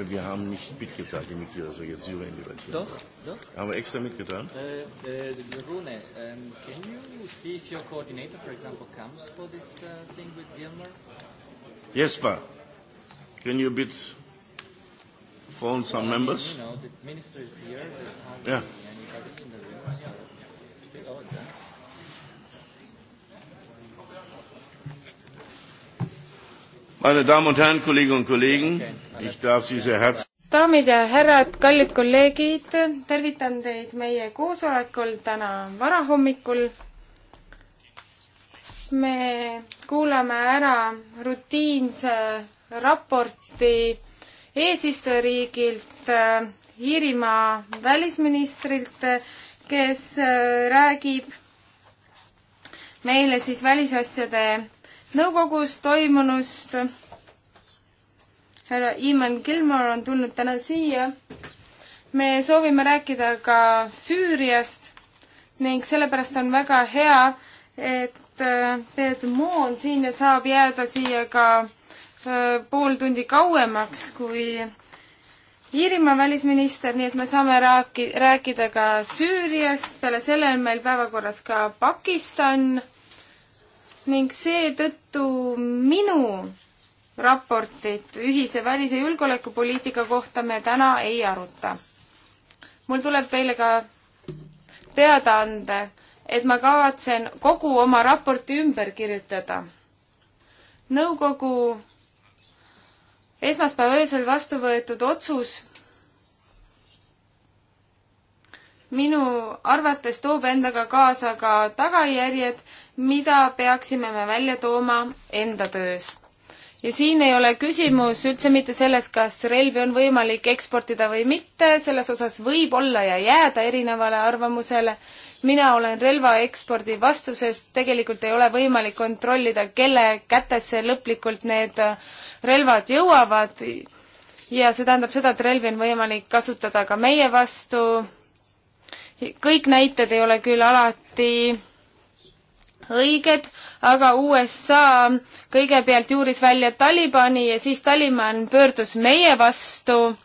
Ja, wir haben nicht mitgeteilt, die Mitglieder, dass wir jetzt Syrien debattieren. Doch, doch. Haben wir extra mitgeteilt? Äh, äh, Rune, um, can you see if your coordinator, for example, comes for this uh, thing with Gilmer? Jesper, can you bit phone some well, members? I mean, you know, the minister is here. There's hardly yeah. anybody in the room, so... Meine Damen und Herren, Kolleginnen und Kollegen, ich darf Sie sehr herzlich daamid ja härrad, kallid kolleegid, tervitan teid meie koosolekul täna varahommikul. me kuulame ära rutiinse raporti eesistujariigilt Iirimaa välisministrilt, kes äh, räägib meile siis välisasjade nõukogus toimunust. härra Iman Gilmar on tulnud täna siia. me soovime rääkida ka Süüriast ning sellepärast on väga hea, et äh, Ted Moo on siin ja saab jääda siia ka äh, pool tundi kauemaks kui Iirimaa välisminister, nii et me saame rääki-, rääkida ka Süüriast, peale selle on meil päevakorras ka Pakistan ning seetõttu minu raportit ühise välis- ja julgeolekupoliitika kohta me täna ei aruta. mul tuleb teile ka teada anda, et ma kavatsen kogu oma raporti ümber kirjutada. nõukogu esmaspäeva öösel vastu võetud otsus minu arvates toob endaga kaasa ka tagajärjed, mida peaksime me välja tooma enda töös. ja siin ei ole küsimus üldse mitte selles, kas relvi on võimalik eksportida või mitte, selles osas võib olla ja jääda erinevale arvamusele. mina olen relva ekspordi vastu, sest tegelikult ei ole võimalik kontrollida, kelle kätesse lõplikult need relvad jõuavad ja see tähendab seda, et relvi on võimalik kasutada ka meie vastu. kõik näited ei ole küll alati õiged, aga USA kõigepealt juuris välja Talibani ja siis Taliban pöördus meie vastu,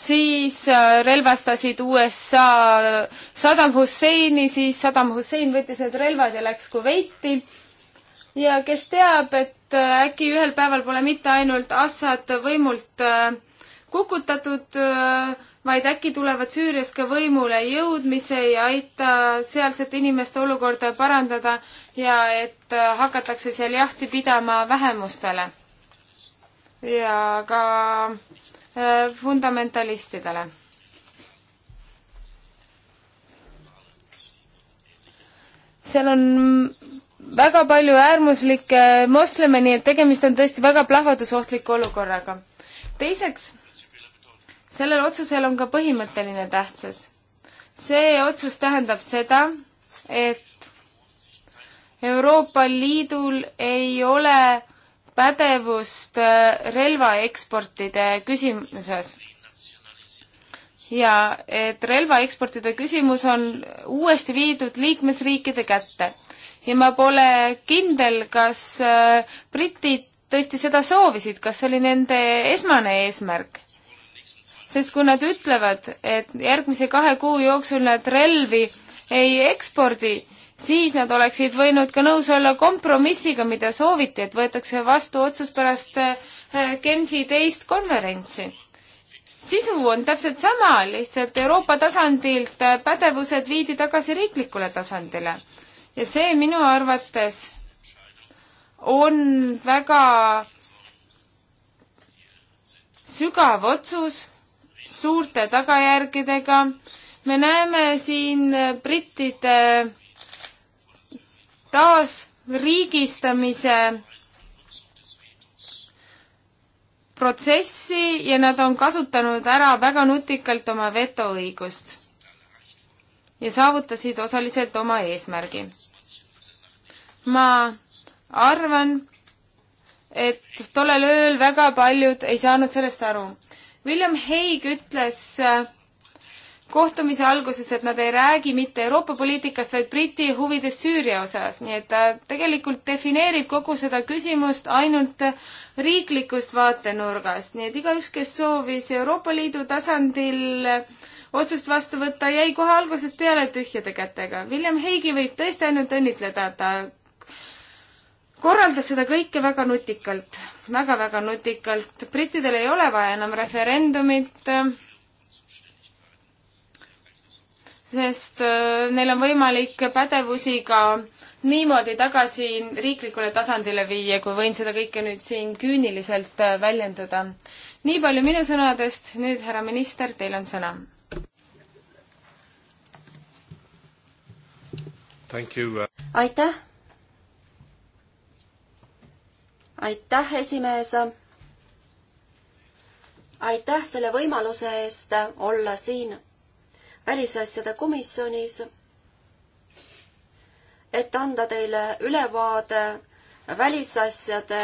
siis äh, relvastasid USA äh, Saddam Husseini, siis Saddam Hussein võttis need relvad ja läks Kuveiti. ja kes teab, et äh, äkki ühel päeval pole mitte ainult Assad võimult kukutatud äh, vaid äkki tulevad Süürias ka võimule jõud, mis ei aita sealsete inimeste olukorda parandada ja et äh, hakatakse seal jahti pidama vähemustele ja ka äh, fundamentalistidele. seal on väga palju äärmuslikke moslemi, nii et tegemist on tõesti väga plahvatusohtliku olukorraga. teiseks sellel otsusel on ka põhimõtteline tähtsus. see otsus tähendab seda, et Euroopa Liidul ei ole pädevust äh, relvaeksportide küsimuses. ja et relvaeksportide küsimus on uuesti viidud liikmesriikide kätte. ja ma pole kindel, kas äh, britid tõesti seda soovisid, kas see oli nende esmane eesmärk sest kui nad ütlevad, et järgmise kahe kuu jooksul nad relvi ei ekspordi, siis nad oleksid võinud ka nõus olla kompromissiga, mida sooviti, et võetakse vastu otsus pärast äh, Genfi teist konverentsi. sisu on täpselt sama, lihtsalt Euroopa tasandilt äh, pädevused viidi tagasi riiklikule tasandile. ja see minu arvates on väga sügav otsus suurte tagajärgedega. me näeme siin brittide taasriigistamise protsessi ja nad on kasutanud ära väga nutikalt oma vetoõigust ja saavutasid osaliselt oma eesmärgi. ma arvan, et tollel ööl väga paljud ei saanud sellest aru. William Hague ütles äh, kohtumise alguses, et nad ei räägi mitte Euroopa poliitikast, vaid Briti huvidest Süüria osas, nii et ta äh, tegelikult defineerib kogu seda küsimust ainult äh, riiklikust vaatenurgast, nii et igaüks, kes soovis Euroopa Liidu tasandil otsust vastu võtta, jäi kohe algusest peale tühjade kätega. William Hague'i võib tõesti ainult õnnitleda, ta korraldas seda kõike väga nutikalt väga,, väga-väga nutikalt. brittidel ei ole vaja enam referendumit, sest äh, neil on võimalik pädevusi ka niimoodi tagasi riiklikule tasandile viia, kui võin seda kõike nüüd siin küüniliselt äh, väljendada. nii palju minu sõnadest, nüüd härra minister, teil on sõna. Uh aitäh aitäh, esimees. aitäh selle võimaluse eest olla siin välisasjade komisjonis, et anda teile ülevaade välisasjade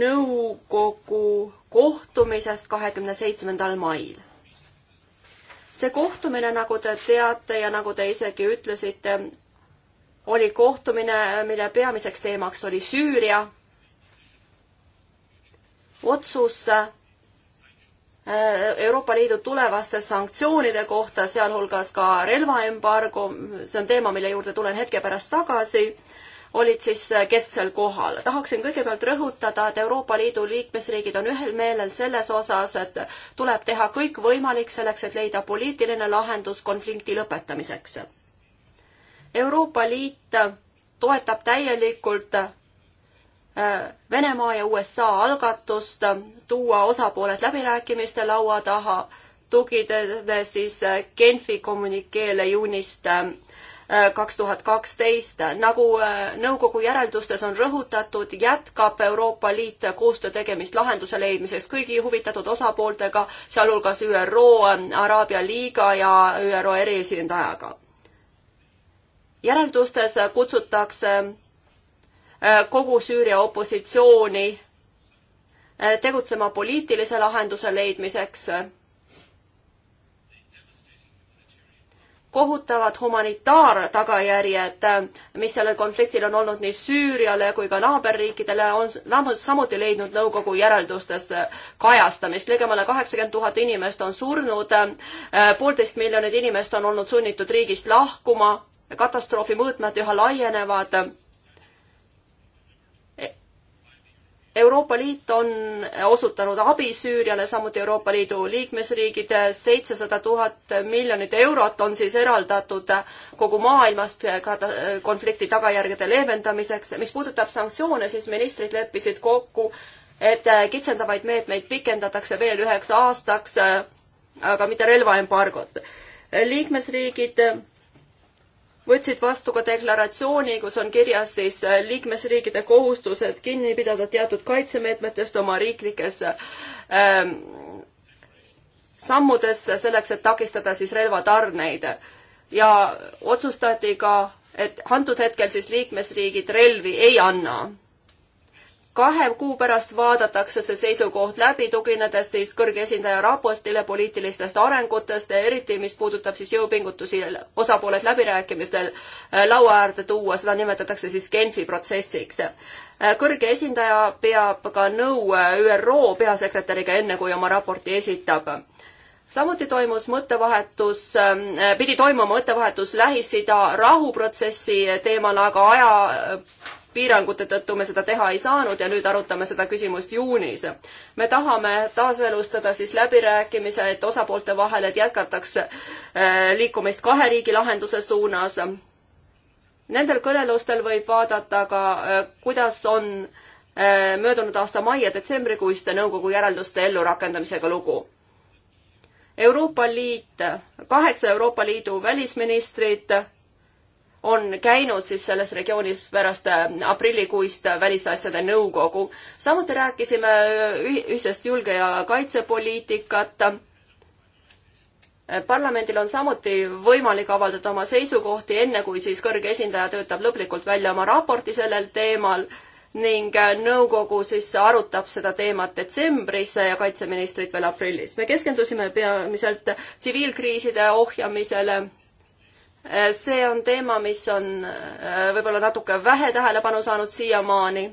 nõukogu kohtumisest kahekümne seitsmendal mail. see kohtumine, nagu te teate ja nagu te isegi ütlesite, oli kohtumine, mille peamiseks teemaks oli Süüria. otsus äh, Euroopa Liidu tulevaste sanktsioonide kohta, sealhulgas ka relvaembargo, see on teema, mille juurde tulen hetke pärast tagasi, olid siis äh, kesksel kohal. tahaksin kõigepealt rõhutada, et Euroopa Liidu liikmesriigid on ühel meelel selles osas, et tuleb teha kõik võimalik selleks, et leida poliitiline lahendus konflikti lõpetamiseks Euroopa Liit toetab täielikult äh, Venemaa ja USA algatust tuua osapooled läbirääkimiste laua taha, tuginedes siis äh, Genfi kommünikeele juunist äh, kaks tuhat kaksteist. nagu nõukogu järeldustes on rõhutatud, jätkab Euroopa Liit koostöö tegemist lahenduse leidmiseks kõigi huvitatud osapooltega, sealhulgas ÜRO, Araabia Liiga ja ÜRO eriesindajaga järeldustes kutsutakse äh, kogu Süüria opositsiooni äh, tegutsema poliitilise lahenduse leidmiseks. kohutavad humanitaartagajärjed, äh, mis sellel konfliktil on olnud nii Süüriale kui ka naaberriikidele, on samuti leidnud nõukogu järeldustes kajastamist. ligemale kaheksakümmend tuhat inimest on surnud, poolteist miljonit inimest on olnud sunnitud riigist lahkuma katastroofi mõõtmed üha laienevad. Euroopa Liit on osutanud abi Süüriale, samuti Euroopa Liidu liikmesriigid, seitsesada tuhat miljonit eurot on siis eraldatud kogu maailmast konflikti tagajärgede leevendamiseks. mis puudutab sanktsioone, siis ministrid leppisid kokku, et kitsendavaid meetmeid pikendatakse veel üheks aastaks, aga mitte relvaembargot. liikmesriigid võtsid vastu ka deklaratsiooni, kus on kirjas siis äh, liikmesriikide kohustused kinni pidada teatud kaitsemeetmetest oma riiklikes ähm, sammudes selleks, et takistada siis relvatarneid. ja otsustati ka, et antud hetkel siis liikmesriigid relvi ei anna kahe kuu pärast vaadatakse see seisukoht läbi, tuginedes siis kõrge esindaja raportile poliitilistest arengutest, eriti mis puudutab siis jõupingutusi osapooled läbirääkimistel äh, laua äärde tuua, seda nimetatakse siis Genfi protsessiks. Äh, kõrge esindaja peab ka nõu äh, ÜRO peasekretäriga, enne kui oma raporti esitab samuti toimus mõttevahetus, ähm, pidi toimuma mõttevahetus Lähis-Ida rahuprotsessi teemal, aga aja piirangute tõttu me seda teha ei saanud ja nüüd arutame seda küsimust juunis. me tahame taaselustada siis läbirääkimised osapoolte vahel, et jätkatakse äh, liikumist kahe riigi lahenduse suunas. Nendel kõnelustel võib vaadata ka, äh, kuidas on äh, möödunud aasta mai ja detsembrikuiste nõukogu järelduste ellurakendamisega lugu Euroopa Liit, kaheksa Euroopa Liidu välisministrit on käinud siis selles regioonis pärast äh, aprillikuist välisasjade nõukogu. samuti rääkisime ühisest julge- ja kaitsepoliitikat. parlamendil on samuti võimalik avaldada oma seisukohti, enne kui siis kõrge esindaja töötab lõplikult välja oma raporti sellel teemal ning äh, nõukogu siis arutab seda teemat detsembris ja kaitseministrid veel aprillis. me keskendusime peamiselt tsiviilkriiside ohjamisele see on teema, mis on äh, võib-olla natuke vähe tähelepanu saanud siiamaani.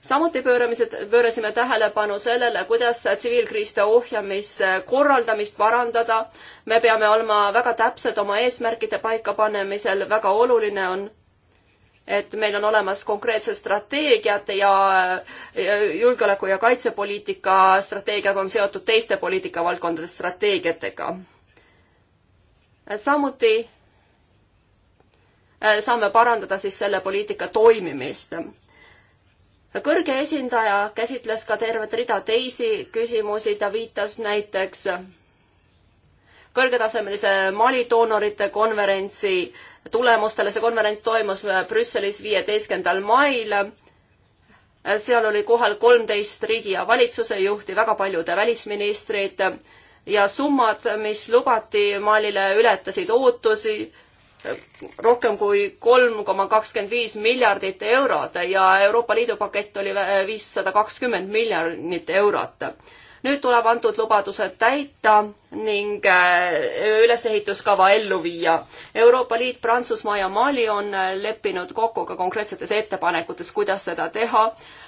samuti pööramised, pöörasime tähelepanu sellele, kuidas tsiviilkriiside ohjamise korraldamist parandada. me peame olema väga täpsed oma eesmärkide paikapanemisel, väga oluline on et meil on olemas konkreetsed strateegiad ja julgeoleku- ja kaitsepoliitika strateegiad on seotud teiste poliitikavaldkondade strateegiatega. samuti Äh, saame parandada siis selle poliitika toimimist. kõrge esindaja käsitles ka tervet rida teisi küsimusi, ta viitas näiteks kõrgetasemelise Mali doonorite konverentsi tulemustele, see konverents toimus Brüsselis viieteistkümnendal mail. seal oli kohal kolmteist riigi ja valitsuse juhti, väga paljude välisministrid ja summad, mis lubati Malile, ületasid ootusi rohkem kui kolm koma kakskümmend viis miljardit eurot ja Euroopa Liidu pakett oli äh, viissada kakskümmend miljonit eurot. nüüd tuleb antud lubadused täita ning äh, ülesehituskava ellu viia. Euroopa Liit, Prantsusmaa ja Mali on äh, leppinud kokku ka konkreetsetes ettepanekutes, kuidas seda teha.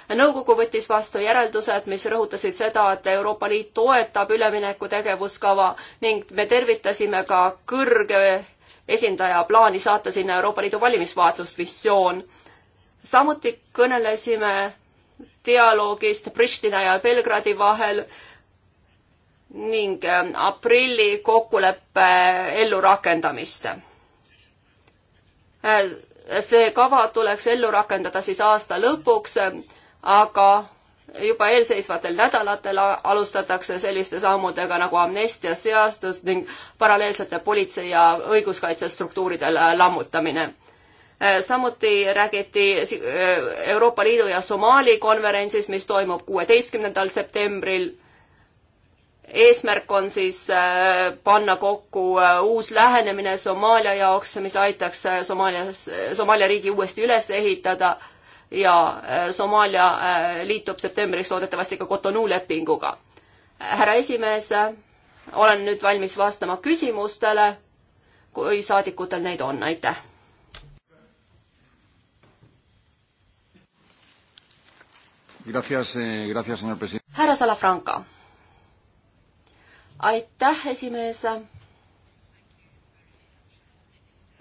nõukogu võttis vastu järeldused, mis rõhutasid seda, et Euroopa Liit toetab ülemineku tegevuskava ning me tervitasime ka kõrge esindaja plaani saata sinna Euroopa Liidu valimisvaatlusmissioon. samuti kõnelesime dialoogist Pristina ja Belgradi vahel ning ähm, aprilli kokkuleppe ellurakendamist. Äh, see kava tuleks ellu rakendada siis aasta lõpuks, äh, aga juba eelseisvatel nädalatel alustatakse selliste sammudega nagu amnestia seadus ning paralleelsete politsei ja õiguskaitsestruktuuride lammutamine. Äh, samuti räägiti äh, Euroopa Liidu ja Somaali konverentsis, mis toimub kuueteistkümnendal septembril. eesmärk on siis äh, panna kokku uus lähenemine Somaalia jaoks, mis aitaks Somaalias, Somaalia riigi uuesti üles ehitada ja äh, Somaalia äh, liitub septembriks loodetavasti ka Cotonou lepinguga. härra esimees, äh, olen nüüd valmis vastama küsimustele, kui saadikutel neid on, aitäh. Eh, härra Salafranca. aitäh, esimees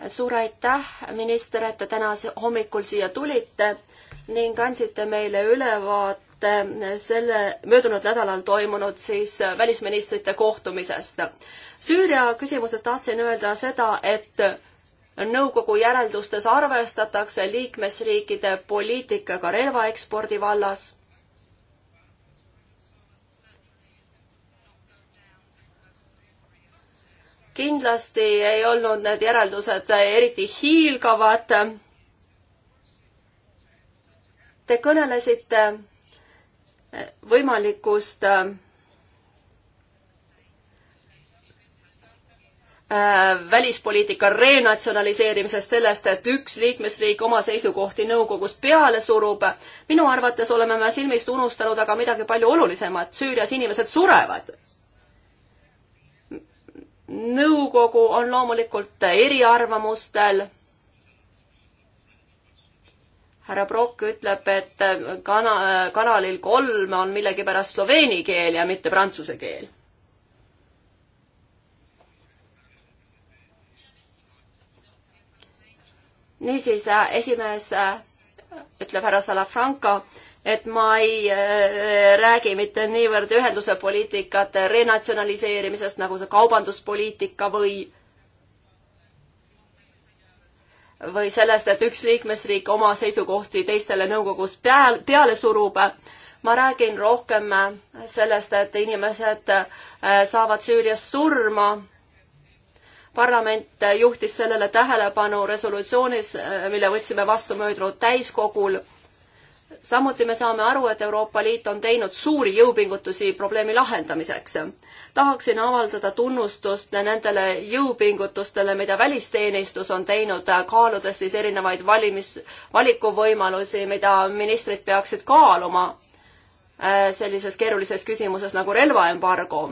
suur aitäh, minister, et te täna hommikul siia tulite ning andsite meile ülevaate selle möödunud nädalal toimunud siis välisministrite kohtumisest. Süüria küsimuses tahtsin öelda seda, et nõukogu järeldustes arvestatakse liikmesriikide poliitikaga relvaekspordi vallas kindlasti ei olnud need järeldused eriti hiilgavad. Te kõnelesite eh, võimalikust eh, välispoliitika renatsionaliseerimisest, sellest, et üks liikmesriik oma seisukohti nõukogus peale surub. minu arvates oleme me silmist unustanud aga midagi palju olulisemat. Süürias inimesed surevad. nõukogu on loomulikult eriarvamustel härra Brock ütleb, et äh, kana-, äh, kanalil kolm on millegipärast sloveeni keel ja mitte prantsuse keel. niisiis, äh, esimees ütleb härra Salafranco, et ma ei räägi mitte niivõrd ühenduse poliitikate renatsionaliseerimisest, nagu see kaubanduspoliitika või või sellest, et üks liikmesriik oma seisukohti teistele nõukogus peal, peale surub. ma räägin rohkem sellest, et inimesed äh, saavad Süürias surma. parlament juhtis sellele tähelepanu resolutsioonis, äh, mille võtsime vastu möödunud täiskogul samuti me saame aru, et Euroopa Liit on teinud suuri jõupingutusi probleemi lahendamiseks. tahaksin avaldada tunnustust nendele jõupingutustele, mida välisteenistus on teinud, kaaludes siis erinevaid valimis, valikuvõimalusi, mida ministrid peaksid kaaluma äh, sellises keerulises küsimuses nagu relvaembargo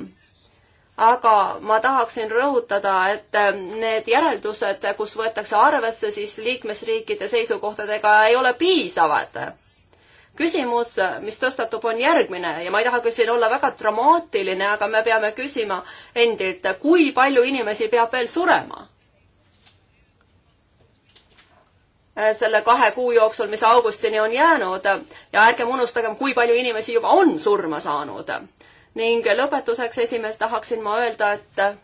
aga ma tahaksin rõhutada, et äh, need järeldused, kus võetakse arvesse siis liikmesriikide seisukohtadega, ei ole piisavad küsimus, mis tõstatub, on järgmine ja ma ei taha küll siin olla väga dramaatiline, aga me peame küsima endilt, kui palju inimesi peab veel surema? selle kahe kuu jooksul, mis augustini on jäänud ja ärgem unustagem, kui palju inimesi juba on surma saanud. ning lõpetuseks, esimees, tahaksin ma öelda, et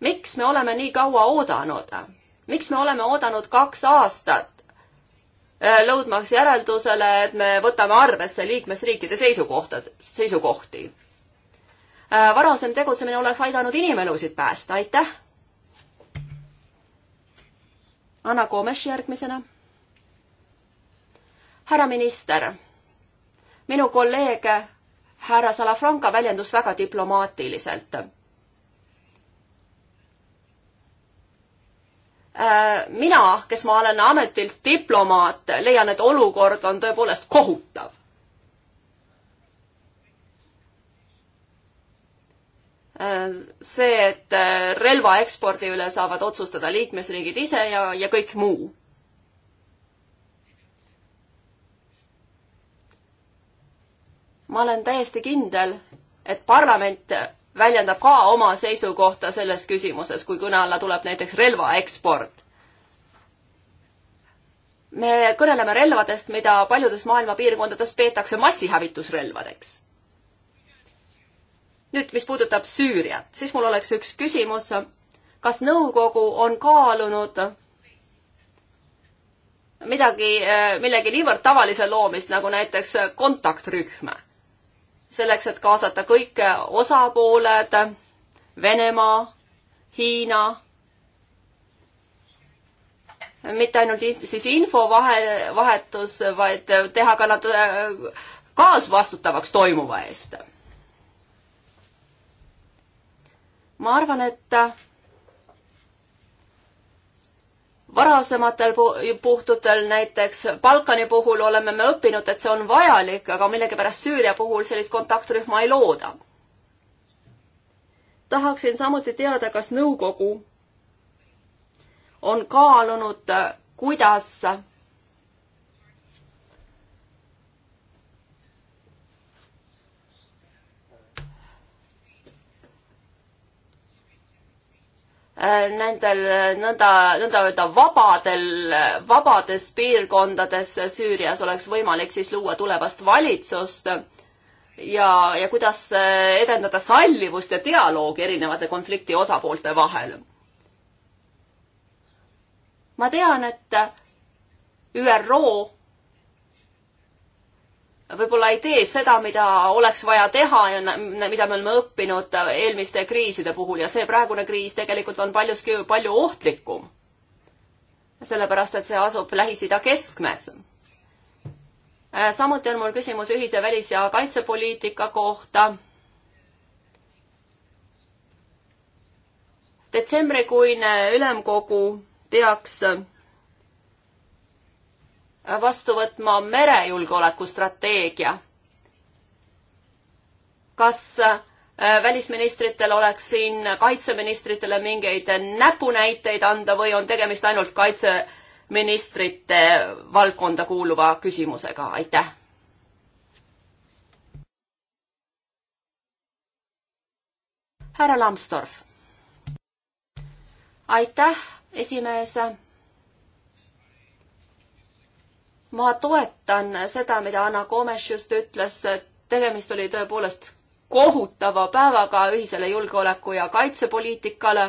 miks me oleme nii kaua oodanud? miks me oleme oodanud kaks aastat? Äh, lõudmaks järeldusele, et me võtame arvesse liikmesriikide seisukohtad, seisukohti. Äh, varasem tegutsemine oleks aidanud inimelusid päästa, aitäh! Anna Komes järgmisena. härra minister, minu kolleeg härra Salafranca väljendus väga diplomaatiliselt Äh, mina, kes ma olen ametilt diplomaat, leian, et olukord on tõepoolest kohutav. Äh, see, et äh, relva ekspordi üle saavad otsustada liikmesriigid ise ja, ja kõik muu. ma olen täiesti kindel, et parlament väljendab ka oma seisukohta selles küsimuses, kui kõne alla tuleb näiteks relvaeksport. me kõneleme relvadest, mida paljudes maailma piirkondades peetakse massihävitusrelvadeks. nüüd, mis puudutab Süüriat, siis mul oleks üks küsimus. kas nõukogu on kaalunud midagi, eh, millegi niivõrd tavalise loomist nagu näiteks kontaktrühma? selleks, et kaasata kõik osapooled, Venemaa, Hiina, mitte ainult siis infovahe, vahetus, vaid teha ka nad äh, kaasvastutavaks toimuva eest. ma arvan, et varasematel puhtudel, näiteks Balkani puhul oleme me õppinud, et see on vajalik, aga millegipärast Süüria puhul sellist kontaktrühma ei looda. tahaksin samuti teada, kas nõukogu on kaalunud, kuidas Äh, nendel nõnda, nõnda-öelda vabadel, vabades piirkondades Süürias oleks võimalik siis luua tulevast valitsust ja, ja kuidas äh, edendada sallivust ja dialoogi erinevate konflikti osapoolte vahel. ma tean, et ÜRO võib-olla ei tee seda, mida oleks vaja teha ja mida me oleme õppinud eelmiste kriiside puhul ja see praegune kriis tegelikult on paljuski palju ohtlikum. sellepärast, et see asub Lähis-Ida keskmes. samuti on mul küsimus ühise välis- ja kaitsepoliitika kohta. detsembrikuine ülemkogu peaks vastu võtma merejulgeoleku strateegia. kas äh, välisministritel oleks siin kaitseministritele mingeid näpunäiteid anda või on tegemist ainult kaitseministrite valdkonda kuuluva küsimusega, aitäh härra Lambsdorff. aitäh, esimees ma toetan seda, mida Anna Komes just ütles, tegemist oli tõepoolest kohutava päevaga ühisele julgeoleku- ja kaitsepoliitikale.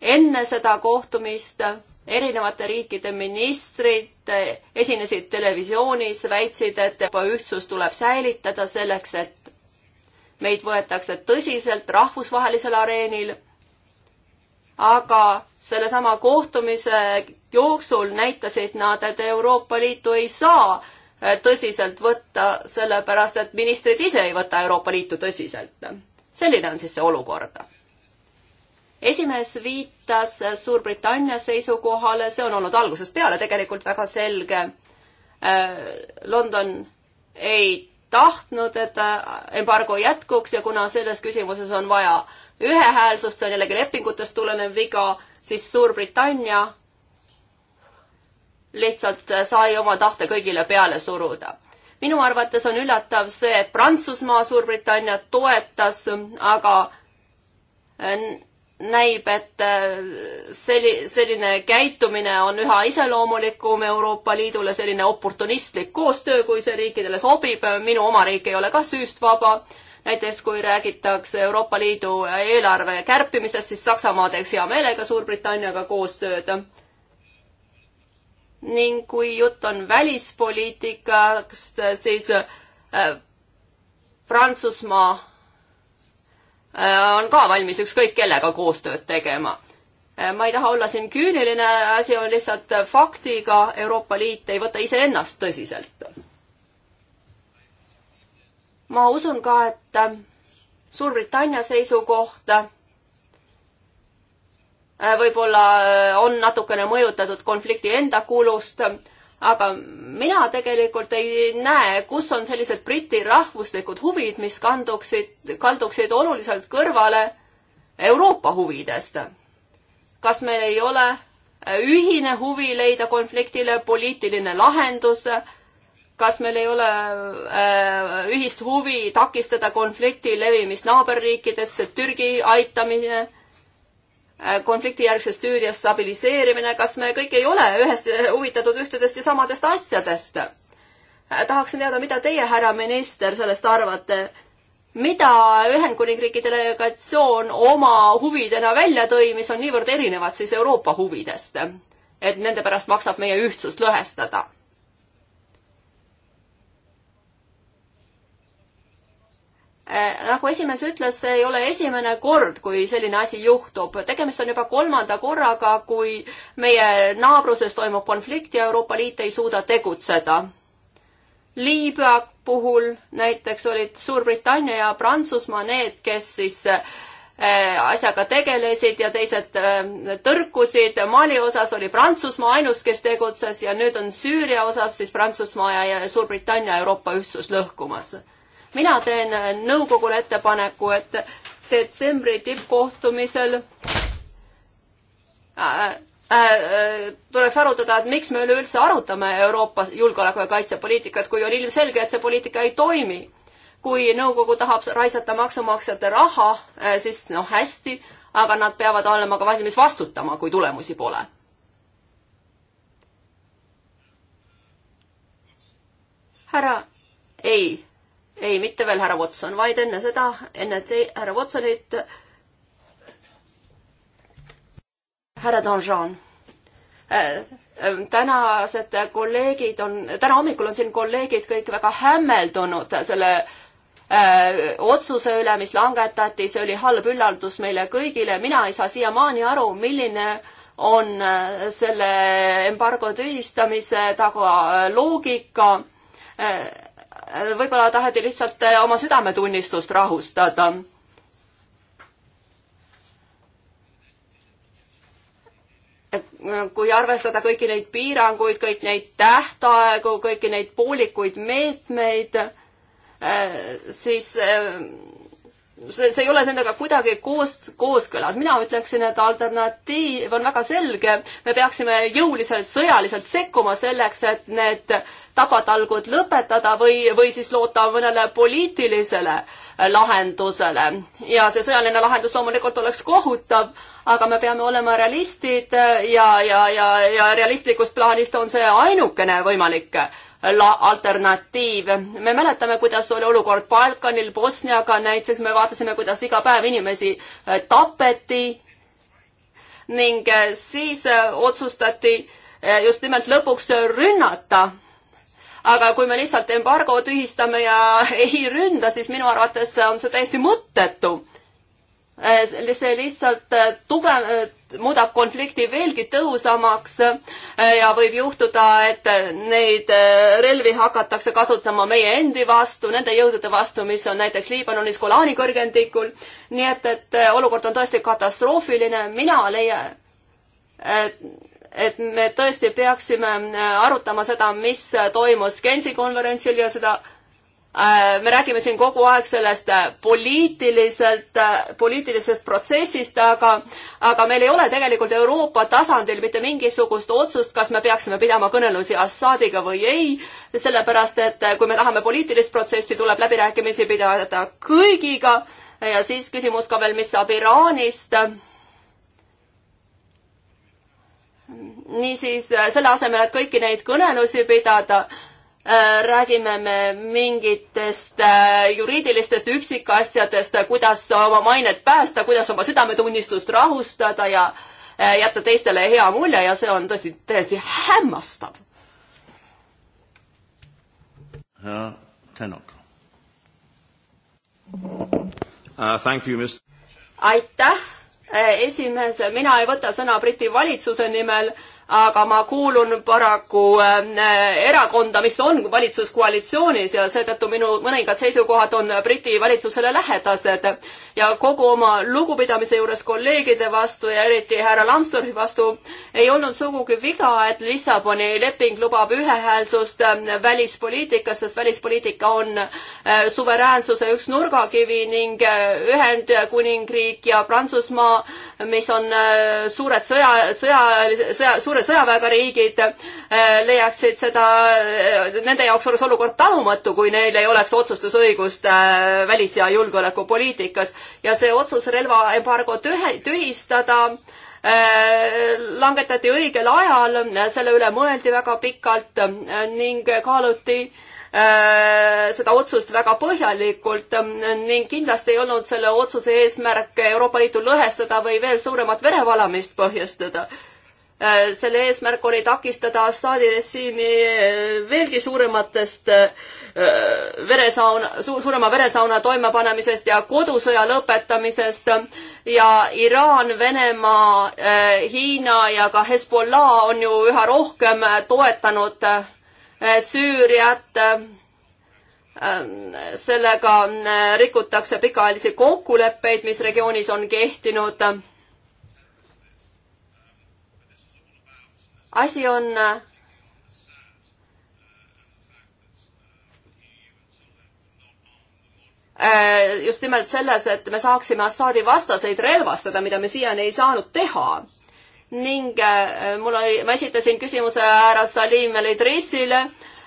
enne seda kohtumist erinevate riikide ministrid esinesid televisioonis, väitsid, et ühtsus tuleb säilitada selleks, et meid võetakse tõsiselt rahvusvahelisel areenil. aga sellesama kohtumise jooksul näitasid nad, et Euroopa Liitu ei saa eh, tõsiselt võtta, sellepärast et ministrid ise ei võta Euroopa Liitu tõsiselt. selline on siis see olukord. esimees viitas Suurbritannia seisukohale, see on olnud algusest peale tegelikult väga selge. Eh, London ei tahtnud, et eh, embargo jätkuks ja kuna selles küsimuses on vaja ühehäälsust, see on jällegi lepingutest tulenev viga, siis Suurbritannia lihtsalt sai oma tahte kõigile peale suruda. minu arvates on üllatav see, et Prantsusmaa Suurbritanniat toetas, aga äh, näib, et äh, selli-, selline käitumine on üha iseloomulikum Euroopa Liidule, selline oportunistlik koostöö, kui see riikidele sobib, minu oma riik ei ole ka süüst vaba, näiteks kui räägitakse Euroopa Liidu eelarve kärpimisest, siis Saksamaa teeks hea meelega Suurbritanniaga koostööd ning kui jutt on välispoliitikast, siis äh, Prantsusmaa äh, on ka valmis ükskõik kellega koostööd tegema. Äh, ma ei taha olla siin küüniline, asi on lihtsalt faktiga, Euroopa Liit ei võta iseennast tõsiselt. ma usun ka, et Suurbritannia seisukoht Äh, võib-olla äh, on natukene mõjutatud konflikti enda kulust, aga mina tegelikult ei näe, kus on sellised Briti rahvuslikud huvid, mis kanduksid, kalduksid oluliselt kõrvale Euroopa huvidest. kas meil ei ole äh, ühine huvi leida konfliktile poliitiline lahendus, kas meil ei ole ühist huvi takistada konflikti levimist naaberriikidesse, Türgi aitamine Äh, konfliktijärgses Süürias stabiliseerimine, kas me kõik ei ole ühest, huvitatud ühtedest ja samadest asjadest? Äh, tahaksin teada, mida teie, härra minister, sellest arvate? mida Ühendkuningriigi delegatsioon oma huvidena välja tõi, mis on niivõrd erinevad siis Euroopa huvidest? et nende pärast maksab meie ühtsust lõhestada Äh, nagu esimees ütles, see ei ole esimene kord, kui selline asi juhtub. tegemist on juba kolmanda korraga, kui meie naabruses toimub konflikt ja Euroopa Liit ei suuda tegutseda. Liibüa puhul näiteks olid Suurbritannia ja Prantsusmaa need, kes siis äh, asjaga tegelesid ja teised äh, tõrkusid. Mali osas oli Prantsusmaa ainus, kes tegutses ja nüüd on Süüria osas siis Prantsusmaa ja Suurbritannia Euroopa ühtsus lõhkumas mina teen äh, nõukogule ettepaneku, et detsembri tippkohtumisel äh, äh, tuleks arutada, et miks me üleüldse arutame Euroopa julgeoleku- ja kaitsepoliitikat, kui on ilmselge, et see poliitika ei toimi. kui nõukogu tahab raisata maksumaksjate raha, siis noh, hästi, aga nad peavad olema ka valmis vastutama, kui tulemusi pole. härra, ei ei, mitte veel härra Watson, vaid enne seda, enne te-, härra Watsonit, härra Donjon äh, äh, tänased kolleegid on, täna hommikul on siin kolleegid kõik väga hämmeldunud selle äh, otsuse üle, mis langetati, see oli halb üllatus meile kõigile, mina ei saa siiamaani aru, milline on äh, selle embargo tühistamise taga äh, loogika äh, võib-olla taheti lihtsalt eh, oma südametunnistust rahustada. Eh, kui arvestada kõiki neid piiranguid, kõik neid tähtaegu, kõiki neid poolikuid meetmeid, eh, siis see, see ei ole nendega kuidagi koos, kooskõlas. mina ütleksin, et alternatiiv on väga selge. me peaksime jõuliselt sõjaliselt sekkuma selleks, et need tapatalgud lõpetada või, või siis loota mõnele poliitilisele äh, lahendusele. ja see sõjaline lahendus loomulikult oleks kohutav, aga me peame olema realistid äh, ja, ja, ja, ja realistlikust plaanist on see ainukene võimalik alternatiiv. me mäletame, kuidas oli olukord Balkanil, Bosniaga näiteks, me vaatasime, kuidas iga päev inimesi äh, tapeti ning äh, siis äh, otsustati just nimelt lõpuks rünnata. aga kui me lihtsalt embargo tühistame ja ei ründa, siis minu arvates on see täiesti mõttetu. see lihtsalt tugev muudab konflikti veelgi tõhusamaks äh, ja võib juhtuda, et äh, neid äh, relvi hakatakse kasutama meie endi vastu, nende jõudude vastu, mis on näiteks Liibanonis Golani kõrgendikul. nii et, et olukord on tõesti katastroofiline, mina leian, et et me tõesti peaksime arutama seda, mis toimus Genfi konverentsil ja seda äh, Äh, me räägime siin kogu aeg sellest äh, poliitiliselt, äh, poliitilisest protsessist, aga, aga meil ei ole tegelikult Euroopa tasandil mitte mingisugust otsust, kas me peaksime pidama kõnelusi Assadiga või ei, sellepärast et kui me tahame poliitilist protsessi, tuleb läbirääkimisi pidada kõigiga ja siis küsimus ka veel, mis saab Iraanist niisiis selle asemel, et kõiki neid kõnelusi pidada, Äh, räägime me mingitest äh, juriidilistest üksikasjadest, kuidas oma mainet päästa, kuidas oma südametunnistust rahustada ja äh, jätta teistele hea mulje ja see on tõesti täiesti hämmastav. Tänok uh,. Thank you, Mr. aitäh, esimees, mina ei võta sõna Briti valitsuse nimel aga ma kuulun paraku äh, erakonda, mis on valitsuskoalitsioonis ja seetõttu minu mõningad seisukohad on Briti valitsusele lähedased. ja kogu oma lugupidamise juures kolleegide vastu ja eriti härra Lambsdorfi vastu ei olnud sugugi viga, et Lissaboni leping lubab ühehäälsust äh, välispoliitikas, sest välispoliitika on äh, suveräänsuse üks nurgakivi ning äh, Ühendkuningriik ja Prantsusmaa, mis on äh, suured sõja, sõja, sõja, suure sõjaväega riigid eh, leiaksid seda, eh, nende jaoks oleks olukord talumatu, kui neil ei oleks otsustusõigust eh, välis- ja julgeolekupoliitikas ja see otsus relvaembargo tühistada langetati õigel ajal, selle üle mõeldi väga pikalt ning kaaluti seda otsust väga põhjalikult ning kindlasti ei olnud selle otsuse eesmärk Euroopa Liitu lõhestada või veel suuremat verevalamist põhjustada Äh, selle eesmärk oli takistada Assaadi režiimi äh, veelgi suurematest äh, veresauna, suurema veresauna toimepanemisest ja kodusõja lõpetamisest ja Iraan, Venemaa, Hiina ja ka Hezbollah on ju üha rohkem toetanud Süüriat. sellega rikutakse pikaajalisi kokkuleppeid, mis regioonis on kehtinud asi on äh, just nimelt selles, et me saaksime Assaadi vastaseid relvastada, mida me siiani ei saanud teha. ning äh, mul oli, ma esitasin küsimuse härra Salim El-Idrissile,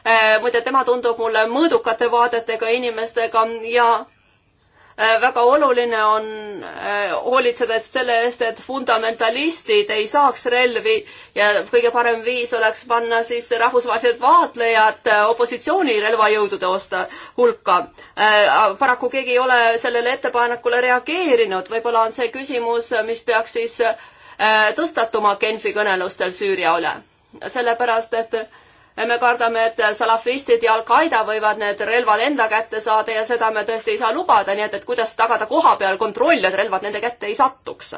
äh, muide tema tundub mulle mõõdukate vaadetega inimestega ja Äh, väga oluline on äh, hoolitseda selle eest, et fundamentalistid ei saaks relvi ja kõige parem viis oleks panna siis rahvusvahelised vaatlejad äh, opositsiooni relvajõudude osta hulka. paraku keegi ei ole sellele ettepanekule reageerinud, võib-olla on see küsimus, mis peaks siis tõstatuma Genfi kõnelustel Süüria üle. sellepärast, et me kardame, et salafistid ja Al-Qaeda võivad need relvad enda kätte saada ja seda me tõesti ei saa lubada, nii et, et kuidas tagada koha peal kontroll, et relvad nende kätte ei satuks?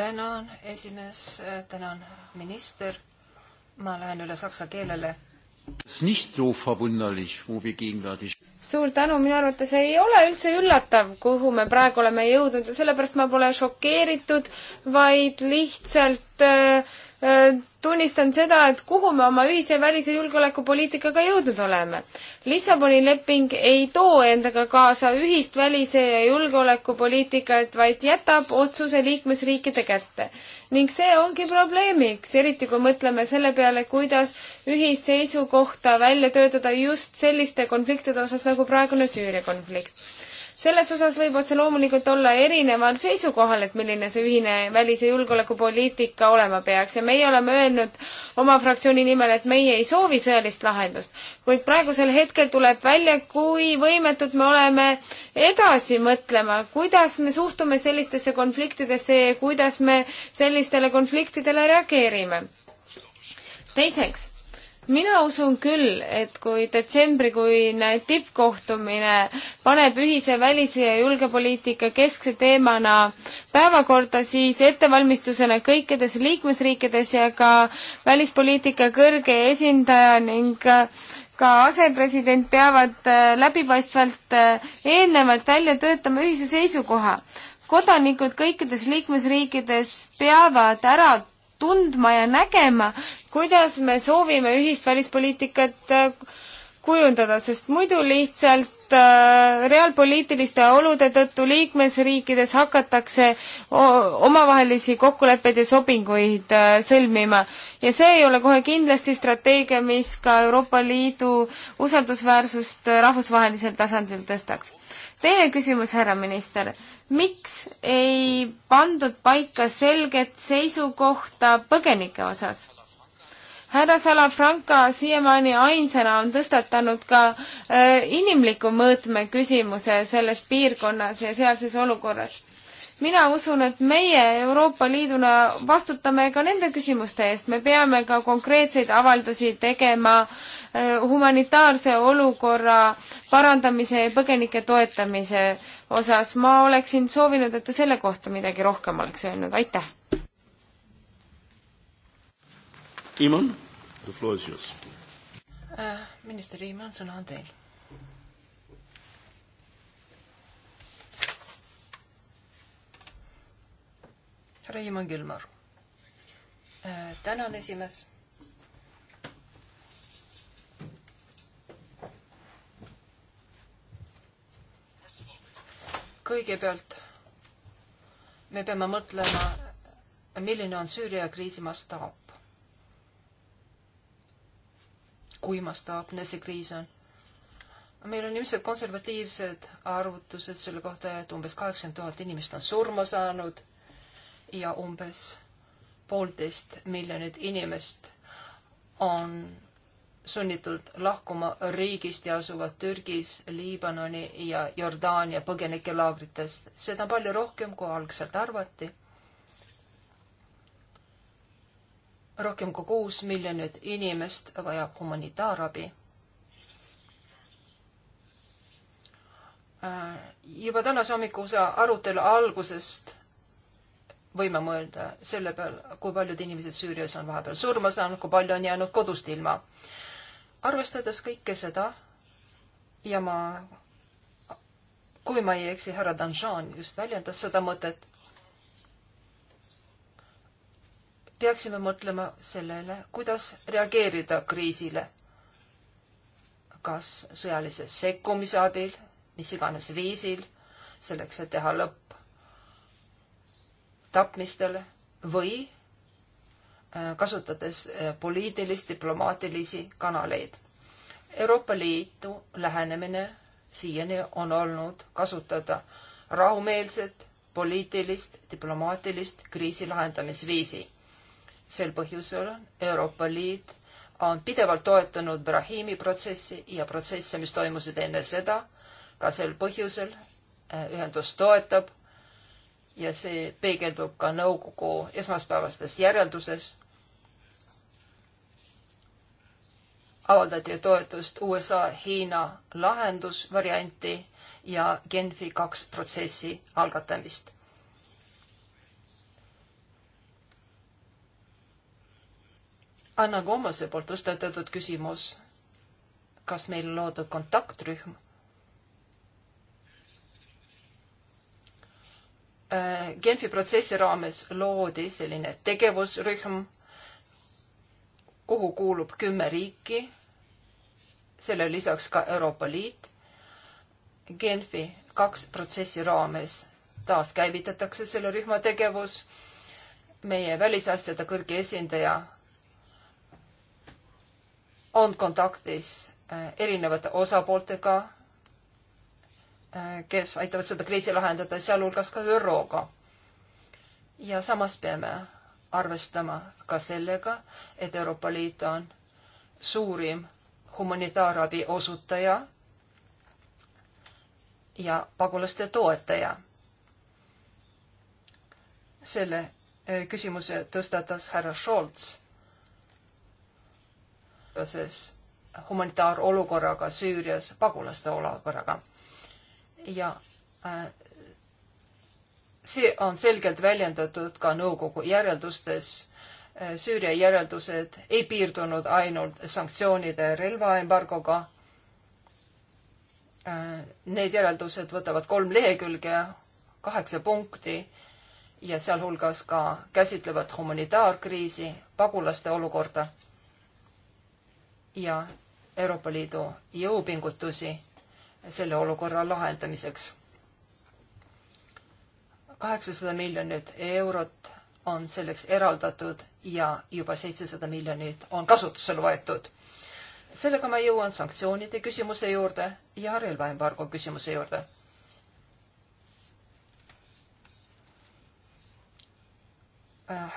tänan, esimees, tänan, minister. ma lähen üle saksa keelele suur tänu, minu arvates ei ole üldse üllatav, kuhu me praegu oleme jõudnud ja sellepärast ma pole šokeeritud, vaid lihtsalt äh, äh, tunnistan seda, et kuhu me oma ühise välise julgeolekupoliitikaga jõudnud oleme. Lissaboni leping ei too endaga kaasa ühist välise ja julgeolekupoliitikat, vaid jätab otsuse liikmesriikide kätte. ning see ongi probleemiks, eriti kui mõtleme selle peale, kuidas ühist seisukohta välja töötada just selliste konfliktide osas, nagu praegune Süüria konflikt selles osas võib otse loomulikult olla erineval seisukohal, et milline see ühine välis- ja julgeolekupoliitika olema peaks ja meie oleme öelnud oma fraktsiooni nimel, et meie ei soovi sõjalist lahendust. kuid praegusel hetkel tuleb välja, kui võimetud me oleme edasi mõtlema, kuidas me suhtume sellistesse konfliktidesse ja kuidas me sellistele konfliktidele reageerime. teiseks mina usun küll, et kui detsembrikuine tippkohtumine paneb ühise välis- ja julgepoliitika keskse teemana päevakorda, siis ettevalmistusena kõikides liikmesriikides ja ka välispoliitika kõrge esindaja ning ka asepresident peavad äh, läbipaistvalt äh, eelnevalt välja töötama ühise seisukoha kodanikud kõikides liikmesriikides peavad ära tundma ja nägema, kuidas me soovime ühist välispoliitikat äh, kujundada, sest muidu lihtsalt äh, reaalpoliitiliste olude tõttu liikmesriikides hakatakse omavahelisi kokkuleppeid ja sobinguid äh, sõlmima. ja see ei ole kohe kindlasti strateegia, mis ka Euroopa Liidu usaldusväärsust rahvusvahelisel tasandil tõstaks teine küsimus, härra minister. miks ei pandud paika selget seisukohta põgenike osas? härra Salafranca siiamaani ainsana on tõstatanud ka äh, inimliku mõõtme küsimuse selles piirkonnas ja sealses olukorras mina usun, et meie Euroopa Liiduna vastutame ka nende küsimuste eest, me peame ka konkreetseid avaldusi tegema äh, humanitaarse olukorra parandamise ja põgenike toetamise osas. ma oleksin soovinud, et te selle kohta midagi rohkem oleks öelnud, aitäh! Iman, the floor is yours. Uh, minister Iman, sõna on teil Reimann Külmar. Äh, tänan, esimees. kõigepealt me peame mõtlema, milline on Süüria kriisi mastaap. kui mastaapne see kriis on. meil on ilmselt konservatiivsed arvutused selle kohta, et umbes kaheksakümmend tuhat inimest on surma saanud ja umbes poolteist miljonit inimest on sunnitud lahkuma riigist ja asuvad Türgis, Liibanoni ja Jordaania põgenikelaagritest. seda on palju rohkem, kui algselt arvati. rohkem kui kuus miljonit inimest vajab humanitaarabi. Äh, juba tänase hommikuse arutelu algusest võime mõelda selle peale, kui paljud inimesed Süürias on vahepeal surma saanud, kui palju on jäänud kodust ilma. arvestades kõike seda ja ma, kui ma ei eksi, härra Danjean just väljendas seda mõtet, peaksime mõtlema sellele, kuidas reageerida kriisile. kas sõjalise sekkumise abil, mis iganes viisil, selleks, et teha lõpp tapmistel või äh, kasutades äh, poliitilist diplomaatilisi kanaleid. Euroopa Liidu lähenemine siiani on olnud kasutada rahumeelset poliitilist diplomaatilist kriisi lahendamisviisi. sel põhjusel Euroopa Liit on pidevalt toetanud Brahimi protsessi ja protsesse, mis toimusid enne seda. ka sel põhjusel äh, ühendus toetab ja see peegeldub ka nõukogu esmaspäevastes järelduses. avaldati toetust USA-Hiina lahendusvarianti ja Genfi kaks protsessi algatamist. Anna Koomase poolt tõstatatud küsimus, kas meil on loodud kontaktrühm Äh, Genfi protsessi raames loodi selline tegevusrühm, kuhu kuulub kümme riiki, selle lisaks ka Euroopa Liit. Genfi kaks protsessi raames taaskäivitatakse selle rühma tegevus. meie välisasjade kõrge esindaja on kontaktis äh, erinevate osapooltega kes aitavad seda kriisi lahendada, sealhulgas ka ÜRO-ga. ja samas peame arvestama ka sellega, et Euroopa Liit on suurim humanitaarabi osutaja ja pagulaste toetaja. selle äh, küsimuse tõstatas härra Scholz seoses humanitaarolukorraga Süürias, pagulaste olukorraga ja äh, see on selgelt väljendatud ka nõukogu järeldustes. Äh, Süüria järeldused ei piirdunud ainult sanktsioonide relvaembargoga. Äh, need järeldused võtavad kolm lehekülge, kaheksa punkti ja sealhulgas ka käsitlevad humanitaarkriisi, pagulaste olukorda ja Euroopa Liidu jõupingutusi selle olukorra lahendamiseks. kaheksasada miljonit eurot on selleks eraldatud ja juba seitsesada miljonit on kasutusele võetud. sellega ma jõuan sanktsioonide küsimuse juurde ja relvaembargo küsimuse juurde.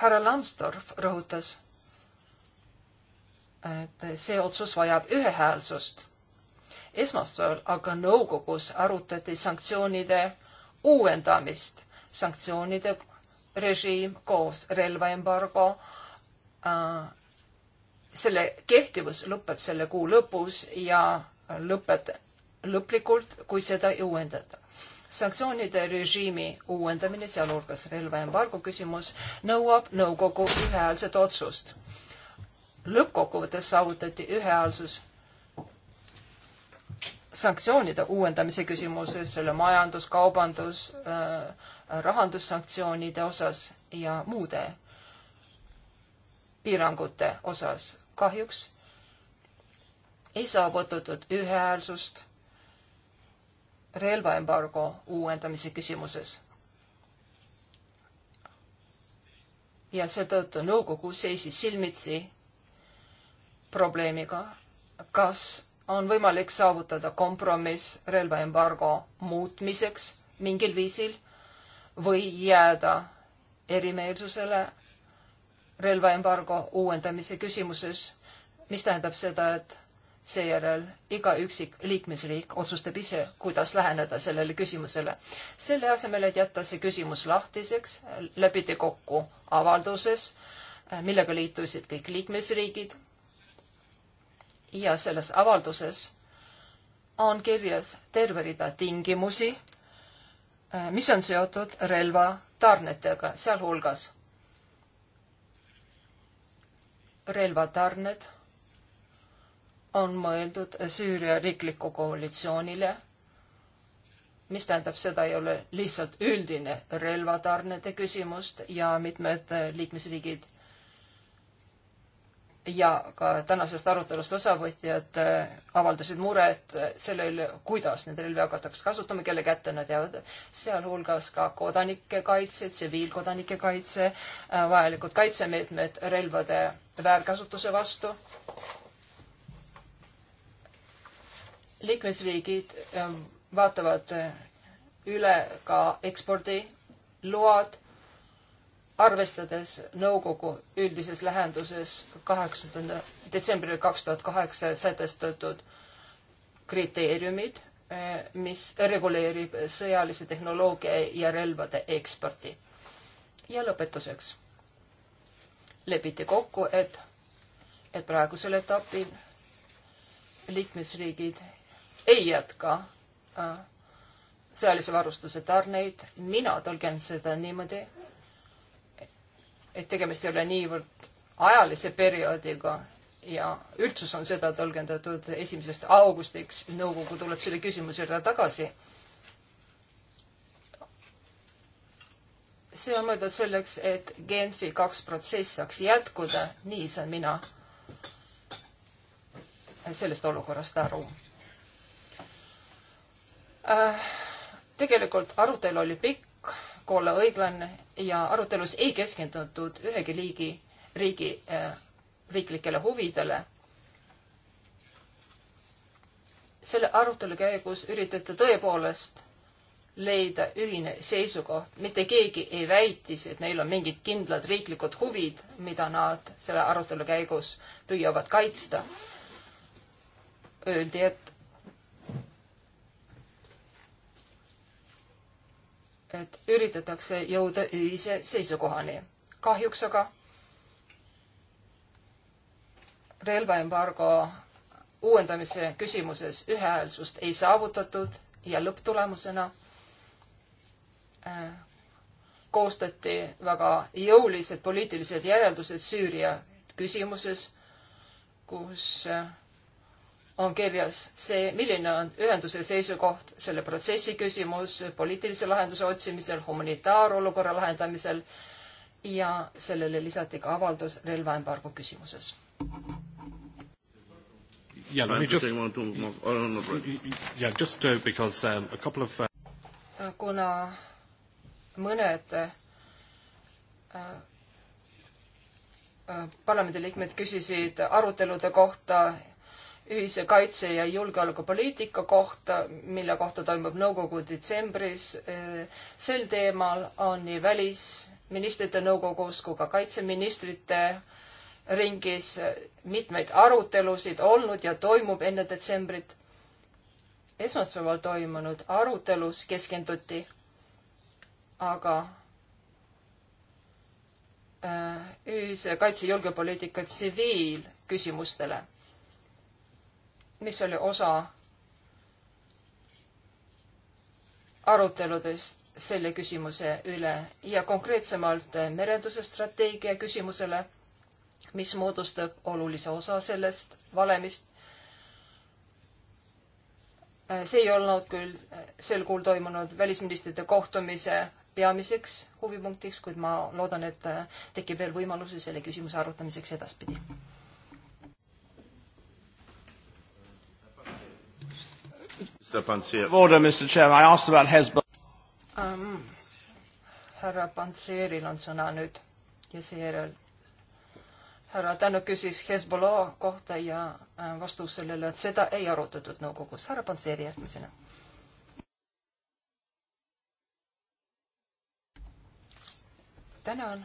härra Lambsdorff rõhutas, et see otsus vajab ühehäälsust esmaspäeval aga nõukogus arutati sanktsioonide uuendamist, sanktsioonide režiim koos relvaembargo äh,. selle kehtivus lõpeb selle kuu lõpus ja lõpeb lõplikult, kui seda ei uuendata. sanktsioonide režiimi uuendamine, sealhulgas relvaembargo küsimus, nõuab nõukogu ühehäälset otsust. lõppkokkuvõttes saavutati ühehäälsus sanktsioonide uuendamise küsimuses, selle majandus, kaubandus, äh, rahandussanktsioonide osas ja muude piirangute osas. kahjuks ei saavutatud ühehäälsust relvaembargo uuendamise küsimuses. ja seetõttu nõukogu seisis silmitsi probleemiga, kas on võimalik saavutada kompromiss relvaembargo muutmiseks mingil viisil või jääda erimeelsusele relvaembargo uuendamise küsimuses, mis tähendab seda, et seejärel iga üksik liikmesriik otsustab ise, kuidas läheneda sellele küsimusele. selle asemel, et jätta see küsimus lahtiseks, lepiti kokku avalduses, millega liitusid kõik liikmesriigid, ja selles avalduses on kirjas terve rida tingimusi, äh, mis on seotud relva tarnetega, sealhulgas relvatarned on mõeldud Süüria riikliku koalitsioonile, mis tähendab, seda ei ole lihtsalt üldine relvatarnede küsimust ja mitmed liikmesriigid ja ka tänasest arutelust osavõtjad äh, avaldasid muret äh, selle üle, kuidas neid relvi hakatakse kasutama, kelle kätte nad jäävad, sealhulgas ka kodanike kaitse, tsiviilkodanike kaitse, äh, vajalikud kaitsemeetmed relvade väärkasutuse vastu. liikmesriigid vaatavad üle ka ekspordiload arvestades nõukogu üldises lähenduses kaheksandal detsembril kaks tuhat kaheksa sätestatud kriteeriumid, eh, mis reguleerib sõjalise tehnoloogia ja relvade eksporti. ja lõpetuseks lepiti kokku, et, et praegusel etapil liikmesriigid ei jätka eh, sõjalise varustuse tarneid. mina tõlgen seda niimoodi, et tegemist ei ole niivõrd ajalise perioodiga ja üldsus on seda tõlgendatud esimesest augustiks, nõukogu tuleb selle küsimuse juurde tagasi. see on mõeldud selleks, et Genfi kaks protsess saaks jätkuda, nii saan mina sellest olukorrast aru äh,. tegelikult arutelu oli pikk, kui olla õiglane ja arutelus ei keskendutud ühegi liigi, riigi äh, riiklikele huvidele. selle arutelu käigus üritati tõepoolest leida ühine seisukoht, mitte keegi ei väitis, et neil on mingid kindlad riiklikud huvid, mida nad selle arutelu käigus püüavad kaitsta. Öeldi, et et üritatakse jõuda ühise seisukohani. kahjuks aga relvaembargo uuendamise küsimuses ühehäälsust ei saavutatud ja lõpptulemusena äh, koostati väga jõulised poliitilised järeldused Süüria küsimuses, kus äh, on kirjas see, milline on ühenduse seisukoht selle protsessi küsimus poliitilise lahenduse otsimisel, humanitaarolukorra lahendamisel ja sellele lisati ka avaldus relvaembargo küsimuses. Yeah, let me just, oh, yeah, just uh, because um, a couple of... Uh... Kuna mõned uh, uh, uh parlamendiliikmed küsisid arutelude kohta ühise kaitse- ja julgeolekupoliitika kohta, mille kohta toimub nõukogu detsembris. sel teemal on nii välisministrite nõukogus kui ka kaitseministrite ringis mitmeid arutelusid olnud ja toimub enne detsembrit. esmaspäeval toimunud arutelus keskenduti aga äh, ühise kaitse- ja julgepoliitika tsiviilküsimustele mis oli osa aruteludest selle küsimuse üle ja konkreetsemalt merenduse strateegia küsimusele, mis moodustab olulise osa sellest valemist. see ei olnud küll sel kuul toimunud välisministrite kohtumise peamiseks huvipunktiks, kuid ma loodan, et tekib veel võimalusi selle küsimuse arutamiseks edaspidi Order, Mr Chairman, I asked about Hezbollah um,. härra Pantseeril on sõna nüüd ja seejärel härra Tänu küsis Hezbollah kohta ja äh, vastus sellele, et seda ei arutatud nõukogus. härra Pantseeri järgmisena. tänan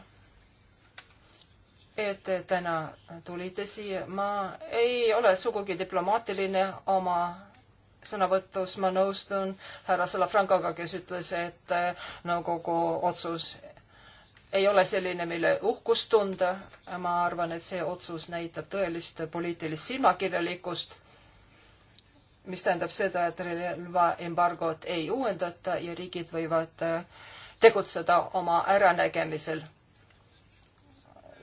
et täna tulite siia. ma ei ole sugugi diplomaatiline oma sõnavõtus ma nõustun härra Salafrankoga, kes ütles, et äh, nõukogu otsus ei ole selline, mille uhkust tunda. ma arvan, et see otsus näitab tõelist poliitilist silmakirjalikkust, mis tähendab seda, et relvaembargot ei uuendata ja riigid võivad äh, tegutseda oma äranägemisel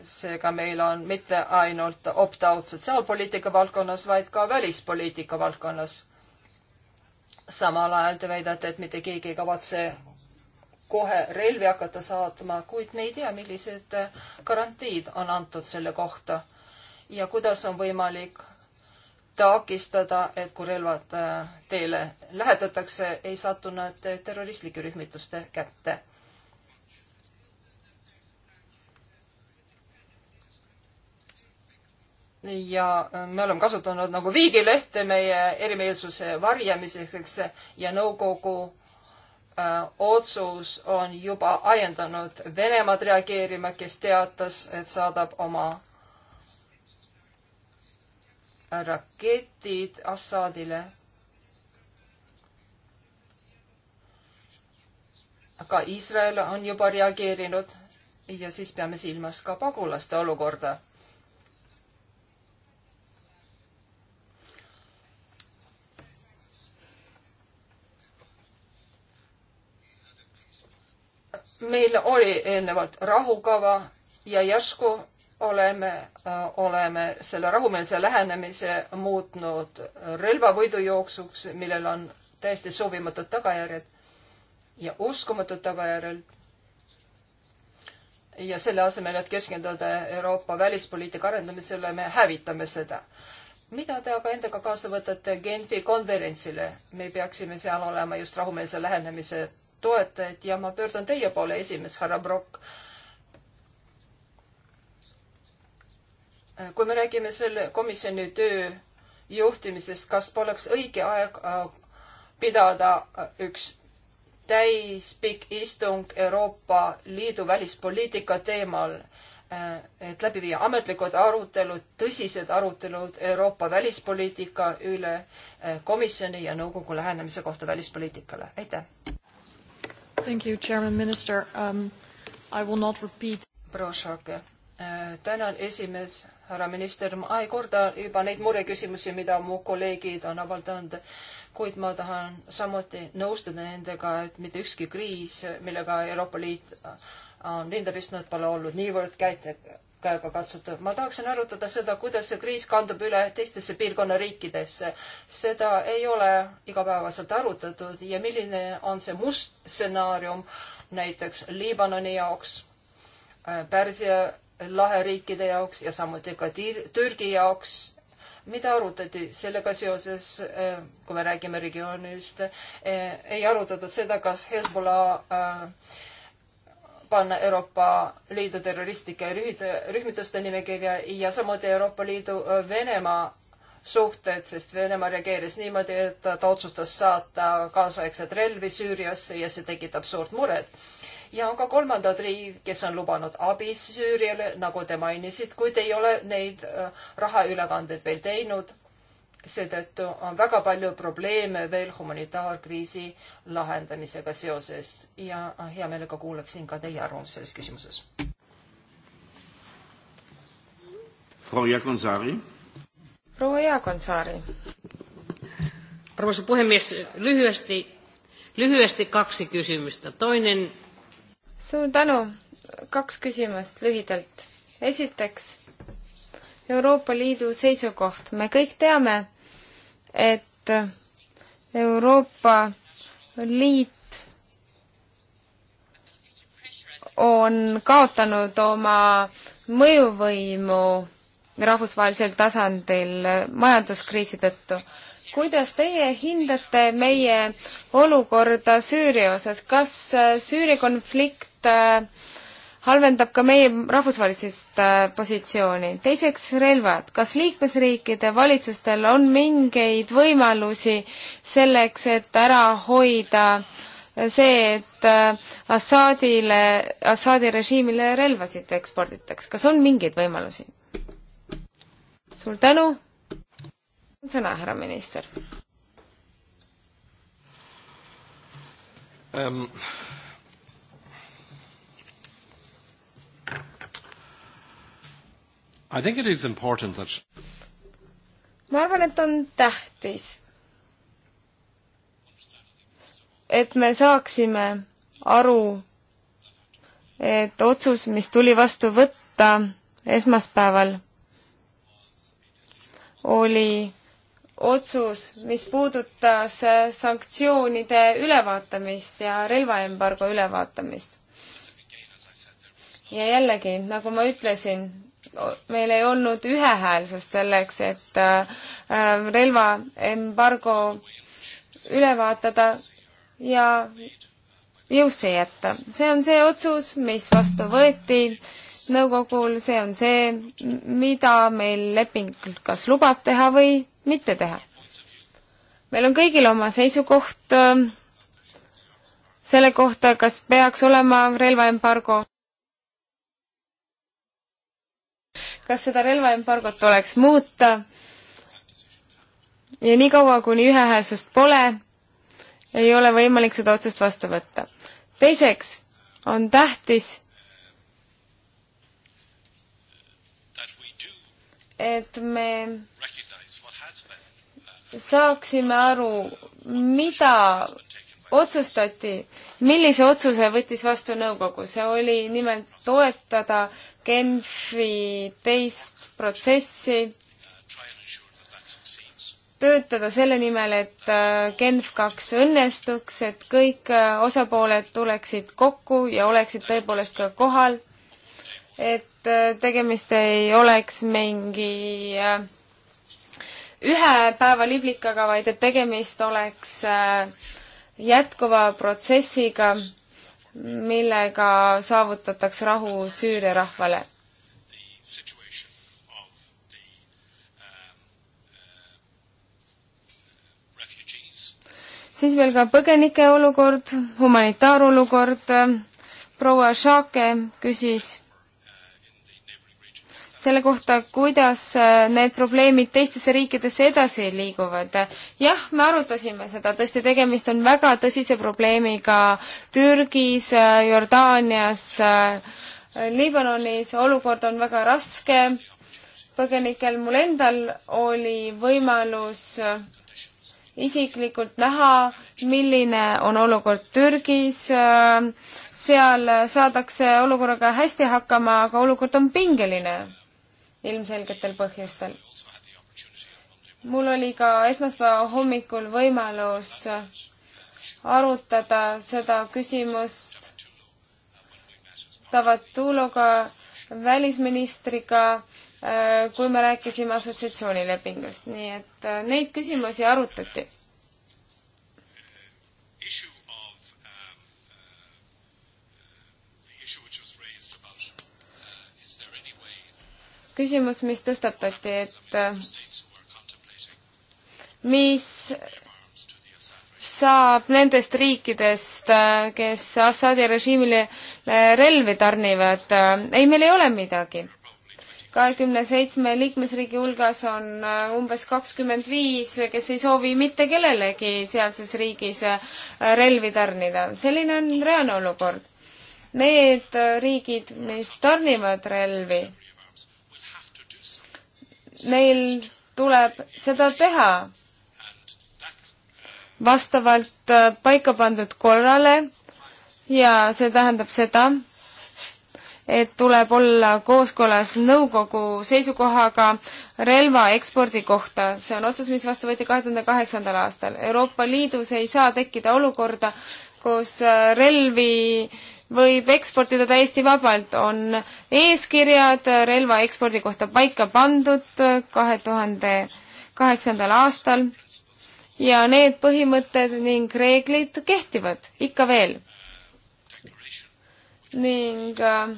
seega meil on mitte ainult opt-out sotsiaalpoliitika valdkonnas, vaid ka välispoliitika valdkonnas samal ajal te väidate, et mitte keegi ei kavatse kohe relvi hakata saatma, kuid me ei tea, millised garantiid on antud selle kohta ja kuidas on võimalik takistada, et kui relvad äh, teele lähetatakse, ei satu nad terroristlike rühmituste kätte. ja äh, me oleme kasutanud nagu viigilehte meie erimeelsuse varjamiseks ja nõukogu äh, otsus on juba ajendanud Venemaad reageerima, kes teatas, et saadab oma raketid Assadile. aga Iisrael on juba reageerinud ja siis peame silmas ka pagulaste olukorda meil oli eelnevalt rahukava ja järsku oleme, äh, oleme selle rahumeelse lähenemise muutnud relvavõidujooksuks, millel on täiesti soovimatud tagajärjed ja uskumatud tagajärjed. ja selle asemel, et keskenduda Euroopa välispoliitika arendamisele, me hävitame seda. mida te aga endaga kaasa võtate Genfi konverentsile? me peaksime seal olema just rahumeelse lähenemise toetajaid ja ma pöördun teie poole, esimees härra Brock. kui me räägime selle komisjoni töö juhtimisest, kas poleks õige aeg äh, pidada äh, üks täispikk istung Euroopa Liidu välispoliitika teemal, äh, et läbi viia ametlikud arutelud, tõsised arutelud Euroopa välispoliitika üle, komisjoni ja nõukogu lähenemise kohta välispoliitikale. aitäh! Thank you, Chairman Minister um,. I will not repeat. proua Šake, äh, tänan, esimees, härra minister, ma ei korda juba neid mureküsimusi, mida mu kolleegid on avaldanud, kuid ma tahan samuti nõustuda nendega, et mitte ükski kriis, millega Euroopa Liit on rinda pistnud, pole olnud niivõrd käite-, käegakatsutav. ma tahaksin arutada seda, kuidas see kriis kandub üle teistesse piirkonna riikidesse. seda ei ole igapäevaselt arutatud ja milline on see must stsenaarium näiteks Liibanoni jaoks, äh, Pärsia lahe riikide jaoks ja samuti ka Türgi jaoks mida arutati sellega seoses, äh, kui me räägime regioonist, äh, ei arutatud seda, kas Hezbollah panna Euroopa Liidu terroristlike rühmituste nimekirja ja samuti Euroopa Liidu Venemaa suhted, sest Venemaa reageeris niimoodi, et ta otsustas saata kaasaegseid relvi Süüriasse ja see tekitab suurt muret. ja on ka kolmandad riigid, kes on lubanud abi Süüriale, nagu te mainisite, kuid ei ole neid rahaülekandeid veel teinud seetõttu on väga palju probleeme veel humanitaarkriisi lahendamisega seoses ja ah, hea meelega kuulaksin ka teie arvamust selles küsimuses. proua Jaagonsaari. proua Jaagonsaari. arvoisa puhemies, lühidasti, lühidasti kaks küsimust, toinen. suur tänu, kaks küsimust lühidalt. esiteks Euroopa Liidu seisukoht, me kõik teame, et Euroopa Liit on kaotanud oma mõjuvõimu rahvusvahelisel tasandil majanduskriisi tõttu. kuidas teie hindate meie olukorda Süüria osas, kas Süüria konflikt äh, halvendab ka meie rahvusvahelist äh, positsiooni. teiseks, relvad. kas liikmesriikide valitsustel on mingeid võimalusi selleks, et ära hoida see, et äh, Assadile, Assadi režiimile relvasid eksporditaks, kas on mingeid võimalusi? suur tänu, sõna härra minister um,. ma arvan, et on tähtis, et me saaksime aru, et otsus, mis tuli vastu võtta esmaspäeval, oli otsus, mis puudutas sanktsioonide ülevaatamist ja relvaembargo ülevaatamist. ja jällegi, nagu ma ütlesin, meil ei olnud ühehäälsust selleks, et äh, relvaembargo üle vaatada ja jõusse jätta. see on see otsus, mis vastu võeti nõukogul, see on see, mida meil leping kas lubab teha või mitte teha. meil on kõigil oma seisukoht äh, selle kohta, kas peaks olema relvaembargo kas seda relvaembargot tuleks muuta ja niikaua, kuni ühehäälsust pole, ei ole võimalik seda otsust vastu võtta. teiseks on tähtis, et me saaksime aru, mida otsustati, millise otsuse võttis vastu nõukogu, see oli nimelt toetada Genfi teist protsessi, töötada selle nimel, et äh, Genf kaks õnnestuks, et kõik äh, osapooled tuleksid kokku ja oleksid tõepoolest ka kohal, et äh, tegemist ei oleks mingi ühe päeva liblikaga, vaid et tegemist oleks jätkuva protsessiga millega saavutatakse rahu Süüria rahvale. siis veel ka põgenike olukord, humanitaarolukord. proua Šake küsis selle kohta, kuidas äh, need probleemid teistesse riikidesse edasi liiguvad. jah, me arutasime seda, tõesti tegemist on väga tõsise probleemiga Türgis, äh, Jordaanias, äh, Liibanonis, olukord on väga raske, põgenikel mul endal oli võimalus isiklikult näha, milline on olukord Türgis, seal saadakse olukorraga hästi hakkama, aga olukord on pingeline ilmselgetel põhjustel. mul oli ka esmaspäeva hommikul võimalus arutada seda küsimust Tavatuloga, välisministriga, äh, kui me rääkisime assotsiatsioonilepingust, nii et äh, neid küsimusi arutati küsimus, mis tõstatati, et mis saab nendest riikidest, kes Assadi režiimile relvi tarnivad. ei, meil ei ole midagi. kahekümne seitsme liikmesriigi hulgas on umbes kakskümmend viis, kes ei soovi mitte kellelegi sealses riigis relvi tarnida. selline on reaalne olukord. Need riigid, mis tarnivad relvi, meil tuleb seda teha vastavalt äh, paika pandud korrale ja see tähendab seda, et tuleb olla kooskõlas nõukogu seisukohaga relva ekspordi kohta. see on otsus, mis vastu võeti kahe tuhande kaheksandal aastal. Euroopa Liidus ei saa tekkida olukorda, kus äh, relvi äh, võib eksportida täiesti vabalt, on eeskirjad relva ekspordi kohta paika pandud kahe tuhande kaheksandal aastal ja need põhimõtted ning reeglid kehtivad ikka veel. ning äh,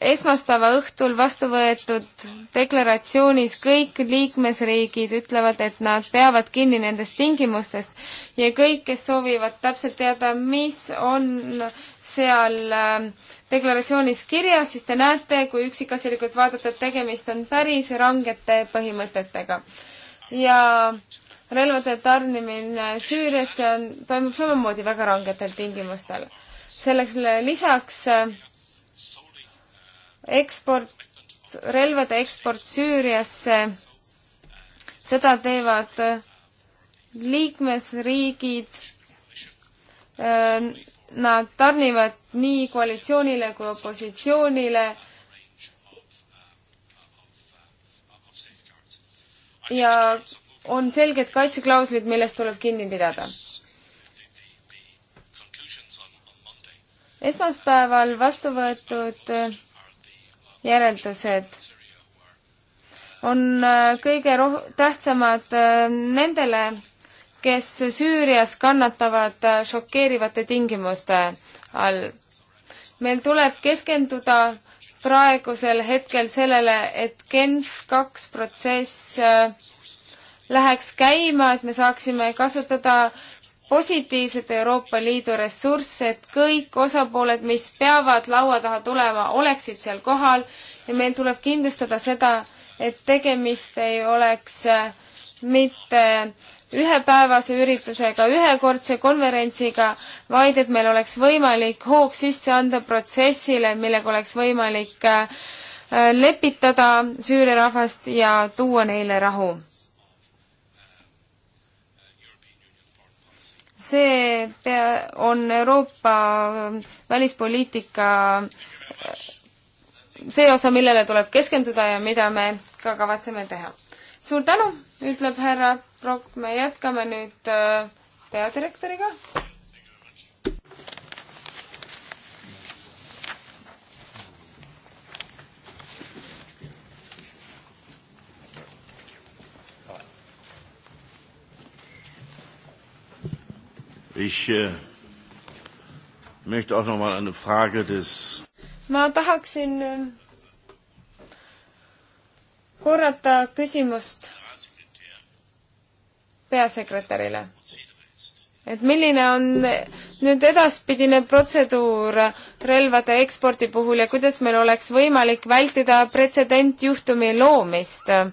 esmaspäeva õhtul vastu võetud deklaratsioonis kõik liikmesriigid ütlevad, et nad peavad kinni nendest tingimustest ja kõik, kes soovivad täpselt teada, mis on seal ähm, deklaratsioonis kirjas, siis te näete, kui üksikasjalikult vaadata, et tegemist on päris rangete põhimõtetega. ja relvade tarnimine Süüriasse on, toimub samamoodi väga rangetel tingimustel. selleks lisaks äh, eksport, relvade eksport Süüriasse, seda teevad äh, liikmesriigid, äh, nad tarnivad nii koalitsioonile kui opositsioonile ja on selged kaitseklauslid, millest tuleb kinni pidada. esmaspäeval vastu võetud äh, järeldused on äh, kõige roh-, tähtsamad äh, nendele, kes Süürias kannatavad äh, šokeerivate tingimuste all. meil tuleb keskenduda praegusel hetkel sellele, et Genf kaks protsess läheks käima, et me saaksime kasutada positiivset Euroopa Liidu ressurssi, et kõik osapooled, mis peavad laua taha tulema, oleksid seal kohal ja meil tuleb kindlustada seda, et tegemist ei oleks äh, mitte ühepäevase üritusega, ühekordse konverentsiga, vaid et meil oleks võimalik hoog sisse anda protsessile, millega oleks võimalik äh, äh, lepitada Süüria rahvast ja tuua neile rahu see pea, on Euroopa välispoliitika see osa, millele tuleb keskenduda ja mida me ka kavatseme teha. suur tänu, ütleb härra Prokk, me jätkame nüüd äh, peadirektoriga äh, Ich äh, möchte auch nochmal eine Frage des ma tahaksin äh, korrata küsimust peasekretärile. et milline on nüüd edaspidine protseduur relvade ekspordi puhul ja kuidas meil oleks võimalik vältida pretsedentjuhtumi loomist äh,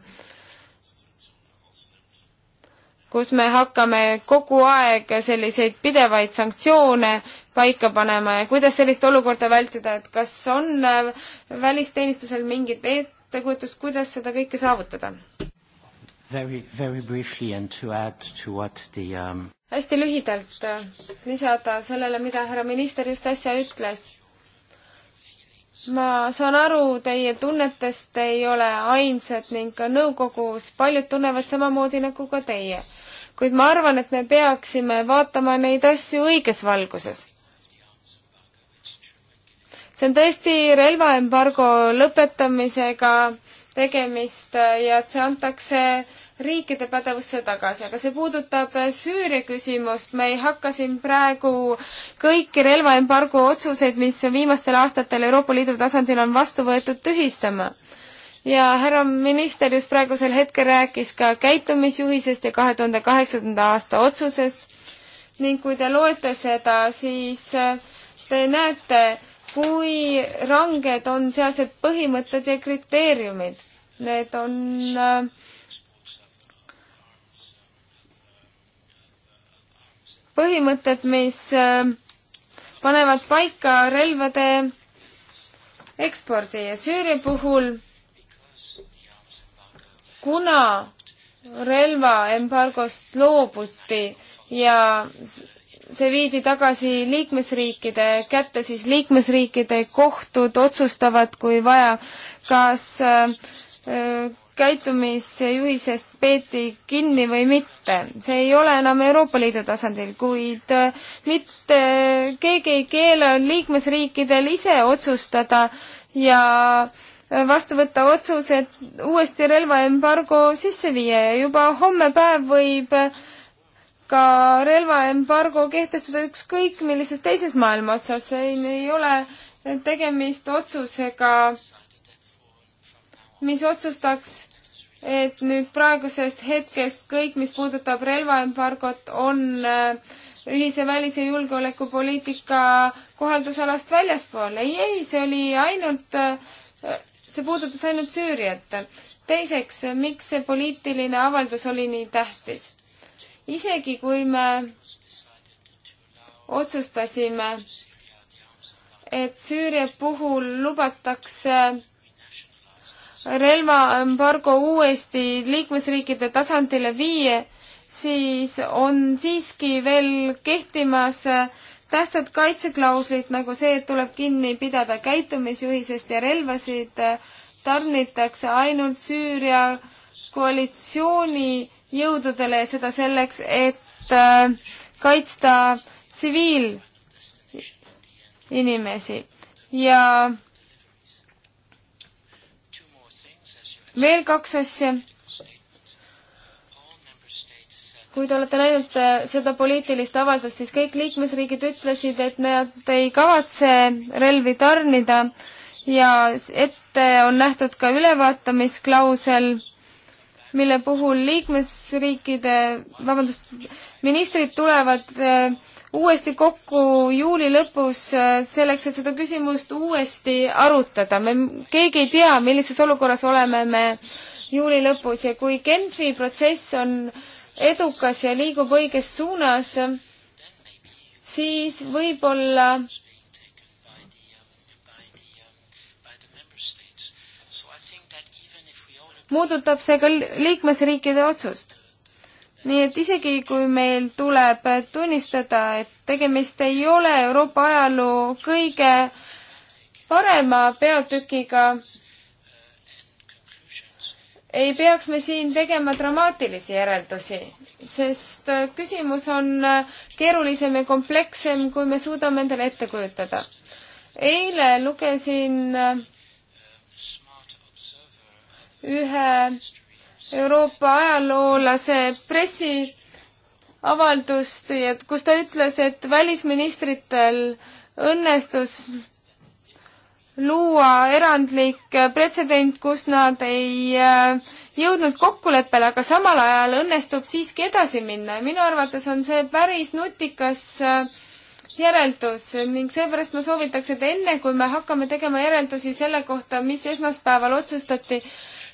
kus me hakkame kogu aeg selliseid pidevaid sanktsioone paika panema ja kuidas sellist olukorda vältida, et kas on äh, välisteenistusel mingit ettekujutust, kuidas seda kõike saavutada? Very, very briefly and to add to what the um... hästi lühidalt äh, lisada sellele, mida härra minister just äsja ütles ma saan aru, teie tunnetest ei ole ainsad ning ka nõukogus paljud tunnevad samamoodi nagu ka teie. kuid ma arvan, et me peaksime vaatama neid asju õiges valguses. see on tõesti relvaembargo lõpetamisega tegemist ja et see antakse riikide pädevusse tagasi, aga see puudutab äh, Süüria küsimust, me ei hakka siin praegu kõiki relvaembargo otsuseid, mis viimastel aastatel Euroopa Liidu tasandil on vastu võetud, tühistama ja härra minister just praegusel hetkel rääkis ka käitumisjuhisest ja kahe tuhande kaheksanda aasta otsusest ning kui te loete seda, siis äh, te näete, kui ranged on sealsed põhimõtted ja kriteeriumid. Need on äh, põhimõtted, mis äh, panevad paika relvade ekspordi ja Süüria puhul, kuna relvaembargost loobuti ja see viidi tagasi liikmesriikide kätte, siis liikmesriikide kohtud otsustavad, kui vaja, kas äh, äh käitumisjuhisest peeti kinni või mitte. see ei ole enam Euroopa Liidu tasandil, kuid äh, mitte keegi ei keela liikmesriikidel ise otsustada ja vastu võtta otsus, et uuesti relvaembargo sisse viia ja juba homme päev võib ka relvaembargo kehtestada ükskõik millises teises maailma otsas, siin ei ole tegemist otsusega, mis otsustaks et nüüd praegusest hetkest kõik, mis puudutab relvaembargot, on äh, ühise välis- ja julgeolekupoliitika kohaldusalast väljaspool. ei, ei, see oli ainult, äh, see puudutas ainult Süüriat. teiseks, äh, miks see poliitiline avaldus oli nii tähtis? isegi kui me otsustasime, et Süüria puhul lubatakse relvaembargo uuesti liikmesriikide tasandile viia, siis on siiski veel kehtimas äh, tähtsad kaitseklauslid nagu see, et tuleb kinni pidada käitumisjuhisest ja relvasid äh, tarnitakse ainult Süüria koalitsioonijõududele ja seda selleks, et äh, kaitsta tsiviilinimesi ja veel kaks asja. kui te olete näinud äh, seda poliitilist avaldust, siis kõik liikmesriigid ütlesid, et nad ei kavatse relvi tarnida ja ette on nähtud ka ülevaatamisklausel, mille puhul liikmesriikide, vabandust, ministrid tulevad äh, uuesti kokku juuli lõpus äh, selleks, et seda küsimust uuesti arutada. me, keegi ei tea, millises olukorras oleme me juuli lõpus ja kui Genfi protsess on edukas ja liigub õiges suunas, siis võib-olla muudutab see ka liikmesriikide otsust nii et isegi, kui meil tuleb tunnistada, et tegemist ei ole Euroopa ajaloo kõige parema peatükiga, ei peaks me siin tegema dramaatilisi järeldusi, sest küsimus on keerulisem ja komplekssem, kui me suudame endale ette kujutada. eile lugesin ühe Euroopa ajaloolase pressiavaldust, kus ta ütles, et välisministritel õnnestus luua erandlik pretsedent, kus nad ei äh, jõudnud kokkuleppele, aga samal ajal õnnestub siiski edasi minna ja minu arvates on see päris nutikas äh, järeldus ning seepärast ma soovitaks, et enne kui me hakkame tegema järeldusi selle kohta, mis esmaspäeval otsustati,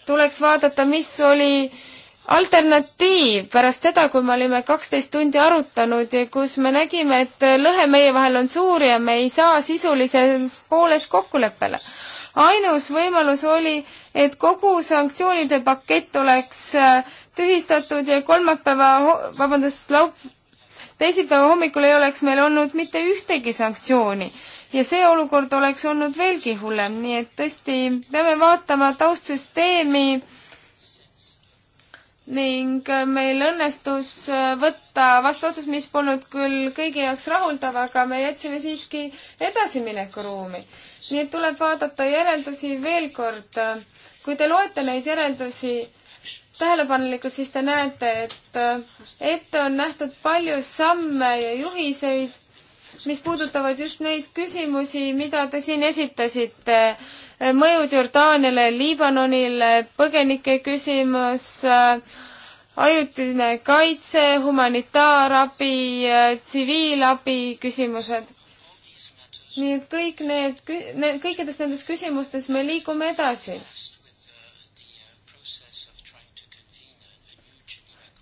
tuleks vaadata, mis oli alternatiiv pärast seda, kui me olime kaksteist tundi arutanud ja kus me nägime, et lõhe meie vahel on suur ja me ei saa sisulises pooles kokkuleppele. ainus võimalus oli, et kogu sanktsioonide pakett oleks äh, tühistatud ja kolmapäeva, vabandust, laup-, teisipäeva hommikul ei oleks meil olnud mitte ühtegi sanktsiooni ja see olukord oleks olnud veelgi hullem, nii et tõesti peame vaatama taustsüsteemi ning meil õnnestus äh, võtta vastu otsus, mis polnud küll kõigi jaoks rahuldav, aga me jätsime siiski edasiminekuruumi. nii et tuleb vaadata järeldusi veel kord. kui te loete neid järeldusi tähelepanelikult, siis te näete, et äh, ette on nähtud palju samme ja juhiseid mis puudutavad just neid küsimusi, mida te siin esitasite. mõjud Jordaaniale, Liibanonile, põgenike küsimus, ajutine kaitse, humanitaarabi, tsiviilabi küsimused. nii et kõik need, need, kõikides nendes küsimustes me liigume edasi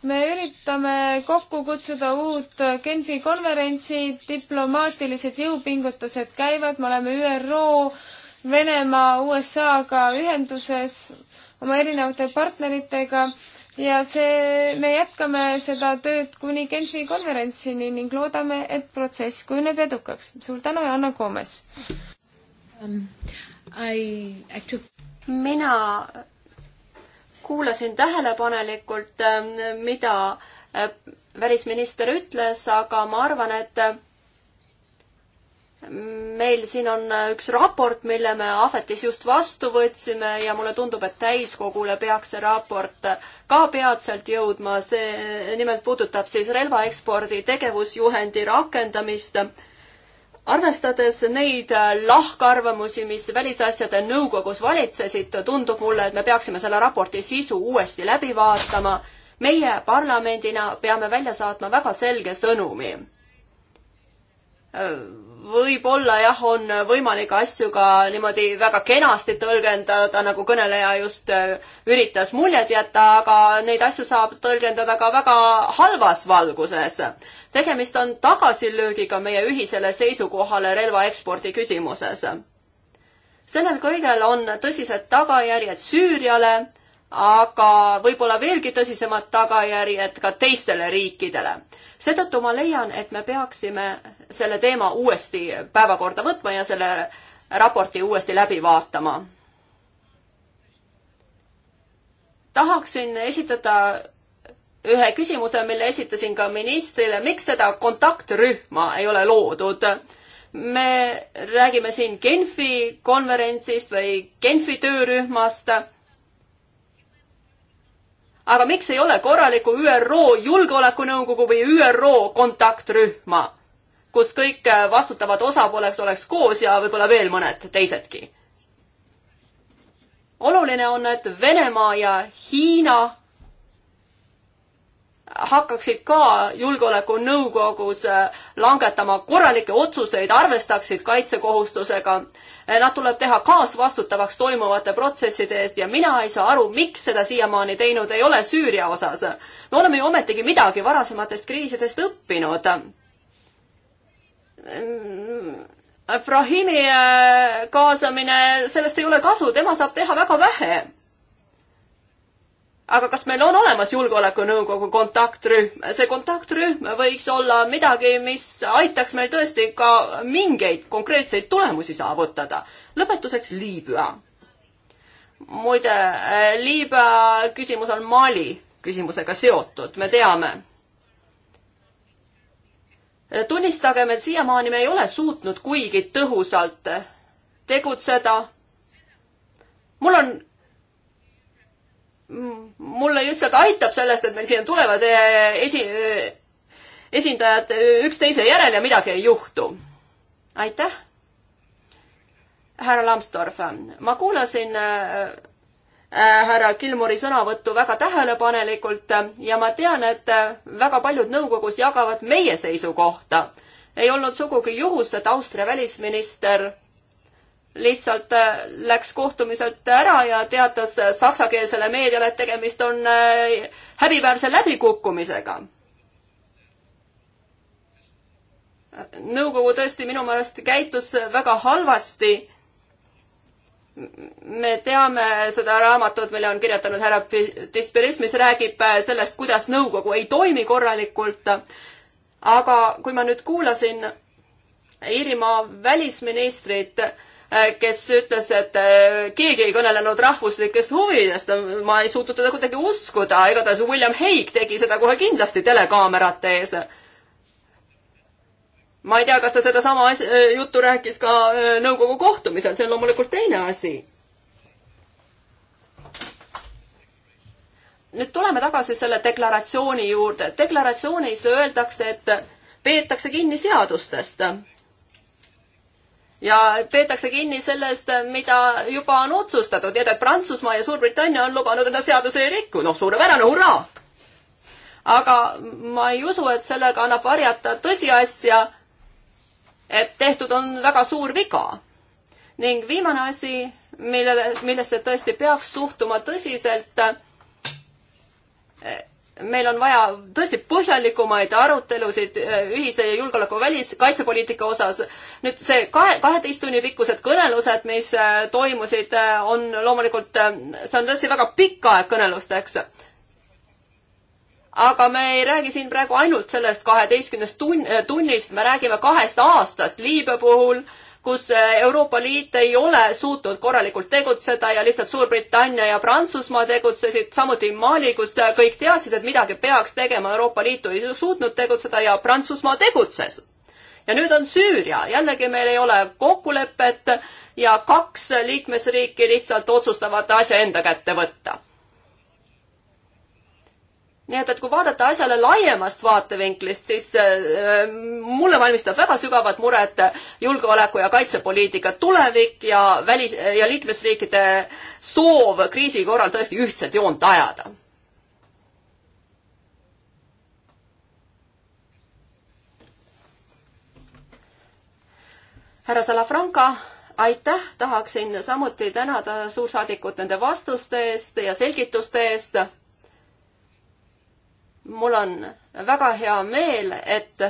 me üritame kokku kutsuda uut Genfi konverentsi, diplomaatilised jõupingutused käivad, me oleme ÜRO, Venemaa, USA-ga ühenduses oma erinevate partneritega ja see, me jätkame seda tööd kuni Genfi konverentsini ning loodame, et protsess kujuneb edukaks. suur tänu ja Anna Koomes um,! I... I took... mina kuulasin tähelepanelikult, ähm, mida äh, välisminister ütles, aga ma arvan, et äh, meil siin on äh, üks raport, mille me Ahvetis just vastu võtsime ja mulle tundub, et täiskogule peaks see raport ka peatselt jõudma, see nimelt puudutab siis relvaekspordi tegevusjuhendi rakendamist arvestades neid äh, lahkarvamusi, mis Välisasjade Nõukogus valitsesid, tundub mulle, et me peaksime selle raporti sisu uuesti läbi vaatama. meie parlamendina peame välja saatma väga selge sõnumi võib-olla jah, on võimalik asju ka niimoodi väga kenasti tõlgendada, nagu kõneleja just äh, üritas muljet jätta, aga neid asju saab tõlgendada ka väga halvas valguses. tegemist on tagasilöögiga meie ühisele seisukohale relvaekspordi küsimuses. sellel kõigel on tõsised tagajärjed Süüriale aga võib-olla veelgi tõsisemad tagajärjed ka teistele riikidele. seetõttu ma leian, et me peaksime selle teema uuesti päevakorda võtma ja selle raporti uuesti läbi vaatama. tahaksin esitada ühe küsimuse, mille esitasin ka ministrile, miks seda kontaktrühma ei ole loodud? me räägime siin Genfi konverentsist või Genfi töörühmast aga miks ei ole korralikku ÜRO Julgeolekunõukogu või ÜRO kontaktrühma, kus kõik äh, vastutavad osapooleks oleks koos ja võib-olla veel mõned teisedki? oluline on, et Venemaa ja Hiina hakkaksid ka Julgeolekunõukogus äh, langetama korralikke otsuseid, arvestaksid kaitsekohustusega. Äh, nad tuleb teha kaasvastutavaks toimuvate protsesside eest ja mina ei saa aru, miks seda siiamaani teinud ei ole Süüria osas. me oleme ju ometigi midagi varasematest kriisidest õppinud. Ehm, Brahimi äh, kaasamine, sellest ei ole kasu, tema saab teha väga vähe aga kas meil on olemas Julgeolekunõukogu kontaktrühm? see kontaktrühm võiks olla midagi, mis aitaks meil tõesti ka mingeid konkreetseid tulemusi saavutada. lõpetuseks Liibüa. muide, eh, Liibüa küsimus on Mali küsimusega seotud, me teame. Eh, tunnistagem, et siiamaani me ei ole suutnud kuigi tõhusalt tegutseda. mul on mulle lihtsalt aitab sellest, et meil siia tulevad eh, esi, eh, esindajad eh, üksteise järel ja midagi ei juhtu. aitäh, härra Lambsdorff. ma kuulasin härra Kilmuri sõnavõttu väga tähelepanelikult ja ma tean, et väga paljud nõukogus jagavad meie seisukohta. ei olnud sugugi juhus, et Austria välisminister lihtsalt äh, läks kohtumiselt ära ja teatas äh, saksakeelsele meediale, et tegemist on äh, häbiväärse läbikukkumisega. nõukogu tõesti minu meelest käitus väga halvasti. me teame seda raamatut, mille on kirjutanud härra Disperis, mis räägib sellest, kuidas nõukogu ei toimi korralikult. aga kui ma nüüd kuulasin Iirimaa välisministrit, Äh, kes ütles, et äh, keegi ei kõnelenud rahvuslikest huvidest, ma ei suutnud teda kuidagi uskuda, igatahes William Hague tegi seda kohe kindlasti telekaamerate ees. ma ei tea, kas ta sedasama äh, juttu rääkis ka nõukogu kohtumisel, see on loomulikult teine asi. nüüd tuleme tagasi selle deklaratsiooni juurde. deklaratsioonis öeldakse, et peetakse kinni seadustest ja peetakse kinni sellest, mida juba on otsustatud, nii et, et Prantsusmaa ja Suurbritannia on lubanud, et nad seadusi ei riku, noh, suurepärane, hurraa! aga ma ei usu, et sellega annab varjata tõsiasja, et tehtud on väga suur viga. ning viimane asi, millele, millesse tõesti peaks suhtuma tõsiselt, meil on vaja tõesti põhjalikumaid arutelusid äh, ühise julgeoleku välis-, kaitsepoliitika osas. nüüd see kahe, kaheteist tunni pikkused kõnelused, mis äh, toimusid, äh, on loomulikult, see on tõesti väga pikk aeg kõnelusteks. aga me ei räägi siin praegu ainult sellest kaheteistkümnest tun-, tunnist, me räägime kahest aastast Liibüa puhul äh, kus äh, Euroopa Liit ei ole suutnud korralikult tegutseda ja lihtsalt Suurbritannia ja Prantsusmaa tegutsesid, samuti Mali, kus äh, kõik teadsid, et midagi peaks tegema, Euroopa Liit ei suutnud tegutseda ja Prantsusmaa tegutses. ja nüüd on Süüria, jällegi meil ei ole kokkulepet ja kaks liikmesriiki lihtsalt otsustavad asja enda kätte võtta nii et, et kui vaadata asjale laiemast vaatevinklist, siis äh, mulle valmistab väga sügavat muret julgeoleku ja kaitsepoliitika tulevik ja välis- ja liikmesriikide soov kriisi korral tõesti ühtset joont ajada. härra Salafranca aitäh, tahaksin samuti tänada suursaadikut nende vastuste eest ja selgituste eest mul on väga hea meel, et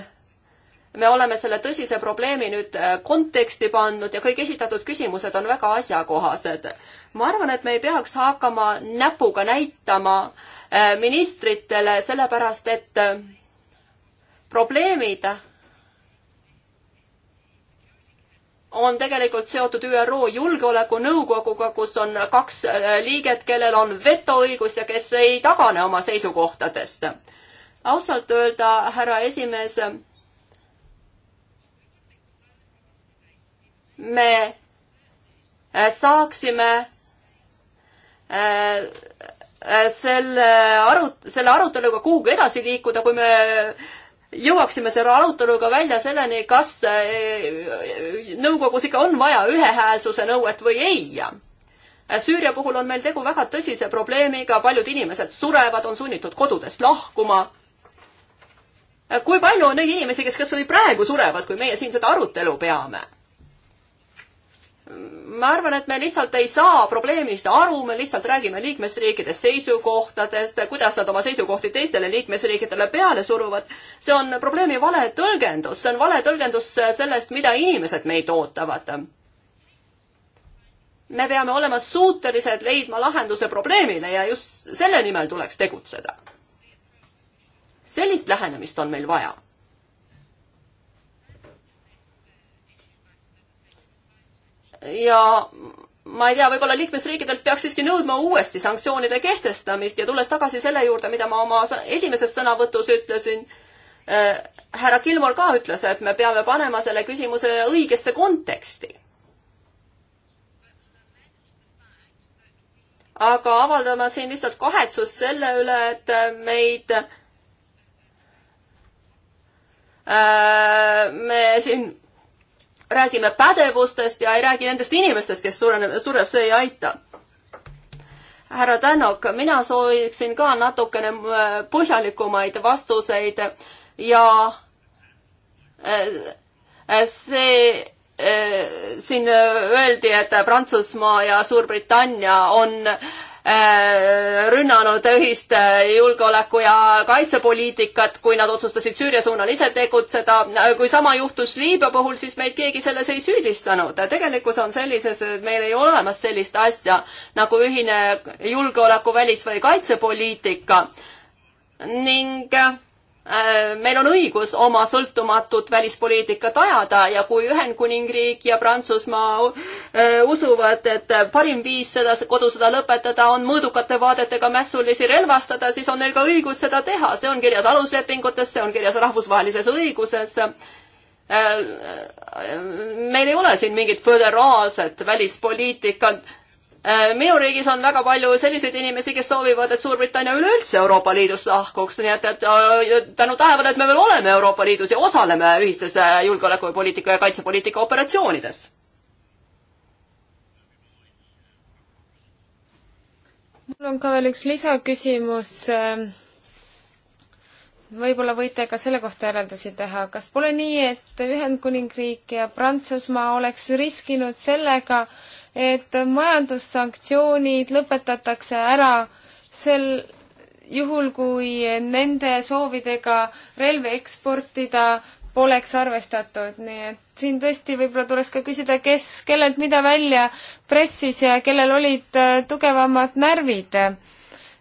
me oleme selle tõsise probleemi nüüd äh, konteksti pandud ja kõik esitatud küsimused on väga asjakohased. ma arvan, et me ei peaks hakkama näpuga näitama äh, ministritele, sellepärast et äh, probleemid on tegelikult seotud ÜRO Julgeolekunõukoguga, kus on kaks äh, liiget, kellel on vetoõigus ja kes ei tagane oma seisukohtadest. ausalt öelda, härra esimees, me äh, saaksime äh, selle arut-, selle aruteluga kuhugi edasi liikuda, kui me jõuaksime selle aruteluga välja selleni, kas eh, nõukogus ikka on vaja ühehäälsuse nõuet või ei. Süüria puhul on meil tegu väga tõsise probleemiga, paljud inimesed surevad, on sunnitud kodudest lahkuma. kui palju on neid inimesi, kes kas või praegu surevad, kui meie siin seda arutelu peame? ma arvan, et me lihtsalt ei saa probleemist aru, me lihtsalt räägime liikmesriikide seisukohtadest, kuidas nad oma seisukohti teistele liikmesriikidele peale suruvad. see on probleemi vale tõlgendus, see on vale tõlgendus sellest, mida inimesed meilt ootavad. me peame olema suutelised leidma lahenduse probleemile ja just selle nimel tuleks tegutseda. sellist lähenemist on meil vaja ja ma ei tea, võib-olla liikmesriikidelt peaks siiski nõudma uuesti sanktsioonide kehtestamist ja tulles tagasi selle juurde, mida ma oma esimeses sõnavõtus ütlesin äh,, härra Kilmor ka ütles, et me peame panema selle küsimuse õigesse konteksti. aga avaldame siin lihtsalt kahetsust selle üle, et meid äh,, me siin räägime pädevustest ja ei räägi nendest inimestest, kes sureneb, sureb, see ei aita. härra Tänok, mina sooviksin ka natukene äh, põhjalikumaid vastuseid ja äh, äh, see siin öeldi, et Prantsusmaa ja Suurbritannia on Äh, rünnanud ühist äh, julgeoleku- ja kaitsepoliitikat, kui nad otsustasid Süüria suunal ise tegutseda. kui sama juhtus Liibüa puhul, siis meid keegi selles ei süüdistanud. tegelikkus on sellises, et meil ei ole olemas sellist asja nagu ühine julgeoleku, välis- või kaitsepoliitika ning äh, Äh, meil on õigus oma sõltumatut välispoliitikat ajada ja kui Ühendkuningriik ja Prantsusmaa äh, usuvad, et parim viis seda kodusõda lõpetada on mõõdukate vaadetega mässulisi relvastada, siis on neil ka õigus seda teha, see on kirjas aluslepingutes, see on kirjas rahvusvahelises õiguses. Äh, meil ei ole siin mingit föderaalset välispoliitikat Äh, minu riigis on väga palju selliseid inimesi, kes soovivad, et Suurbritannia üleüldse Euroopa Liidust lahkuks, nii et, et äh, tänu taevale, et me veel oleme Euroopa Liidus ja osaleme ühistes äh, julgeolekupoliitika ja kaitsepoliitika operatsioonides. mul on ka veel üks lisaküsimus. Ähm, võib-olla võite ka selle kohta järeldusi teha, kas pole nii, et Ühendkuningriik ja Prantsusmaa oleks riskinud sellega, et majandussanktsioonid lõpetatakse ära sel juhul, kui nende soovidega relvi eksportida poleks arvestatud, nii et siin tõesti võib-olla tuleks ka küsida, kes, kellelt mida välja pressis ja kellel olid äh, tugevamad närvid.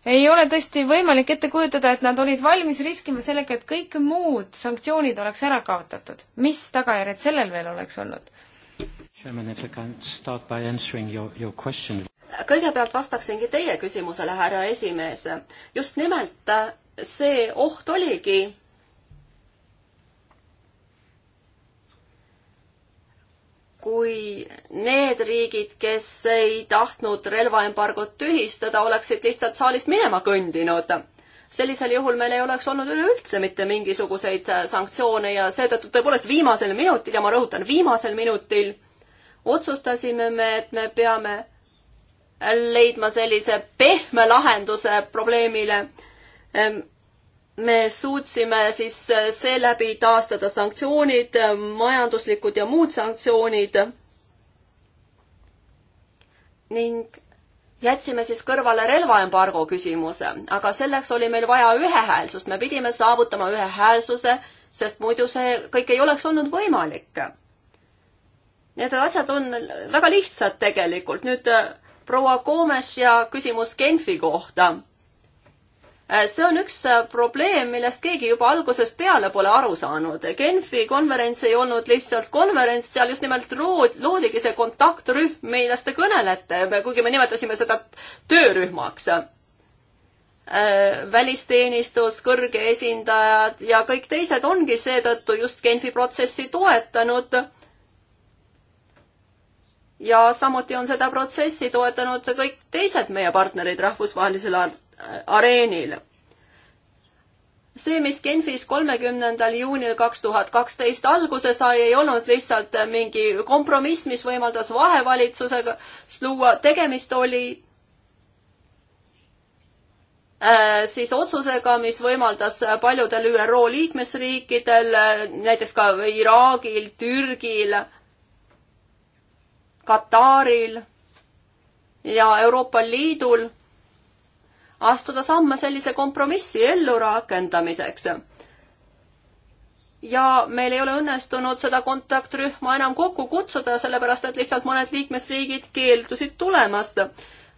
ei ole tõesti võimalik ette kujutada, et nad olid valmis riskima sellega, et kõik muud sanktsioonid oleks ära kaotatud. mis tagajärjed sellel veel oleks olnud? kõigepealt vastaksingi teie küsimusele, härra esimees. just nimelt äh, see oht oligi kui need riigid, kes ei tahtnud relvaembargot tühistada, oleksid lihtsalt saalist minema kõndinud. sellisel juhul meil ei oleks olnud üleüldse mitte mingisuguseid äh, sanktsioone ja seetõttu tõepoolest viimasel minutil ja ma rõhutan, viimasel minutil otsustasime me, et me peame leidma sellise pehme lahenduse probleemile. me suutsime siis seeläbi taastada sanktsioonid, majanduslikud ja muud sanktsioonid. ning jätsime siis kõrvale relvaembargo küsimuse, aga selleks oli meil vaja ühehäälsust, me pidime saavutama ühehäälsuse, sest muidu see kõik ei oleks olnud võimalik Need asjad on väga lihtsad tegelikult. nüüd äh, proua Koomes ja küsimus Genfi kohta. Äh, see on üks äh, probleem, millest keegi juba algusest peale pole aru saanud. Genfi konverents ei olnud lihtsalt konverents, seal just nimelt lood, loodigi see kontaktrühm, millest te kõnelete, kuigi me nimetasime seda töörühmaks välisteenistus, kõrge esindajad ja kõik teised ongi seetõttu just Genfi protsessi toetanud ja samuti on seda protsessi toetanud kõik teised meie partnerid rahvusvahelisel areenil. see, mis Genfis kolmekümnendal juunil kaks tuhat kaksteist alguse sai, ei olnud lihtsalt mingi kompromiss, mis võimaldas vahevalitsusega luua, tegemist oli äh, siis otsusega, mis võimaldas paljudel ÜRO liikmesriikidel, näiteks ka Iraagil, Türgil Kataril ja Euroopa Liidul astuda samme sellise kompromissi ellurakendamiseks. ja meil ei ole õnnestunud seda kontaktrühma enam kokku kutsuda, sellepärast et lihtsalt mõned liikmesriigid keeldusid tulemast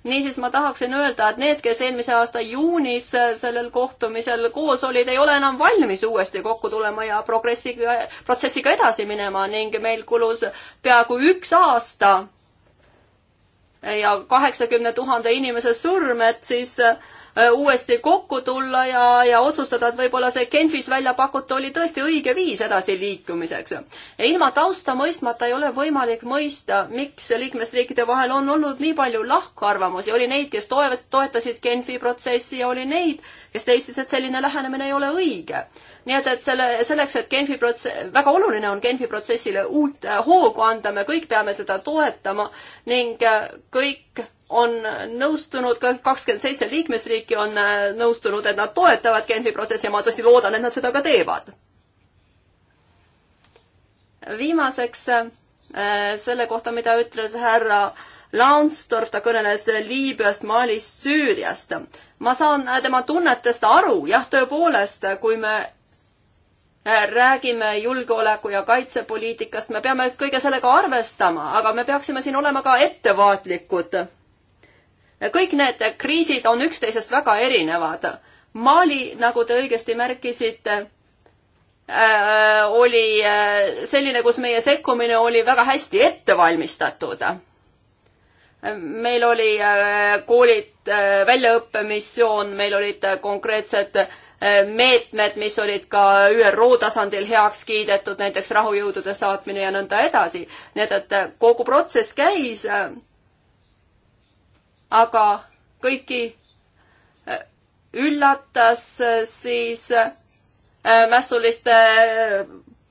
niisiis ma tahaksin öelda, et need, kes eelmise aasta juunis sellel kohtumisel koos olid, ei ole enam valmis uuesti kokku tulema ja progressiga, protsessiga edasi minema ning meil kulus peaaegu üks aasta ja kaheksakümne tuhande inimese surm, et siis äh, Äh, uuesti kokku tulla ja, ja otsustada, et võib-olla see Genfis välja pakutu oli tõesti õige viis edasiliikumiseks. ilma tausta mõistmata ei ole võimalik mõista, miks liikmesriikide vahel on olnud nii palju lahkarvamusi, oli neid, kes toev-, toetasid Genfi protsessi ja oli neid, kes leidsid, et selline lähenemine ei ole õige. nii et, et selle, selleks, et Genfi prots-, väga oluline on Genfi protsessile uut äh, hoogu anda, me kõik peame seda toetama ning äh, kõik on nõustunud, ka kakskümmend seitse liikmesriiki on äh, nõustunud, et nad toetavad Genfi protsessi ja ma tõesti loodan, et nad seda ka teevad. viimaseks äh, selle kohta, mida ütles härra Launstorf, ta kõneles Liibüast, Malist, Süüriast. ma saan äh, tema tunnetest aru, jah, tõepoolest, kui me räägime julgeoleku ja kaitsepoliitikast, me peame kõige sellega arvestama, aga me peaksime siin olema ka ettevaatlikud kõik need kriisid on üksteisest väga erinevad. Mali, nagu te õigesti märkisite, äh, oli äh, selline, kus meie sekkumine oli väga hästi ettevalmistatud. meil oli äh, koolid, väljaõppemissioon, meil olid konkreetsed meetmed, mis olid ka ÜRO tasandil heaks kiidetud, näiteks rahujõudude saatmine ja nõnda edasi. nii et, et kogu protsess käis aga kõiki äh, üllatas äh, siis äh, mässuliste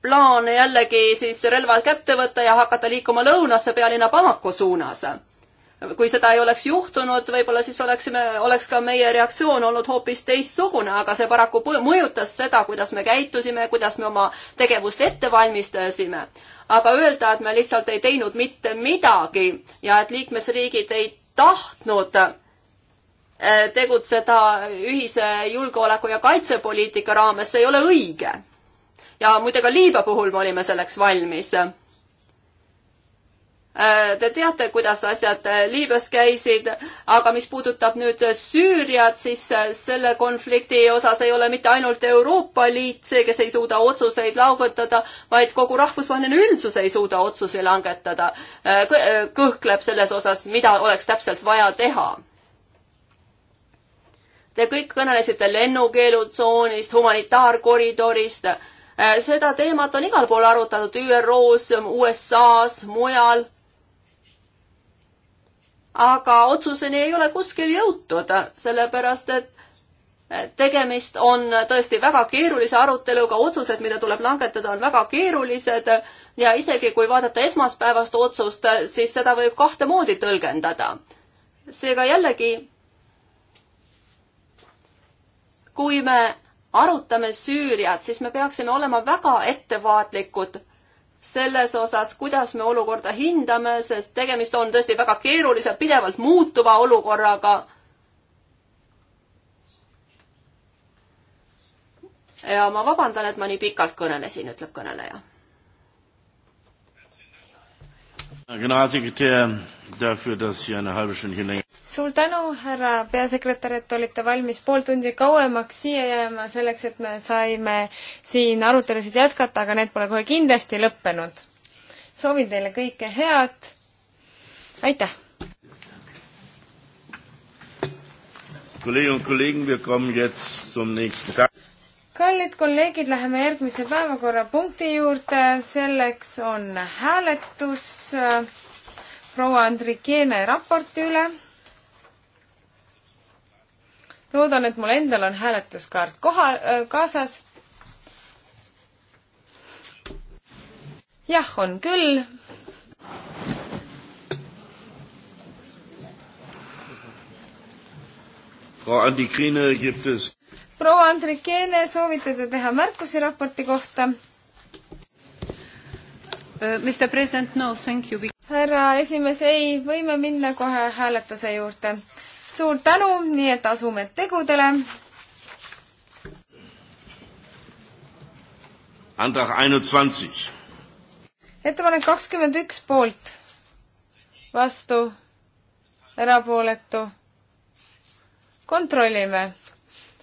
plaan jällegi siis relvad kätte võtta ja hakata liikuma lõunasse pealinna Bamako suunas. kui seda ei oleks juhtunud, võib-olla siis oleksime, oleks ka meie reaktsioon olnud hoopis teistsugune, aga see paraku mõjutas seda, kuidas me käitusime, kuidas me oma tegevust ette valmistasime. aga öelda, et me lihtsalt ei teinud mitte midagi ja et liikmesriigid ei tahtnud äh, tegutseda ühise julgeoleku ja kaitsepoliitika raames, see ei ole õige. ja muide ka Liibüa puhul me olime selleks valmis Äh, te teate, kuidas asjad äh, Liibüas käisid, aga mis puudutab nüüd äh, Süüriat, siis selle konflikti osas ei ole mitte ainult Euroopa Liit see, kes ei suuda otsuseid langetada, vaid kogu rahvusvaheline üldsus ei suuda otsusi langetada. kõhkleb selles osas, mida oleks täpselt vaja teha Te kõik kõnelesite lennukeelutsoonist, humanitaarkoridorist. seda teemat on igal pool arutatud ÜRO-s, USA-s, mujal aga otsuseni ei ole kuskil jõutud, sellepärast et tegemist on tõesti väga keerulise aruteluga, otsused, mida tuleb langetada, on väga keerulised ja isegi kui vaadata esmaspäevast otsust, siis seda võib kahte moodi tõlgendada. seega jällegi, kui me arutame Süüriat, siis me peaksime olema väga ettevaatlikud selles osas, kuidas me olukorda hindame, sest tegemist on tõesti väga keerulise, pidevalt muutuva olukorraga. ja ma vabandan, et ma nii pikalt kõnelesin, ütleb kõneleja suur tänu, härra peasekretär, et olite valmis pool tundi kauemaks siia jääma, selleks et me saime siin arutelusid jätkata, aga need pole kohe kindlasti lõppenud. soovin teile kõike head. aitäh! Kolleginnen und Kollegen, wir kommen jetzt zum nächsten Tag kallid kolleegid, läheme järgmise päevakorrapunkti juurde, selleks on hääletus äh, proua Andrikiene raporti üle. loodan, et mul endal on hääletuskaart koha, äh, kaasas. jah, on küll. Frau Andrikiene gibt es proua Andrikeene, soovite te teha märkusi raporti kohta? Uh, Mr President, no thank you. härra esimees, ei, võime minna kohe hääletuse juurde. suur tänu, nii et asume tegudele. ettepanek kakskümmend üks poolt, vastu, erapooletu. kontrollime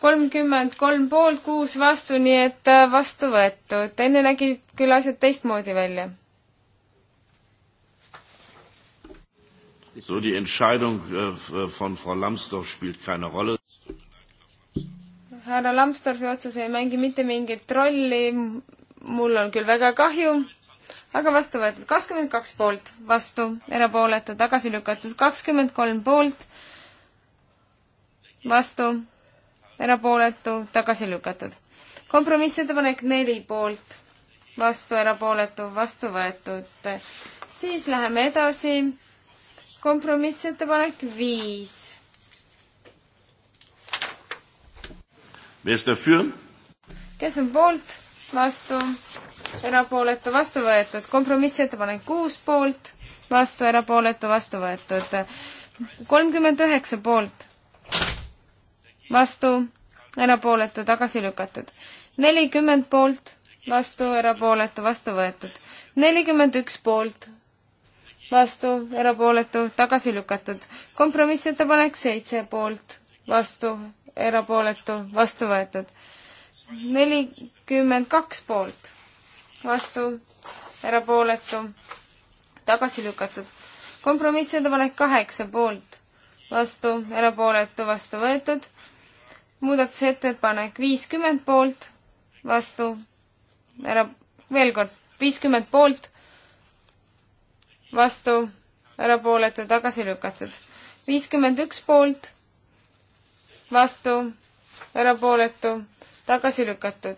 kolmkümmend kolm poolt, kuus vastu, nii et äh, vastu võetud. enne nägid küll asjad teistmoodi välja. So die Entscheidung äh, äh, von Frau Lambsdorff spielt keine Rolle. härra Lambsdorfi otsus ei mängi mitte mingit rolli. mul on küll väga kahju, aga vastu võetud kakskümmend kaks poolt, vastu, erapooletu, tagasi lükatud kakskümmend kolm poolt, vastu erapooletu, tagasi lükatud. kompromissettepanek neli poolt, vastu, erapooletu, vastu võetud. siis läheme edasi. kompromissettepanek viis. kes on poolt, vastu, erapooletu, vastu võetud. kompromissettepanek kuus poolt, vastu, erapooletu, vastu võetud. kolmkümmend üheksa poolt vastu, erapooletu, tagasi lükatud. nelikümmend poolt, vastu, erapooletu, vastu võetud. nelikümmend üks poolt, vastu, erapooletu, tagasi lükatud. kompromissettepanek seitse poolt, vastu, erapooletu, vastu võetud. nelikümmend kaks poolt, vastu, erapooletu, tagasi lükatud. kompromissettepanek kaheksa poolt, vastu, erapooletu, vastu võetud muudatusettepanek viiskümmend poolt, vastu, ära, veel kord, viiskümmend poolt, vastu, erapooletu, tagasi lükatud. viiskümmend üks poolt, vastu, erapooletu, tagasi lükatud.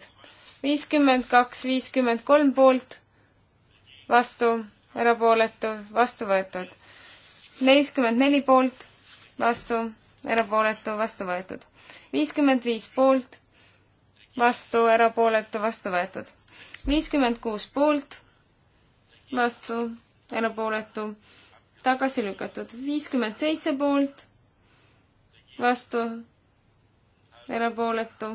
viiskümmend kaks, viiskümmend kolm poolt, vastu, erapooletu, vastu võetud. nelikümmend neli poolt, vastu, erapooletu, vastu võetud viiskümmend viis poolt, vastu, erapooletu, vastu võetud. viiskümmend kuus poolt, vastu, erapooletu, tagasi lükatud. viiskümmend seitse poolt, vastu, erapooletu,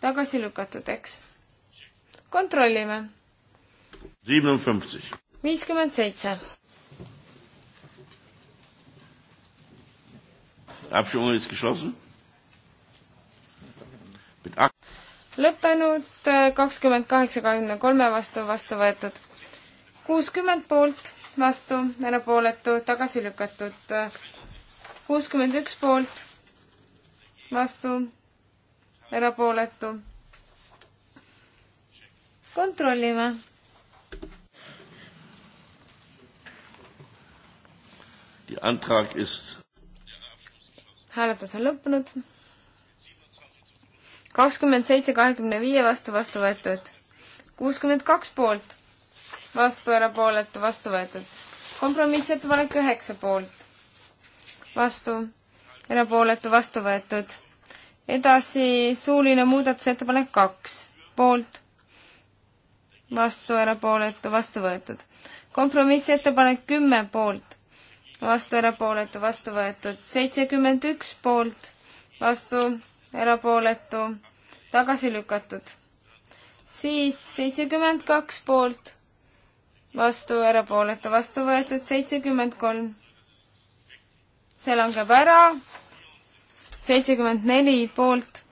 tagasi lükatud, eks. kontrollime. viiskümmend seitse. Abstimmung ist geschlossen. lõppenud, kakskümmend kaheksa, kahekümne kolme vastu, vastu võetud. kuuskümmend poolt, vastu, erapooletu, tagasi lükatud. kuuskümmend üks poolt, vastu, erapooletu. kontrollime. hääletus on lõppenud kakskümmend seitse kahekümne viie vastu vastu võetud. kuuskümmend kaks poolt, vastu erapooletu vastu võetud. kompromissettepanek üheksa poolt, vastu erapooletu vastu võetud. edasi suuline muudatusettepanek kaks, poolt, vastu erapooletu vastu võetud. kompromissettepanek kümme poolt, vastu erapooletu vastu võetud. seitsekümmend üks poolt, vastu erapooletu, tagasi lükatud. siis seitsekümmend kaks poolt, vastu, erapooletu, vastu võetud seitsekümmend kolm. see langeb ära. seitsekümmend neli poolt,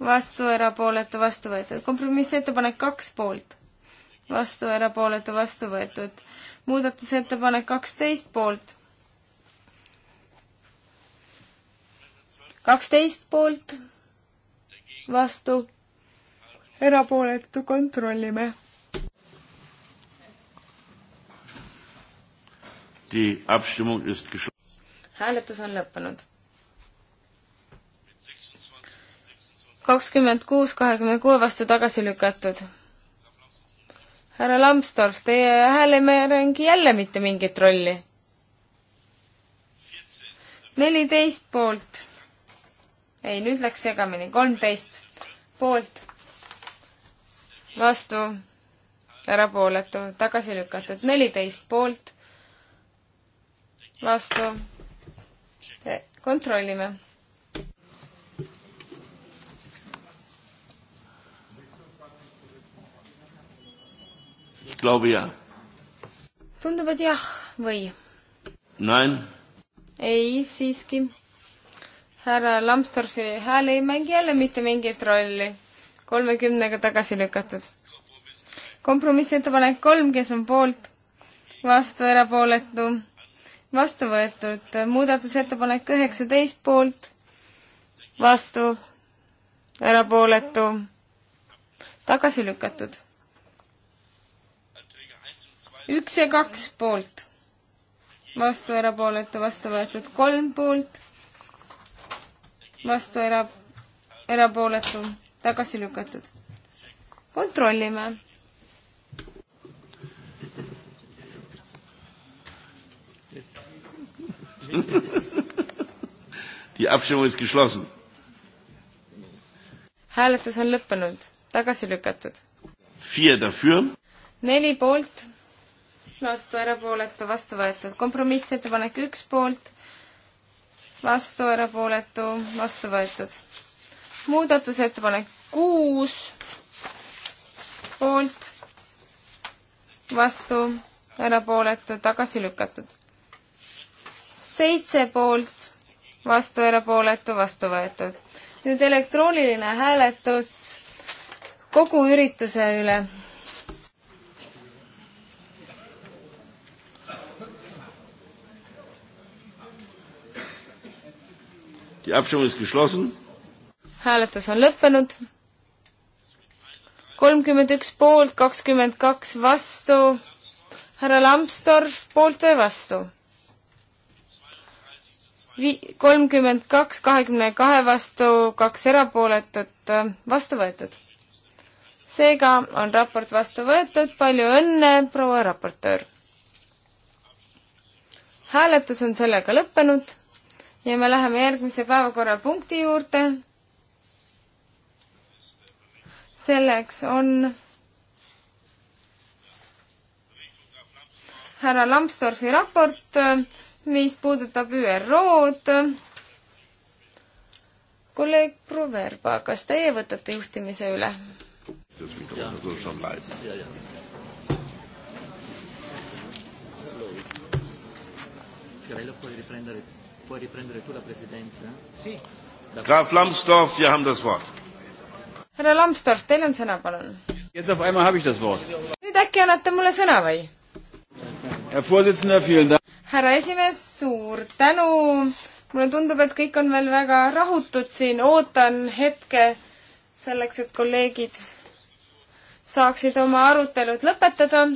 vastu, erapooletu, vastu võetud. kompromissettepanek kaks poolt, vastu, erapooletu, vastu võetud. muudatusettepanek kaksteist poolt kaksteist poolt, vastu, erapooletu, kontrollime. hääletus on lõppenud. kakskümmend kuus, kahekümne kuue vastu tagasi lükatud. härra Lambsdorff, teie hääl ei mängi jälle mitte mingit rolli neliteist poolt, ei, nüüd läks segamini, kolmteist poolt, vastu, erapooletu, tagasi lükatud, neliteist poolt, vastu, e, kontrollime glaube ja. Tundub, et jah või? Nein. ei, siiski härra Lambsdorfi hääl ei mängi jälle mitte mingit rolli. kolmekümnega tagasi lükatud. kompromissettepanek kolm, kes on poolt, vastu, erapooletu, vastu võetud. muudatusettepanek üheksateist poolt, vastu, erapooletu, tagasi lükatud üks ja kaks poolt. vastu erapooletu, vastu võetud kolm poolt vastu era, erapooletu, tagasi lükatud. kontrollime. Die Abstimmung ist geschlossen. hääletus on lõppenud, tagasi lükatud. neli poolt, vastu erapooletu, vastu võetud. kompromissettepanek üks poolt vastu, erapooletu, vastu võetud. muudatusettepanek kuus, poolt, vastu, erapooletu, tagasi lükatud. seitse poolt, vastu, erapooletu, vastu võetud. nüüd elektrooniline hääletus kogu ürituse üle hääletus on lõppenud. kolmkümmend üks poolt, kakskümmend kaks vastu. härra Lambsdorff poolt või vastu? Vi-, kolmkümmend kaks, kahekümne kahe vastu, kaks erapooletut, vastu võetud. seega on raport vastu võetud, palju õnne, proua raportöör! hääletus on sellega lõppenud ja me läheme järgmise päevakorrapunkti juurde. selleks on härra Lambsdorfi raport, mis puudutab ÜRO-d. kolleeg Proverba, kas teie võtate juhtimise üle? Ja. Ja, ja. Lei lo puoi riprendere puoi riprendere tu la presidenza? Sì. Graf Lambsdorff, Sie haben das Wort. härra Lambsdorff, teil on sõna, palun. nüüd äkki annate mulle sõna või? härra esimees, suur tänu. mulle tundub, et kõik on veel väga rahutud siin, ootan hetke selleks, et kolleegid saaksid oma arutelud lõpetada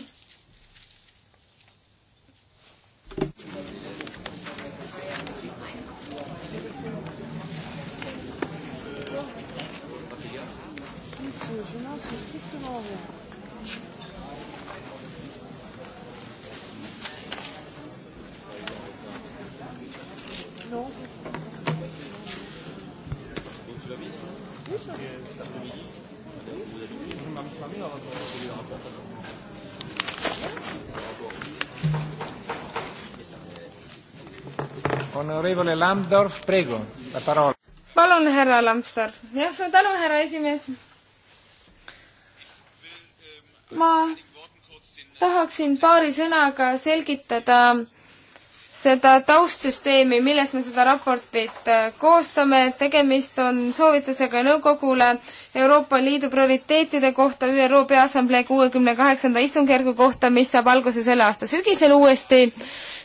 Non, c'est strictement ouvert. Non. Donc tu l'as mis Oui, ça. Cet après-midi Vous avez mis Ma famille a rendu le rapport. Onorevole Lambdorf, prego, la parola. palun, härra Lambsdorf. jah, suur tänu, härra esimees ma tahaksin paari sõnaga selgitada seda taustsüsteemi, milles me seda raportit äh, koostame, et tegemist on soovitusega nõukogule Euroopa Liidu prioriteetide kohta ÜRO Peaassamblee kuuekümne kaheksanda istungjärgu kohta, mis saab alguse selle aasta sügisel uuesti.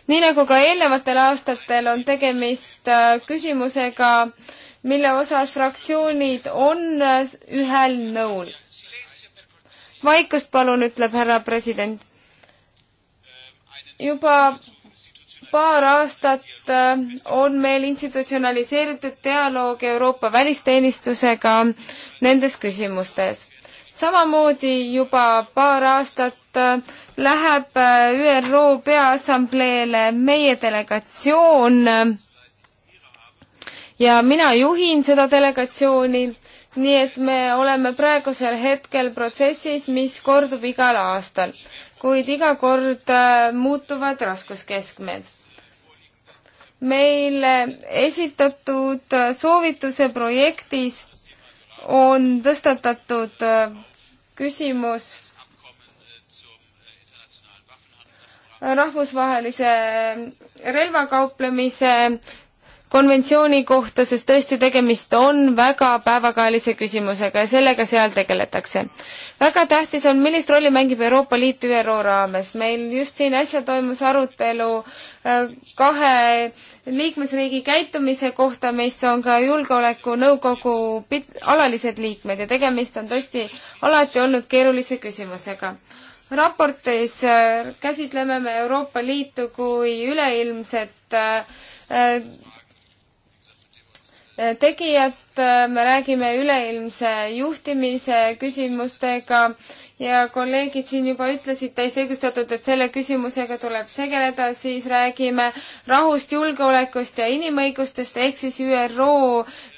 nii nagu ka eelnevatel aastatel, on tegemist äh, küsimusega, mille osas fraktsioonid on äh, ühel nõul vaikust palun, ütleb härra president. juba paar aastat äh, on meil institutsionaliseeritud dialoog Euroopa välisteenistusega nendes küsimustes. samamoodi juba paar aastat äh, läheb äh, ÜRO Peaassambleele meie delegatsioon ja mina juhin seda delegatsiooni nii et me oleme praegusel hetkel protsessis, mis kordub igal aastal, kuid iga kord äh, muutuvad raskuskeskmed. meile esitatud äh, soovituse projektis on tõstatatud äh, küsimus rahvusvahelise relvakauplemise konventsiooni kohta, sest tõesti tegemist on väga päevakajalise küsimusega ja sellega seal tegeletakse. väga tähtis on, millist rolli mängib Euroopa Liit ÜRO raames. meil just siin äsja toimus arutelu äh, kahe liikmesriigi käitumise kohta, mis on ka Julgeolekunõukogu alalised liikmed ja tegemist on tõesti alati olnud keerulise küsimusega raportis äh, käsitleme me Euroopa Liitu kui üleilmset äh, tegijat, äh, me räägime üleilmse juhtimise küsimustega ja kolleegid siin juba ütlesid täiesti õigustatult, et selle küsimusega tuleb tegeleda, siis räägime rahust, julgeolekust ja inimõigustest ehk siis ÜRO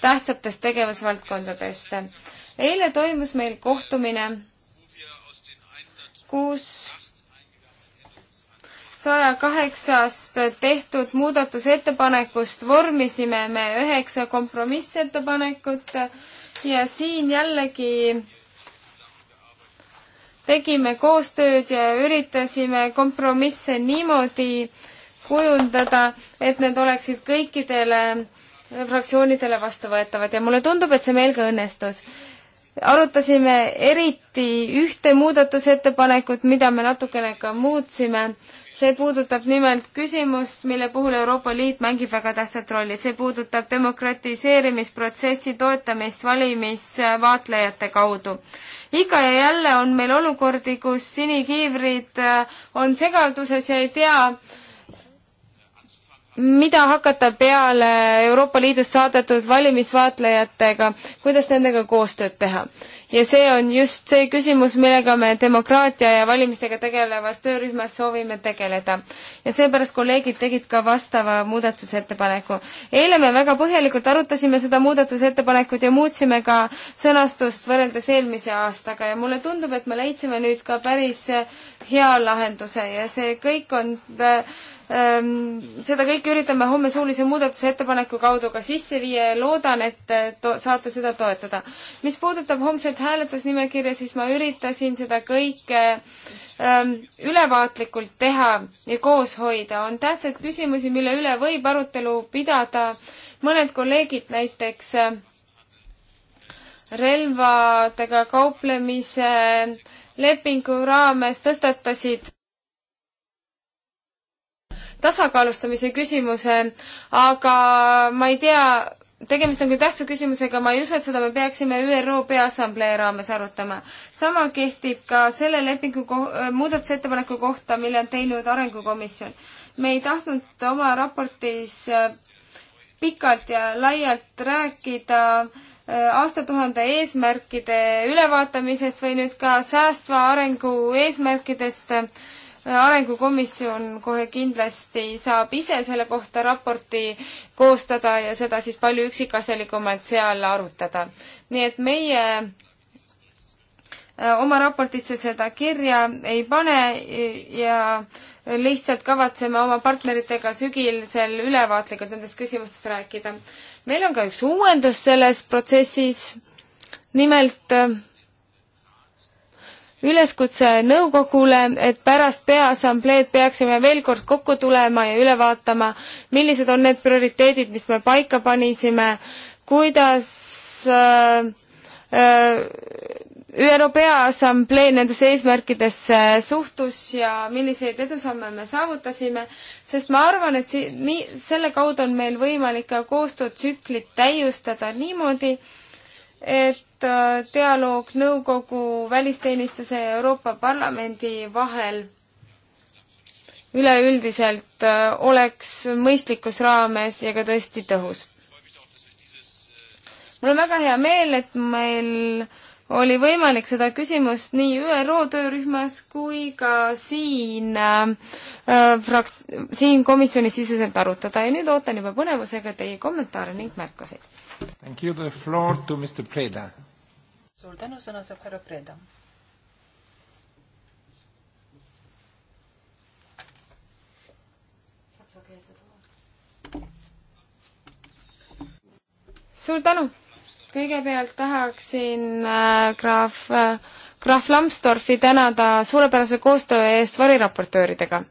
tähtsatest tegevusvaldkondadest. eile toimus meil kohtumine, kus saja kaheksast tehtud muudatusettepanekust vormisime me üheksa kompromissettepanekut ja siin jällegi tegime koostööd ja üritasime kompromisse niimoodi kujundada, et need oleksid kõikidele fraktsioonidele vastuvõetavad ja mulle tundub, et see meil ka õnnestus. arutasime eriti ühte muudatusettepanekut, mida me natukene ka muutsime see puudutab nimelt küsimust, mille puhul Euroopa Liit mängib väga tähtsat rolli. see puudutab demokratiseerimisprotsessi toetamist valimisvaatlejate kaudu. ikka ja jälle on meil olukordi, kus sinikiivrid äh, on segaduses ja ei tea, mida hakata peale Euroopa Liidust saadetud valimisvaatlejatega, kuidas nendega koostööd teha. ja see on just see küsimus, millega me demokraatia ja valimistega tegelevas töörühmas soovime tegeleda. ja seepärast kolleegid tegid ka vastava muudatusettepaneku. eile me väga põhjalikult arutasime seda muudatusettepanekut ja muutsime ka sõnastust võrreldes eelmise aastaga ja mulle tundub, et me leidsime nüüd ka päris hea lahenduse ja see kõik on äh, Ehm, seda kõike üritame homme suulise muudatusettepaneku kaudu ka sisse viia ja loodan, et eh, to-, saate seda toetada. mis puudutab homset hääletusnimekirja, siis ma üritasin seda kõike ähm, ülevaatlikult teha ja koos hoida. on tähtsaid küsimusi, mille üle võib arutelu pidada. mõned kolleegid näiteks eh, relvadega kauplemise lepingu raames tõstatasid tasakaalustamise küsimuse, aga ma ei tea, tegemist on küll tähtsa küsimusega, ma ei usu, et seda me peaksime ÜRO Peaassamblee raames arutama. sama kehtib ka selle lepingu ko-, äh, muudatusettepaneku kohta, mille on teinud Arengukomisjon. me ei tahtnud oma raportis äh, pikalt ja laialt rääkida äh, aastatuhande eesmärkide ülevaatamisest või nüüd ka säästva arengu eesmärkidest arengukomisjon kohe kindlasti saab ise selle kohta raporti koostada ja seda siis palju üksikasjalikumalt seal arutada. nii et meie äh, oma raportisse seda kirja ei pane ja lihtsalt kavatseme oma partneritega sügisel ülevaatlikult nendest küsimustest rääkida. meil on ka üks uuendus selles protsessis, nimelt äh, üleskutse nõukogule, et pärast peaassambleed peaksime veel kord kokku tulema ja üle vaatama, millised on need prioriteedid, mis me paika panisime, kuidas äh, äh, ÜRO Peaassamblee nendesse eesmärkidesse suhtus ja milliseid edusamme me saavutasime, sest ma arvan, et si-, nii, selle kaudu on meil võimalik ka koostöötsüklit täiustada niimoodi, et Äh, dialoog nõukogu välisteenistuse ja Euroopa Parlamendi vahel üleüldiselt äh, oleks mõistlikus raames ja ka tõesti tõhus. mul on väga hea meel, et meil oli võimalik seda küsimust nii ÜRO töörühmas kui ka siin äh, äh fraks-, siin komisjoni siseselt arutada ja nüüd ootan juba põnevusega teie kommentaare ning märkuseid. Thank you, the floor to Mr Preda suur tänu, sõna saab härra Preda. suur tänu! kõigepealt tahaksin äh, graaf äh,, graaf Lambsdorfi tänada suurepärase koostöö eest variraportööridega.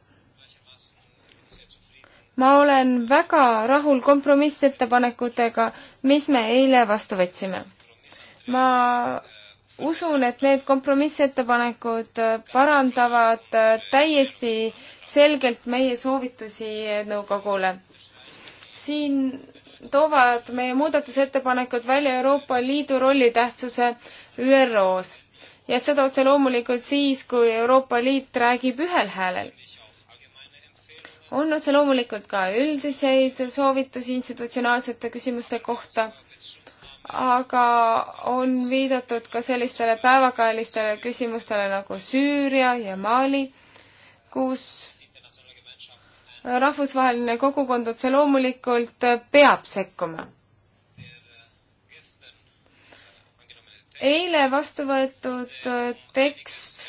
ma olen väga rahul kompromissettepanekutega, mis me eile vastu võtsime ma usun, et need kompromissettepanekud äh, parandavad äh, täiesti selgelt meie soovitusi nõukogule. siin toovad meie muudatusettepanekud välja Euroopa Liidu rolli tähtsuse ÜRO-s ja seda otse loomulikult siis, kui Euroopa Liit räägib ühel häälel. on otse loomulikult ka üldiseid soovitusi institutsionaalsete küsimuste kohta aga on viidatud ka sellistele päevakajalistele küsimustele nagu Süüria ja Mali, kus rahvusvaheline kogukond otse loomulikult peab sekkuma. eile vastu võetud tekst,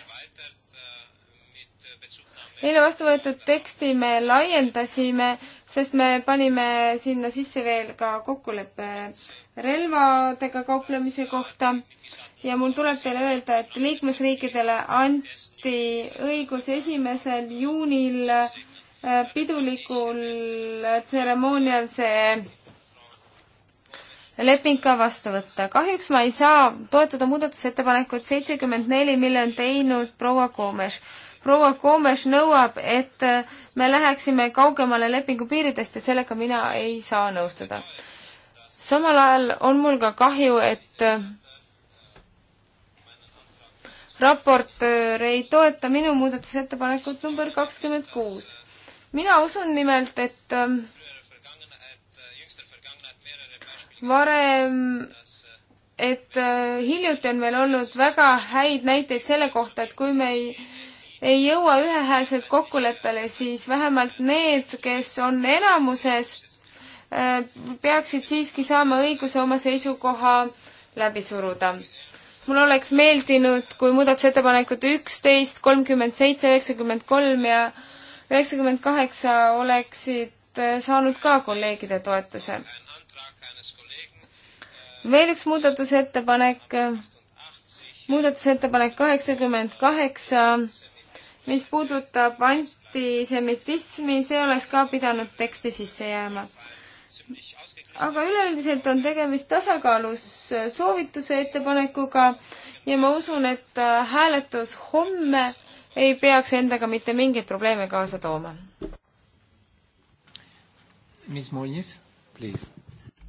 eile vastu võetud teksti me laiendasime sest me panime sinna sisse veel ka kokkuleppe relvadega kauplemise kohta ja mul tuleb teile öelda, et liikmesriikidele anti õigus esimesel juunil äh, pidulikul tseremoonial see leping ka vastu võtta. kahjuks ma ei saa toetada muudatusettepanekut seitsekümmend neli, mille on teinud proua Koomes proua Koomes nõuab, et äh, me läheksime kaugemale lepingu piiridest ja sellega mina ei saa nõustuda. samal ajal on mul ka kahju, et äh, raportöör ei toeta minu muudatusettepanekut number kakskümmend kuus. mina usun nimelt, et ähm, varem, et äh, hiljuti on meil olnud väga häid näiteid selle kohta, et kui me ei ei jõua ühehäälselt kokkuleppele, siis vähemalt need, kes on enamuses, äh, peaksid siiski saama õiguse oma seisukoha läbi suruda. mul oleks meeldinud, kui muudatusettepanekud üksteist, kolmkümmend seitse, üheksakümmend kolm ja üheksakümmend kaheksa oleksid äh, saanud ka kolleegide toetuse. veel üks muudatusettepanek, äh, muudatusettepanek kaheksakümmend kaheksa mis puudutab antisemitismi, see oleks ka pidanud teksti sisse jääma. aga üleüldiselt on tegemist tasakaalus soovituse ettepanekuga ja ma usun, et äh, hääletus homme ei peaks endaga mitte mingeid probleeme kaasa tooma. mis Munis, please?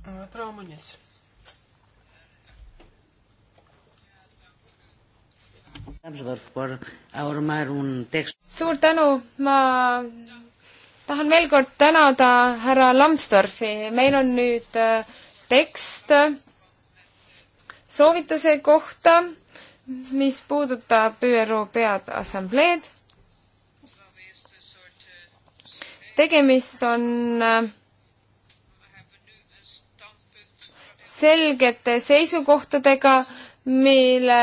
Äh, proua Munis suur tänu, ma tahan veel kord tänada härra Lambsdorfi, meil on nüüd äh, tekst soovituse kohta, mis puudutab ÜRO Peaassambleed. tegemist on äh, selgete seisukohtadega, mille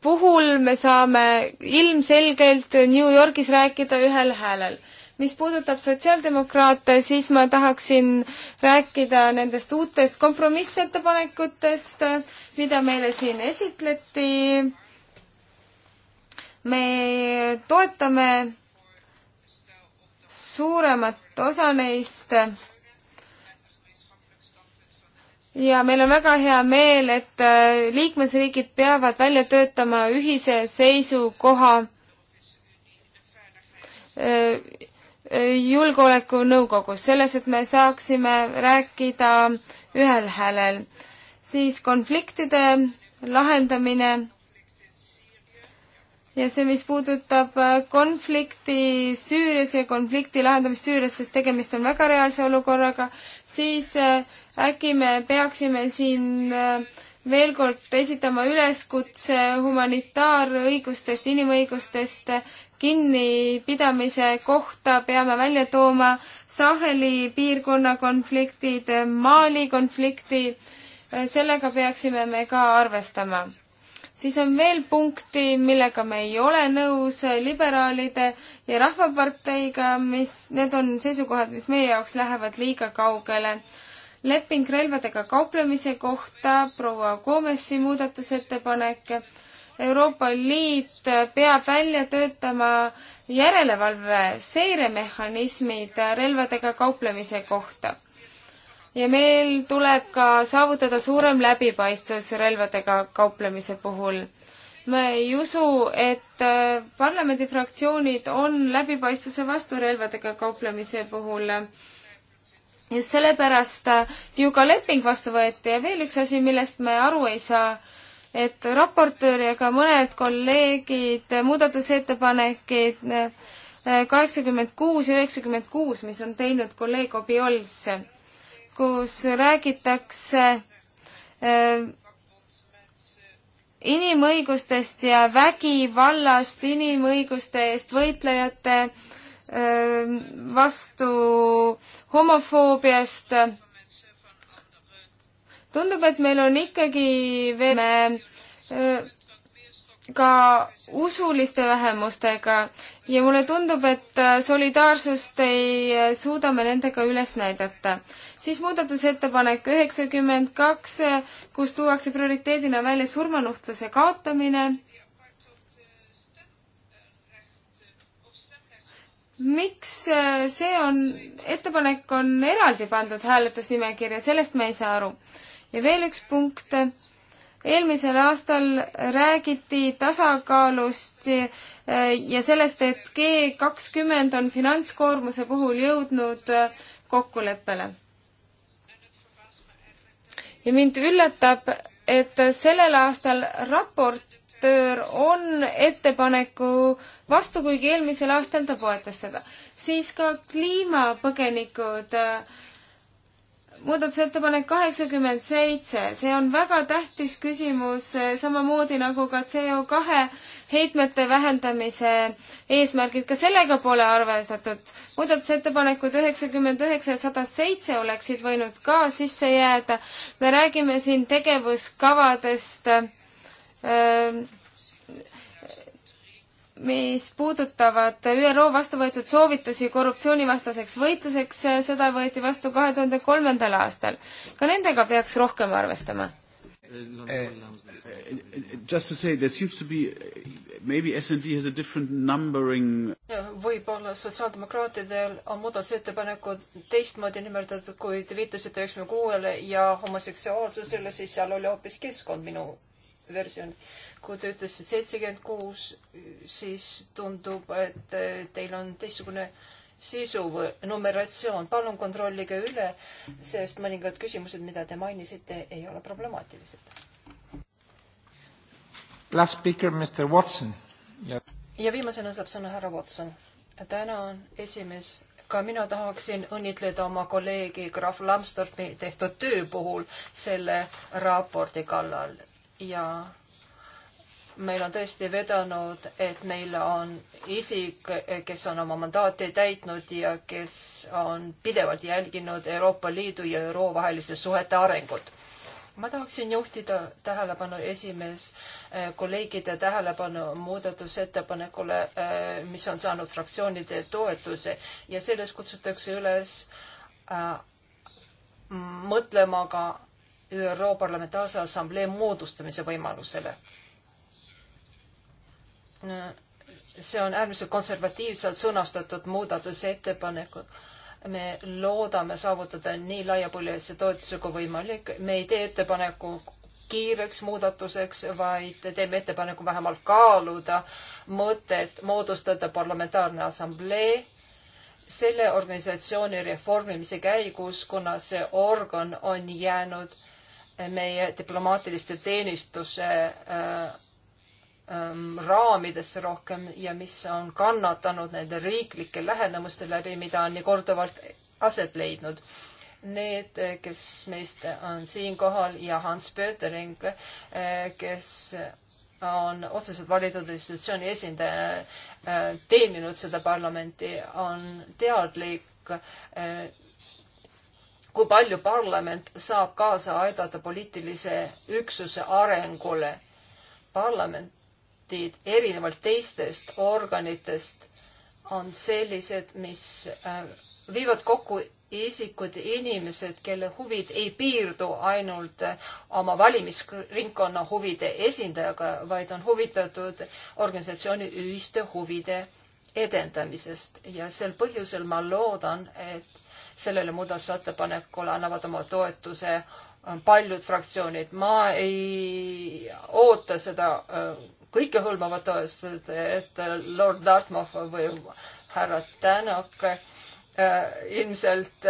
puhul me saame ilmselgelt New Yorgis rääkida ühel häälel. mis puudutab sotsiaaldemokraate, siis ma tahaksin rääkida nendest uutest kompromissettepanekutest, mida meile siin esitleti. me toetame suuremat osa neist ja meil on väga hea meel, et äh, liikmesriigid peavad välja töötama ühise seisukoha äh, äh, julgeolekunõukogus, selles, et me saaksime rääkida ühel häälel. siis konfliktide lahendamine ja see, mis puudutab äh, konflikti Süürias ja konflikti lahendamist Süürias, sest tegemist on väga reaalse olukorraga, siis äh, äkki me peaksime siin äh, veel kord esitama üleskutse humanitaarõigustest, inimõigustest kinnipidamise kohta, peame välja tooma Saheli piirkonna konfliktid, Mali konflikti, sellega peaksime me ka arvestama siis on veel punkti, millega me ei ole nõus liberaalide ja Rahvaparteiga, mis, need on seisukohad, mis meie jaoks lähevad liiga kaugele. leping relvadega kauplemise kohta, proua Gomesi muudatusettepanek, Euroopa Liit peab välja töötama järelevalve seiremehhanismid relvadega kauplemise kohta ja meil tuleb ka saavutada suurem läbipaistvus relvadega kauplemise puhul. ma ei usu, et äh, parlamendifraktsioonid on läbipaistvuse vastu relvadega kauplemise puhul just sellepärast äh, ju ka leping vastu võeti ja veel üks asi, millest me aru ei saa, et raportöör ja ka mõned kolleegid, äh, muudatusettepanekid kaheksakümmend kuus ja üheksakümmend kuus, mis on teinud kolleeg Obiolse kus räägitakse äh, inimõigustest ja vägivallast inimõiguste eest võitlejate äh, vastu homofoobiast. tundub, et meil on ikkagi veel äh, ka usuliste vähemustega ja mulle tundub, et äh, solidaarsust ei äh, suuda me nendega üles näidata. siis muudatusettepanek üheksakümmend kaks, äh, kus tuuakse prioriteedina välja surmanuhtluse kaotamine. miks see on, ettepanek on eraldi pandud hääletusnimekirja, sellest ma ei saa aru. ja veel üks punkt eelmisel aastal räägiti tasakaalust eh, ja sellest, et G kakskümmend on finantskoormuse puhul jõudnud eh, kokkuleppele. ja mind üllatab, et sellel aastal raportöör on ettepaneku vastu, kuigi eelmisel aastal ta poetas seda. siis ka kliimapõgenikud äh, muudatusettepanek kaheksakümmend seitse, see on väga tähtis küsimus, eh, samamoodi nagu ka CO kahe heitmete vähendamise eesmärgid, ka sellega pole arvestatud. muudatusettepanekud üheksakümmend üheksa ja sada seitse oleksid võinud ka sisse jääda. me räägime siin tegevuskavadest öö, eh, mis puudutavad ÜRO vastu võetud soovitusi korruptsioonivastaseks võitluseks, äh, seda võeti vastu kahe tuhande kolmandal aastal. ka nendega peaks rohkem arvestama eh,. eh just to say, there seems to be maybe SND has a different numbering. võib-olla sotsiaaldemokraatidel on muudatusettepanekud teistmoodi nimetatud, kui te viitasite üheksakümne kuuele ja homoseksuaalsusele, siis seal oli hoopis keskkond minu versioon. kui te ütlesite seitsekümmend kuus, siis tundub, et eh, teil on teistsugune sisu või numeratsioon. palun kontrollige üle, sest mõningad küsimused, mida te mainisite, ei ole problemaatilised. Last speaker, Mr Watson yeah.. ja viimasena saab sõna härra Watson. tänan, esimees ka mina tahaksin õnnitleda oma kolleegi Graf Lambsdorfi tehtud töö puhul selle raporti kallal ja meil on tõesti vedanud, et meil on isik, kes on oma mandaati täitnud ja kes on pidevalt jälginud Euroopa Liidu ja ÜRO vaheliste suhete arengut. ma tahaksin juhtida tähelepanu esimees eh, kolleegide tähelepanu muudatusettepanekule, eh, mis on saanud fraktsioonide toetuse ja selles kutsutakse üles eh, mõtlema ka ÜRO Parlamentaarse Assamblee moodustamise võimalusele. see on äärmiselt konservatiivselt sõnastatud muudatusettepanekud. me loodame saavutada nii laiapõljelise toetuse kui võimalik. me ei tee ettepaneku kiireks muudatuseks, vaid teeme ettepaneku vähemalt kaaluda mõtet moodustada parlamentaarne assamblee selle organisatsiooni reformimise käigus, kuna see organ on jäänud äh, meie diplomaatiliste teenistuse äh, ähm, raamidesse rohkem ja mis on kannatanud nende riiklike lähenemuste läbi, mida on nii korduvalt aset leidnud. Need, äh, kes meist on siinkohal ja Hans Pötering, äh, kes on otseselt valitud institutsiooni esindaja, äh, teeninud seda parlamenti, on teadlik kui palju parlament saab kaasa aidata poliitilise üksuse arengule. parlamentid erinevalt teistest organitest on sellised, mis äh, viivad kokku isikud, inimesed, kelle huvid ei piirdu ainult äh, oma valimisringkonna huvide esindajaga, vaid on huvitatud organisatsiooni ühiste huvide edendamisest ja sel põhjusel ma loodan, et sellele muudatusettepanekule annavad oma toetuse äh, paljud fraktsioonid. ma ei oota seda äh, kõikehõlmavat toetust, et äh, Lord Dartmouth või härra Tänak ilmselt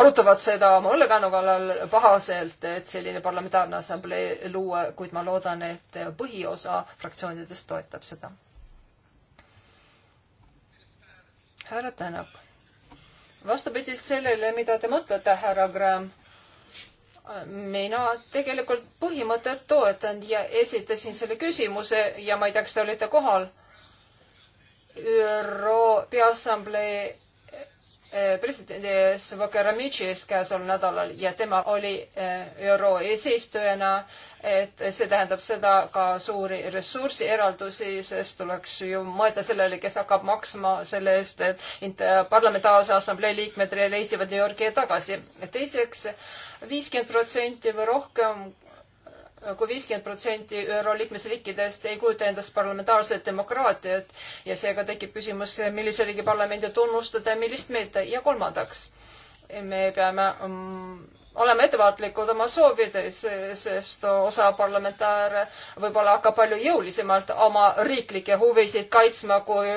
arutavad seda oma õllekannu kallal pahaselt, et selline parlamentaarne assamblee luua, kuid ma loodan, et põhiosa fraktsioonidest toetab seda härra Tänak. vastupidiselt sellele, mida te mõtlete, härra Graham, mina tegelikult põhimõtet toetan ja esitasin selle küsimuse ja ma ei tea, kas te olite kohal. ÜRO Peaassamblee presidendides Vokaramitšis käesoleval nädalal ja tema oli eh, ÜRO eesistujana, et see tähendab seda ka suuri ressursieraldusi, sest tuleks ju mõelda sellele, kes hakkab maksma selle eest, et parlamentaarse assamblee liikmed reisivad New Yorki ja tagasi. teiseks, viiskümmend protsenti või rohkem kui viiskümmend protsenti ÜRO liikmesriikidest ei kujuta endast parlamentaarset demokraatiat ja seega tekib küsimus, millise riigi parlamendi tunnustada ja millist mitte. ja kolmandaks, me peame mm, olema ettevaatlikud oma soovides, sest osa parlamentaare võib-olla hakkab palju jõulisemalt oma riiklikke huvisid kaitsma kui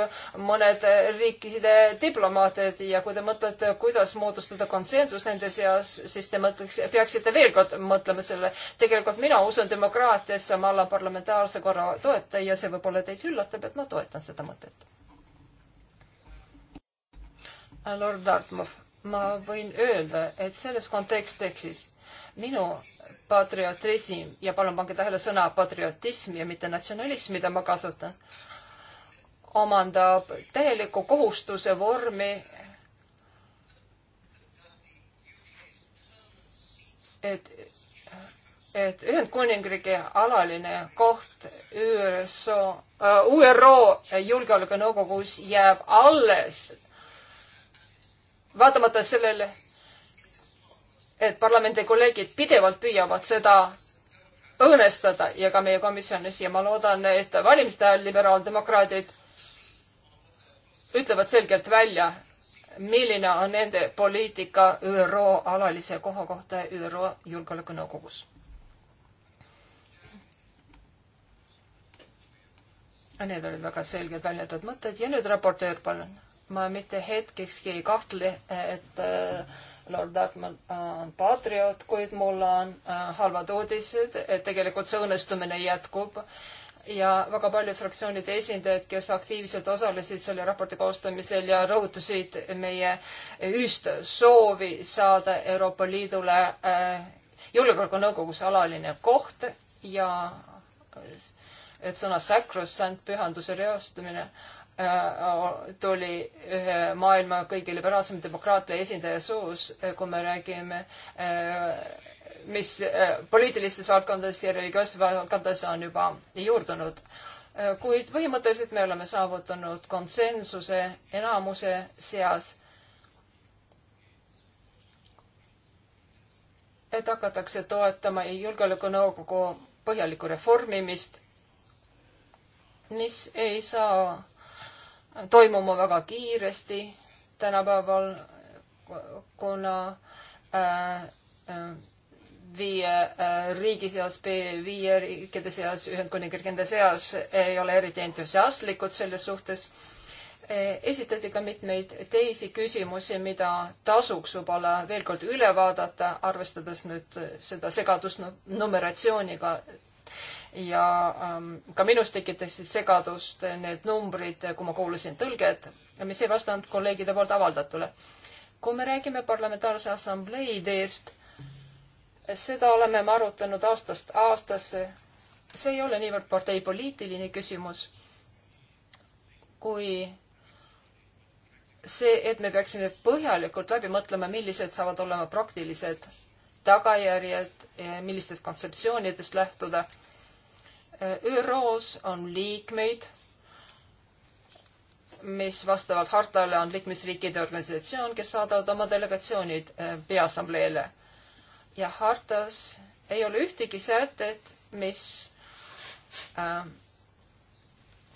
mõned riikide diplomaadid ja kui te mõtlete, kuidas moodustada konsensus nende seas, siis te mõtleks, peaksite veel kord mõtlema selle. tegelikult mina usun demokraatiasse, ma olen parlamentaarse korra toetaja ja see võib-olla teid üllatab, et ma toetan seda mõtet. Lord Dartmouth ma võin öelda, et selles kontekstis minu patriotism ja palun pange tähele sõna patriotism ja mitte natsionalism, mida ma kasutan, omandab täieliku kohustuse vormi et, et Ühendkuningriigi alaline koht ÜRSO, äh, ÜRO Julgeolekunõukogus jääb alles vaatamata sellele, et parlamendi kolleegid pidevalt püüavad seda õõnestada ja ka meie komisjonis ja ma loodan, et valimiste ajal liberaaldemokraadid ütlevad selgelt välja, milline on nende poliitika ÜRO alalise koha kohta ÜRO Julgeolekunõukogus. Need olid väga selged väljendatud mõtted ja nüüd raportöör, palun ma mitte hetkekski ei kahtle, et äh, Lord Dartmouth äh, on patrioot, kuid mul on äh, halvad uudised, et tegelikult see õnnestumine jätkub ja väga paljud fraktsioonide esindajad, kes aktiivselt osalesid selle raporti koostamisel ja rõhutasid meie ühist soovi saada Euroopa Liidule julgeolekunõukogus alaline koht ja et sõna sacrosanct, pühanduse reostumine äh, Äh, tuli ühe maailma kõige liberaalsem demokraatia esindaja suus, kui me räägime, äh, mis äh, poliitilistes valdkondades ja religioosses valdkondades on juba juurdunud. kuid põhimõtteliselt me oleme saavutanud konsensuse enamuse seas. et hakatakse toetama julgeolekunõukogu põhjalikku reformimist, mis ei saa toimuma väga kiiresti tänapäeval, kuna äh, äh, viie äh, riigi seas, viie riikide seas, Ühendkuningriigi enda seas ei ole eriti entusiastlikud selles suhtes. Äh, esitati ka mitmeid teisi küsimusi, mida tasuks võib-olla veel kord üle vaadata, arvestades nüüd seda segadust numeratsiooniga ja ähm, ka minus tekitasid segadust need numbrid, kui ma kuulasin tõlget, mis ei vastanud kolleegide poolt avaldatule. kui me räägime parlamentaarse assamblee ideest, seda oleme me arutanud aastast aastasse. see ei ole niivõrd parteipoliitiline küsimus, kui see, et me peaksime põhjalikult läbi mõtlema, millised saavad olema praktilised tagajärjed, eh, millistest kontseptsioonidest lähtuda ÜRO-s on liikmeid, mis vastavalt hartale on liikmesriikide organisatsioon, kes saadavad oma delegatsioonid äh, Peaassambleele. ja hartas ei ole ühtegi sätet, mis äh,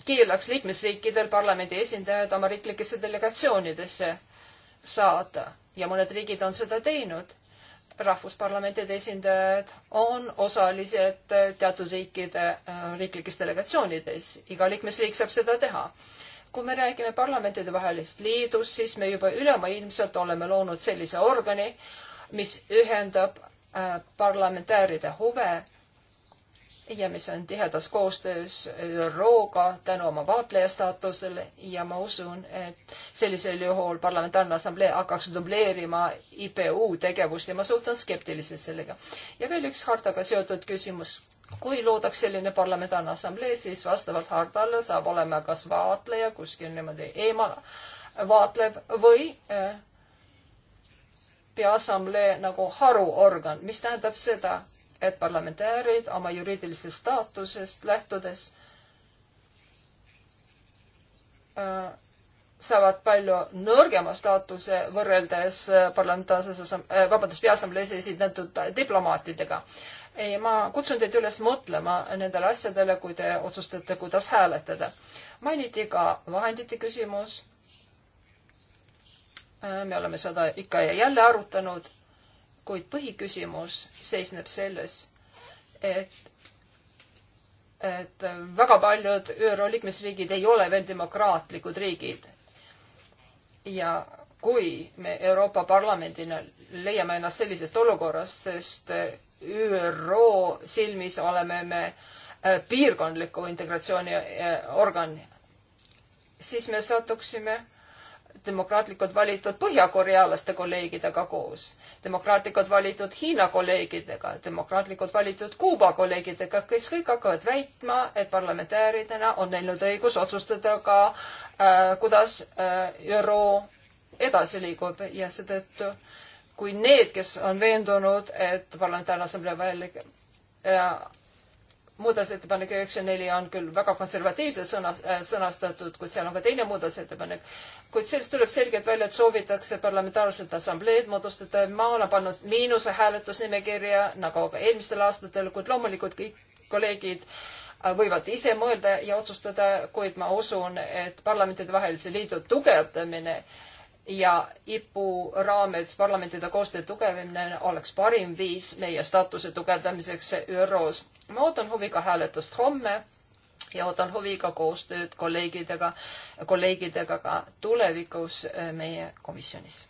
keelaks liikmesriikidel parlamendi esindajad oma riiklikesse delegatsioonidesse saada ja mõned riigid on seda teinud rahvusparlamentide esindajad on osalised teatud riikide riiklikes delegatsioonides, iga liikmesriik saab seda teha. kui me räägime parlamentide vahelist liidust, siis me juba ülemaailmselt oleme loonud sellise organi, mis ühendab äh, parlamentääride huve ja mis on tihedas koostöös ÜRO-ga tänu oma vaatleja staatusele ja ma usun, et sellisel juhul Parlamentaarne Assamblee hakkaks dubleerima IPU tegevust ja ma suhtun skeptiliselt sellega. ja veel üks hartaga seotud küsimus. kui loodaks selline Parlamentaarne Assamblee, siis vastavalt hardale saab olema kas vaatleja kuskil niimoodi eemal vaatlev või äh, peaassamblee nagu haruorgan, mis tähendab seda, et parlamentäärid oma juriidilisest staatusest lähtudes äh, saavad palju nõrgema staatuse võrreldes äh, parlamentaarses äh,, vabandust, peaassamblees esindatud diplomaatidega. ei, ma kutsun teid üles mõtlema nendele asjadele, kui te otsustate, kuidas hääletada. mainiti ka vahendite küsimus. Äh, me oleme seda ikka ja jälle arutanud kuid põhiküsimus seisneb selles, et, et väga paljud ÜRO liikmesriigid ei ole veel demokraatlikud riigid. ja kui me Euroopa Parlamendina leiame ennast sellisest olukorrast, sest ÜRO silmis oleme me äh, piirkondliku integratsiooni äh, organ, siis me satuksime demokraatlikult valitud põhjakorealaste kolleegidega koos, demokraatlikult valitud Hiina kolleegidega, demokraatlikult valitud Kuuba kolleegidega, kes kõik hakkavad väitma, et parlamentääridena on neil nüüd õigus otsustada ka äh,, kuidas äh, ÜRO äh, edasi liigub ja seetõttu kui need, kes on veendunud, et parlamentaarne assamblee välja äh, muudatusettepanek üheksakümmend neli on küll väga konservatiivselt sõna, äh, sõnastatud, kuid seal on ka teine muudatusettepanek. kuid sellest tuleb selgelt välja, et soovitakse parlamentaarset assambleed moodustada. ma olen pannud miinuse hääletusnimekirja nagu ka eelmistel aastatel, kuid loomulikult kõik kolleegid äh, võivad ise mõelda ja otsustada, kuid ma usun, et parlamentidevahelise liidu tugevdamine ja IPU raames parlamentide koostöö tugevnemine oleks parim viis meie staatuse tugevdamiseks ÜRO-s ma ootan huviga hääletust homme ja ootan huviga koostööd kolleegidega, kolleegidega ka tulevikus äh, meie komisjonis.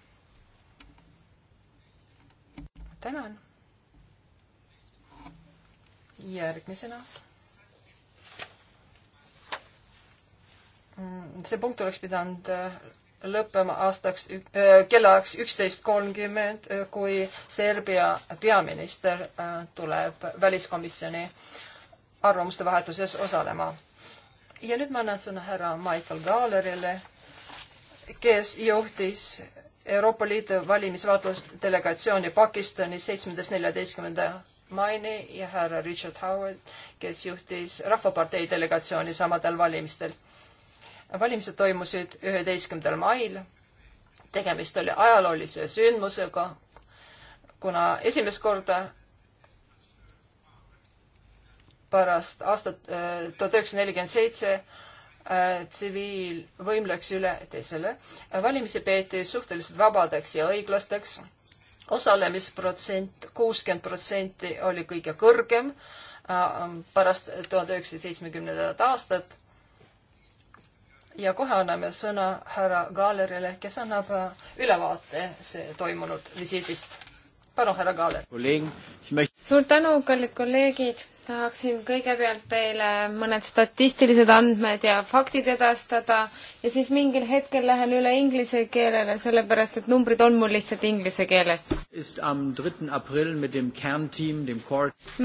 tänan. järgmisena. Mm, see punkt oleks pidanud äh, lõppema aastaks, äh, kellaks üksteist kolmkümmend, äh, kui Serbia peaminister äh, tuleb väliskomisjoni arvamuste vahetuses osalema. ja nüüd ma annan sõna härra Michael Gaalerile, kes juhtis Euroopa Liidu valimisvaatlusdelegatsiooni Pakistanis seitsmendast neljateistkümnenda maini ja härra Richard Howard, kes juhtis Rahvapartei delegatsiooni samadel valimistel valimised toimusid üheteistkümnendal mail. tegemist oli ajaloolise sündmusega, kuna esimest korda pärast aastat äh, tuhat üheksasada nelikümmend seitse äh, tsiviilvõim läks üle teisele. valimisi peeti suhteliselt vabadeks ja õiglasteks. osalemisprotsent kuuskümmend protsenti oli kõige kõrgem äh, pärast tuhande üheksasaja seitsmekümnendat aastat ja kohe anname sõna härra Gaalerile, kes annab äh, ülevaate see toimunud visiidist. palun, härra Gaaler. suur tänu, kallid kolleegid. tahaksin kõigepealt teile mõned statistilised andmed ja faktid edastada ja siis mingil hetkel lähen üle inglise keelele, sellepärast et numbrid on mul lihtsalt inglise keeles.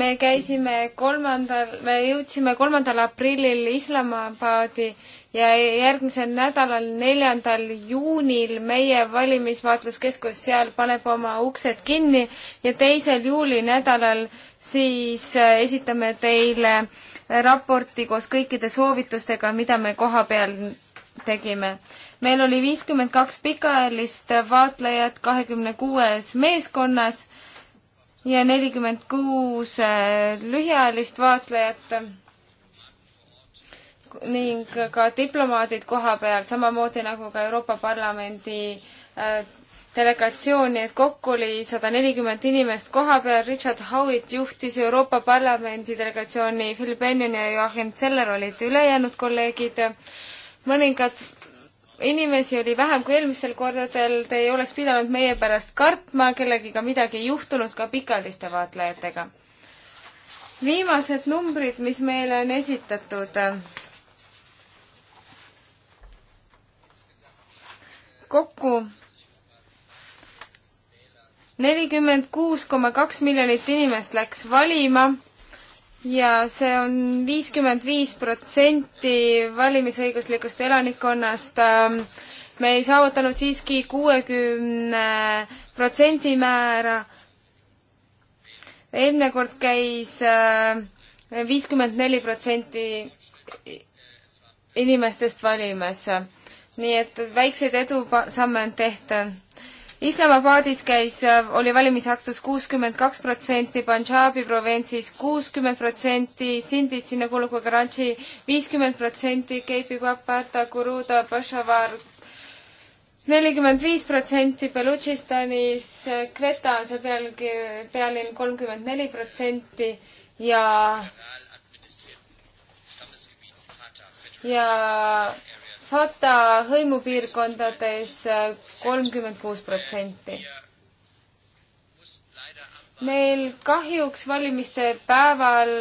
me käisime kolmandal, me jõudsime kolmandal aprillil Islamabadi ja järgmisel nädalal, neljandal juunil meie valimisvaatluskeskus seal paneb oma uksed kinni ja teisel juuli nädalal siis äh, esitame teile raporti koos kõikide soovitustega, mida me koha peal tegime. meil oli viiskümmend kaks pikaajalist vaatlejat kahekümne kuues meeskonnas ja nelikümmend kuus äh, lühiajalist vaatlejat ning ka diplomaadid koha peal, samamoodi nagu ka Euroopa Parlamendi äh, delegatsiooni, et kokku oli sada nelikümmend inimest koha peal, Richard Howitt juhtis Euroopa Parlamendi delegatsiooni, Phil Bennion ja Joachim Zeller olid ülejäänud kolleegid, mõningad inimesi oli vähem kui eelmistel kordadel, te ei oleks pidanud meie pärast kartma, kellegiga midagi ei juhtunud, ka pikaliste vaatlejatega. viimased numbrid, mis meile on esitatud kokku nelikümmend kuus koma kaks miljonit inimest läks valima ja see on viiskümmend viis protsenti valimisõiguslikust elanikkonnast. Ähm, me ei saavutanud siiski kuuekümne protsendi määra. eelmine kord käis äh, viiskümmend neli protsenti inimestest valimas nii et väikseid edusamme on tehtud. Islamabadis käis, äh, oli valimisaktus kuuskümmend kaks protsenti, Punjabi provintsis kuuskümmend protsenti, Sindis, Sinakuluku, Karachi viiskümmend protsenti, Keipi, Papata, Kuruda, Peshawar nelikümmend viis protsenti, Belutšistanis, äh, Kveta on see pealgi, pealinn kolmkümmend neli protsenti ja ja Fata hõimupiirkondades kolmkümmend kuus protsenti. meil kahjuks valimiste päeval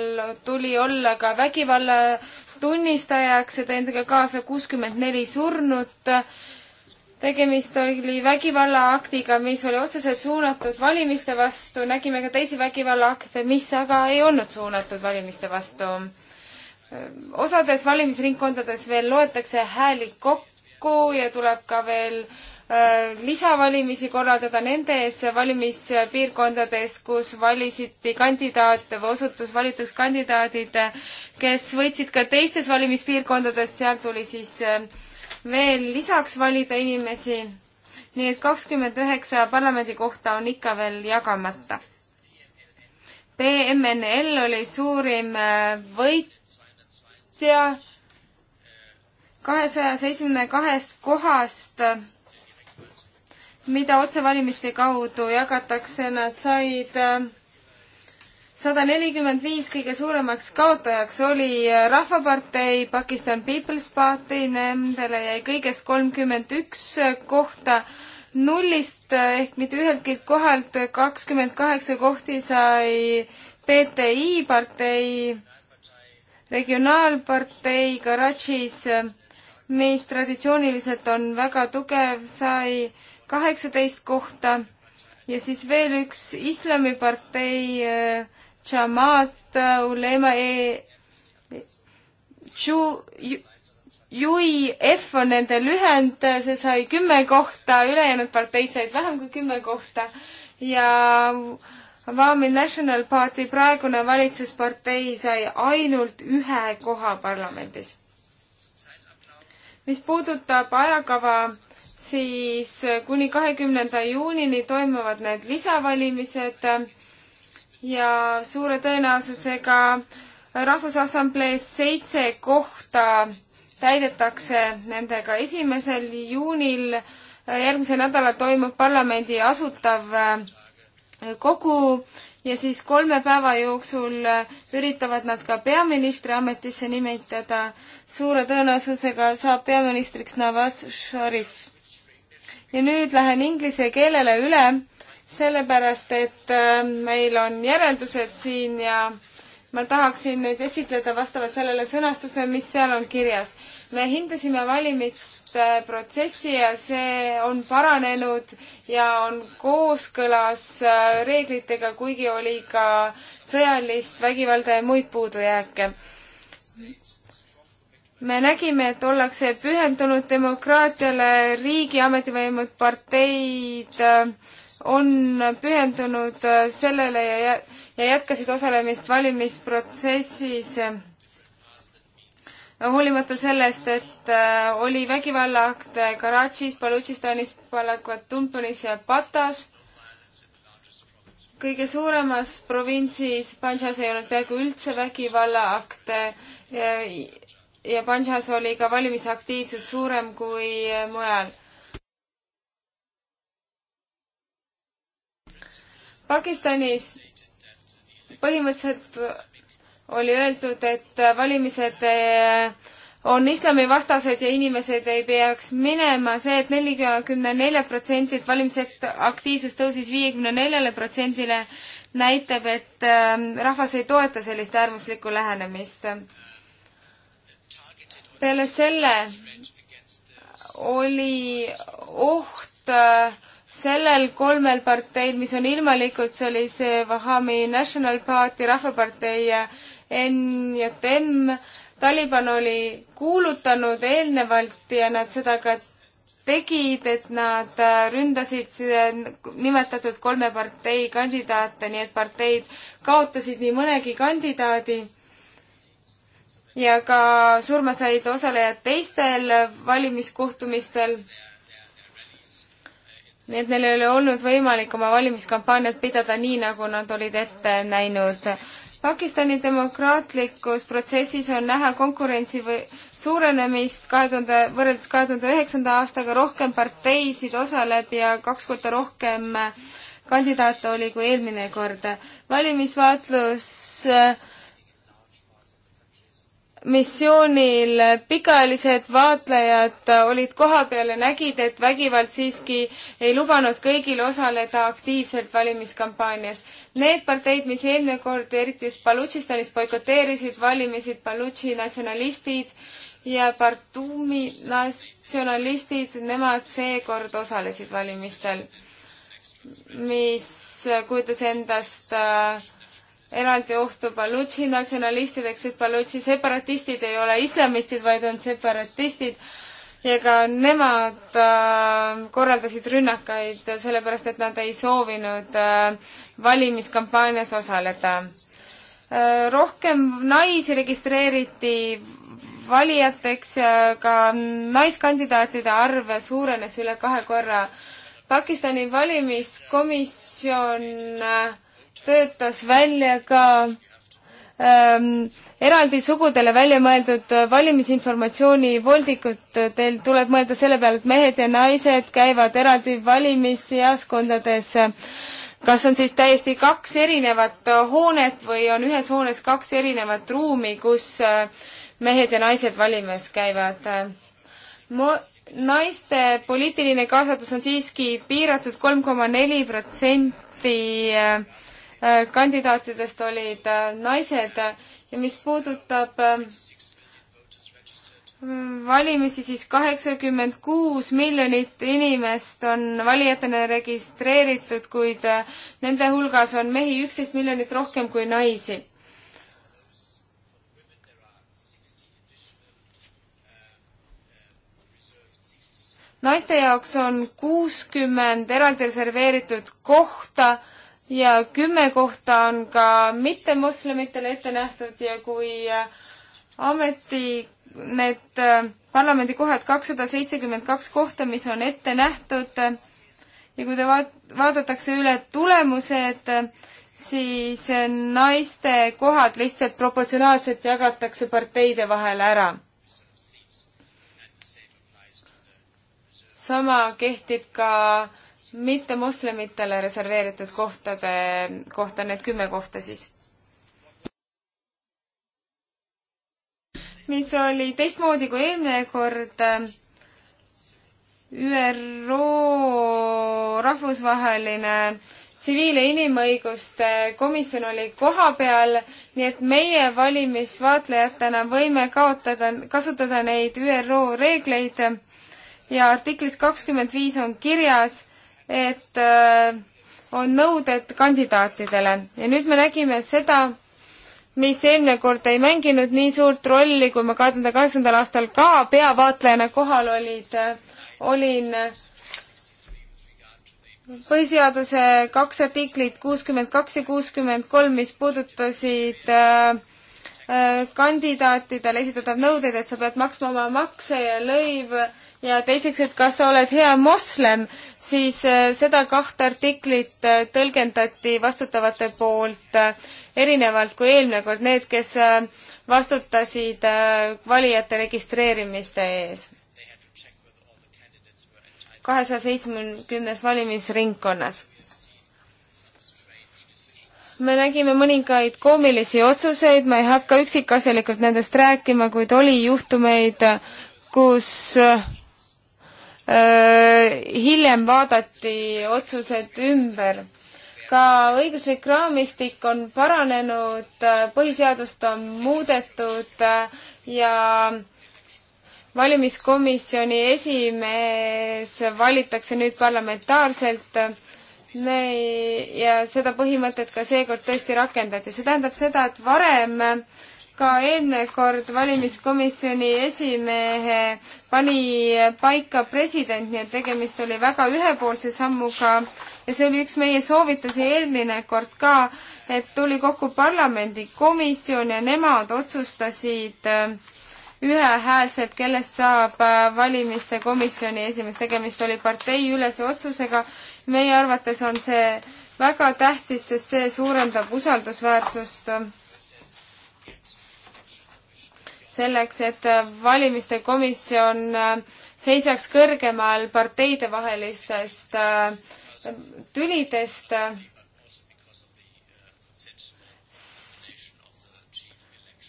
tuli olla ka vägivalla tunnistajaks ja tõi endaga kaasa kuuskümmend neli surnut tegemist oli vägivallaaktiga, mis oli otseselt suunatud valimiste vastu, nägime ka teisi vägivallaakte, mis aga ei olnud suunatud valimiste vastu osades valimisringkondades veel loetakse hääli kokku ja tuleb ka veel äh, lisavalimisi korraldada nendes valimispiirkondades, kus valisiti kandidaate või osutus valituks kandidaadid, kes võitsid ka teistes valimispiirkondades, seal tuli siis äh, veel lisaks valida inimesi. nii et kakskümmend üheksa parlamendikohta on ikka veel jagamata. BMNL oli suurim äh, võit ja kahesaja seitsmekümne kahest kohast, mida otsevalimiste kaudu jagatakse, nad said äh, sada nelikümmend viis kõige suuremaks kaotajaks oli äh, Rahvapartei, Pakistan People's Party, nendele jäi kõigest kolmkümmend üks äh, kohta nullist ehk mitte üheltki kohalt kakskümmend kaheksa kohti sai PTI partei regionaalpartei Karachis, mis traditsiooniliselt on väga tugev, sai kaheksateist kohta ja siis veel üks islamipartei äh, Jamaat äh, Ulema e Ju, Ju, Jui F on nende lühend, äh, see sai kümme kohta, ülejäänud parteid said vähem kui kümme kohta ja Awami National Party praegune valitsuspartei sai ainult ühe koha parlamendis. mis puudutab ajakava, siis kuni kahekümnenda juunini toimuvad need lisavalimised ja suure tõenäosusega Rahvusassamblees seitse kohta täidetakse nendega esimesel juunil. järgmisel nädalal toimub parlamendi asutav kogu ja siis kolme päeva jooksul üritavad nad ka peaministri ametisse nimetada. suure tõenäosusega saab peaministriks Navas Šarif. ja nüüd lähen inglise keelele üle, sellepärast et äh, meil on järeldused siin ja ma tahaksin nüüd esitleda vastavalt sellele sõnastusele, mis seal on kirjas me hindasime valimiste äh, protsessi ja see on paranenud ja on kooskõlas äh, reeglitega, kuigi oli ka sõjalist vägivalda ja muid puudujääke me nägime, et ollakse pühendunud demokraatiale, riigi ametivõimud, parteid äh, on pühendunud sellele ja, ja jätkasid osalemist valimisprotsessis hoolimata sellest, et äh, oli vägivallaakte Karachis, Balutšistanis, Balakatumpunis ja Patas. kõige suuremas provintsis Panjas ei olnud peaaegu üldse vägivallaakte äh, ja, ja Panjas oli ka valimisaktiivsus suurem kui äh, mujal. Pakistanis põhimõtteliselt oli öeldud, et valimised eh, on islamivastased ja inimesed ei peaks minema. see et, et nelikümmend neljalt protsendilt valimisaktiivsus aktiivsus tõusis viiekümne neljale protsendile, näitab, et eh, rahvas ei toeta sellist äärmuslikku lähenemist. peale selle oli oht eh, sellel kolmel parteil, mis on ilmalikud, see oli see Wahhami National Party, Rahvapartei ja NJM. Taliban oli kuulutanud eelnevalt ja nad seda ka tegid, et nad äh, ründasid nimetatud kolme partei kandidaate, nii et parteid kaotasid nii mõnegi kandidaadi ja ka surma said osalejad teistel valimiskohtumistel. nii et neil ei ole olnud võimalik oma valimiskampaaniat pidada nii, nagu nad olid ette näinud. Pakistani demokraatlikus protsessis on näha konkurentsi või suurenemist kahe tuhande, võrreldes kahe tuhande üheksanda aastaga rohkem parteisid osaleb ja kaks korda rohkem kandidaate oli kui eelmine kord. valimisvaatlus äh, missioonil pikaajalised vaatlejad olid kohapeal ja nägid, et vägivald siiski ei lubanud kõigil osaleda aktiivselt valimiskampaanias. Need parteid, mis eelmine kord eriti just Balutšistanis boikoteerisid valimisi, Balutši natsionalistid ja Partumi natsionalistid, nemad seekord osalesid valimistel, mis kujutas endast äh, eraldi ohtu Balutši natsionalistideks, sest Balutši separatistid ei ole islamistid, vaid on separatistid ja ka nemad äh, korraldasid rünnakaid sellepärast, et nad ei soovinud äh, valimiskampaanias osaleda äh,. rohkem naisi registreeriti valijateks ja ka naiskandidaatide arv suurenes üle kahe korra. Pakistani valimiskomisjon äh, töötas välja ka ähm, eraldi sugudele välja mõeldud valimisinformatsiooni voldikud, teil tuleb mõelda selle peale, et mehed ja naised käivad eraldi valimisjaoskondades. kas on siis täiesti kaks erinevat hoonet või on ühes hoones kaks erinevat ruumi, kus äh, mehed ja naised valimas käivad? Mo-, naiste poliitiline kaasatus on siiski piiratud kolm koma neli protsenti protsenti äh, Äh, kandidaatidest olid äh, naised ja mis puudutab äh, valimisi, siis kaheksakümmend kuus miljonit inimest on valijatena registreeritud, kuid nende hulgas on mehi üksteist miljonit rohkem kui naisi. naiste jaoks on kuuskümmend eraldi reserveeritud kohta ja kümme kohta on ka mittemoslemitele ette nähtud ja kui äh, ameti need äh, parlamendikohad, kakssada seitsekümmend kaks kohta, mis on ette nähtud äh, ja kui te vaat-, vaadatakse üle tulemused, siis naiste kohad lihtsalt proportsionaalselt jagatakse parteide vahel ära. sama kehtib ka äh, mittemoslemitele reserveeritud kohtade kohta, need kümme kohta siis. mis oli teistmoodi kui eelmine kord. ÜRO rahvusvaheline tsiviil- ja inimõiguste komisjon oli kohapeal, nii et meie valimisvaatlejatena võime kaotada, kasutada neid ÜRO reegleid ja artiklis kakskümmend viis on kirjas, et äh, on nõuded kandidaatidele ja nüüd me nägime seda, mis eelmine kord ei mänginud nii suurt rolli, kui ma kahe tuhande kaheksandal aastal ka peavaatlejana kohal olid, olin põhiseaduse kaks artiklit, kuuskümmend kaks ja kuuskümmend kolm, mis puudutasid äh, Äh, kandidaatidele esitatav nõudeid, et sa pead maksma oma makse ja lõiv ja teiseks, et kas sa oled hea moslem, siis äh, seda kahte artiklit äh, tõlgendati vastutavate poolt erinevalt kui eelmine kord need, kes vastutasid valijate registreerimiste ees. kahesaja seitsmekümnes valimisringkonnas me nägime mõningaid koomilisi otsuseid, ma ei hakka üksikasjalikult nendest rääkima, kuid oli juhtumeid, kus äh, hiljem vaadati otsused ümber. ka õiguslik raamistik on paranenud, põhiseadust on muudetud ja valimiskomisjoni esimees valitakse nüüd parlamentaarselt me ja seda põhimõtet ka seekord tõesti rakendati. see tähendab seda, et varem ka eelmine kord valimiskomisjoni esimehe pani paika president, nii et tegemist oli väga ühepoolse sammuga ja see oli üks meie soovitusi eelmine kord ka, et tuli kokku parlamendikomisjon ja nemad otsustasid äh, ühehäälselt, kellest saab äh, valimiste komisjoni esimees. tegemist oli parteiülese otsusega. meie arvates on see väga tähtis, sest see suurendab usaldusväärsust selleks, et äh, valimiste komisjon äh, seisaks kõrgemal parteidevahelistest tülidest.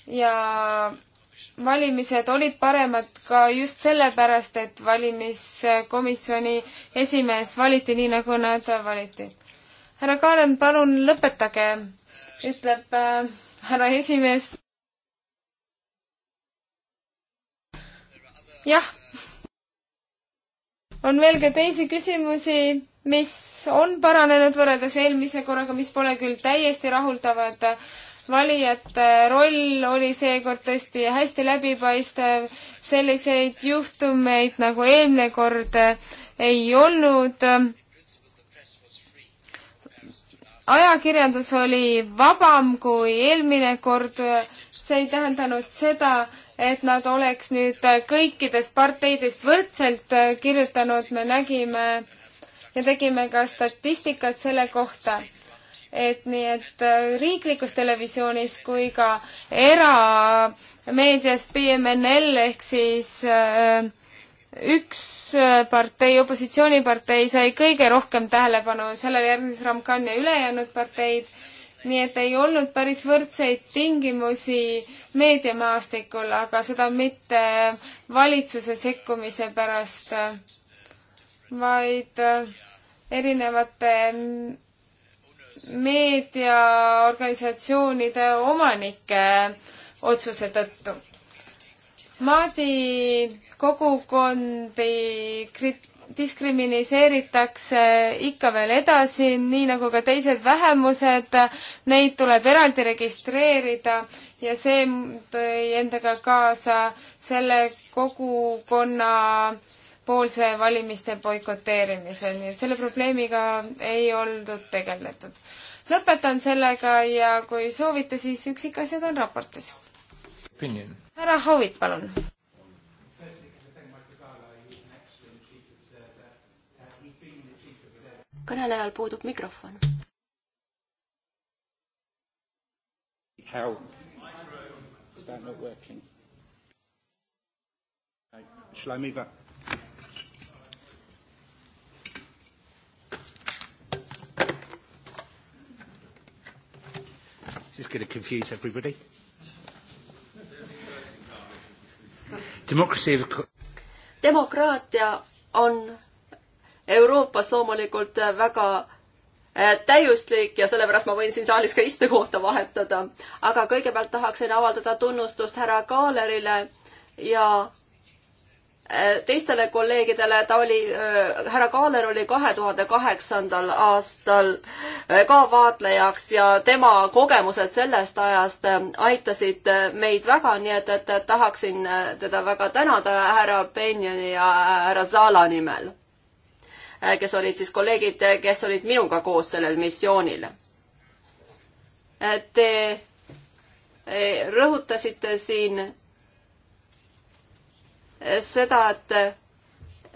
ja valimised olid paremad ka just sellepärast, et valimiskomisjoni esimees valiti nii, nagu nad valiti. härra Kaaren, palun lõpetage, ütleb äh, härra esimees. jah. on veel ka teisi küsimusi, mis on paranenud võrreldes eelmise korraga, mis pole küll täiesti rahuldavad äh,, valijate roll oli seekord tõesti hästi läbipaistev, selliseid juhtumeid nagu eelmine kord ei olnud. ajakirjandus oli vabam kui eelmine kord, see ei tähendanud seda, et nad oleks nüüd kõikidest parteidest võrdselt kirjutanud, me nägime ja tegime ka statistikat selle kohta et nii, et äh, riiklikus televisioonis kui ka erameediast BMNL ehk siis äh, üks äh, partei, opositsioonipartei sai kõige rohkem tähelepanu, sellele järgnes Ramkan ja ülejäänud parteid, nii et ei olnud päris võrdseid tingimusi meediamaastikul, aga seda mitte valitsuse sekkumise pärast, vaid äh, erinevate meediaorganisatsioonide omanike otsuse tõttu. Maadi kogukondi krit-, diskrimineeritakse ikka veel edasi, nii nagu ka teised vähemused, neid tuleb eraldi registreerida ja see tõi endaga kaasa selle kogukonna äh, poolse valimiste boikoteerimise, nii et selle probleemiga ei oldud tegeletud. lõpetan sellega ja kui soovite, siis üksikasjad on raportis. härra Howitt, palun. kõnelejal puudub mikrofon. How? Is that not working? Shall I move up? is going to confuse everybody. Democracy is... demokraatia on Euroopas loomulikult väga äh, täiuslik ja sellepärast ma võin siin saalis ka istekohta vahetada. aga kõigepealt tahaksin avaldada tunnustust härra Kaalerile ja Äh, teistele kolleegidele, ta oli, äh, härra Kaaler oli kahe tuhande kaheksandal aastal äh, ka vaatlejaks ja tema kogemused sellest ajast aitasid meid väga, nii et, et tahaksin teda väga tänada härra Benjani ja härra Zala nimel, kes olid siis kolleegid, kes olid minuga koos sellel missioonil. Te rõhutasite siin seda,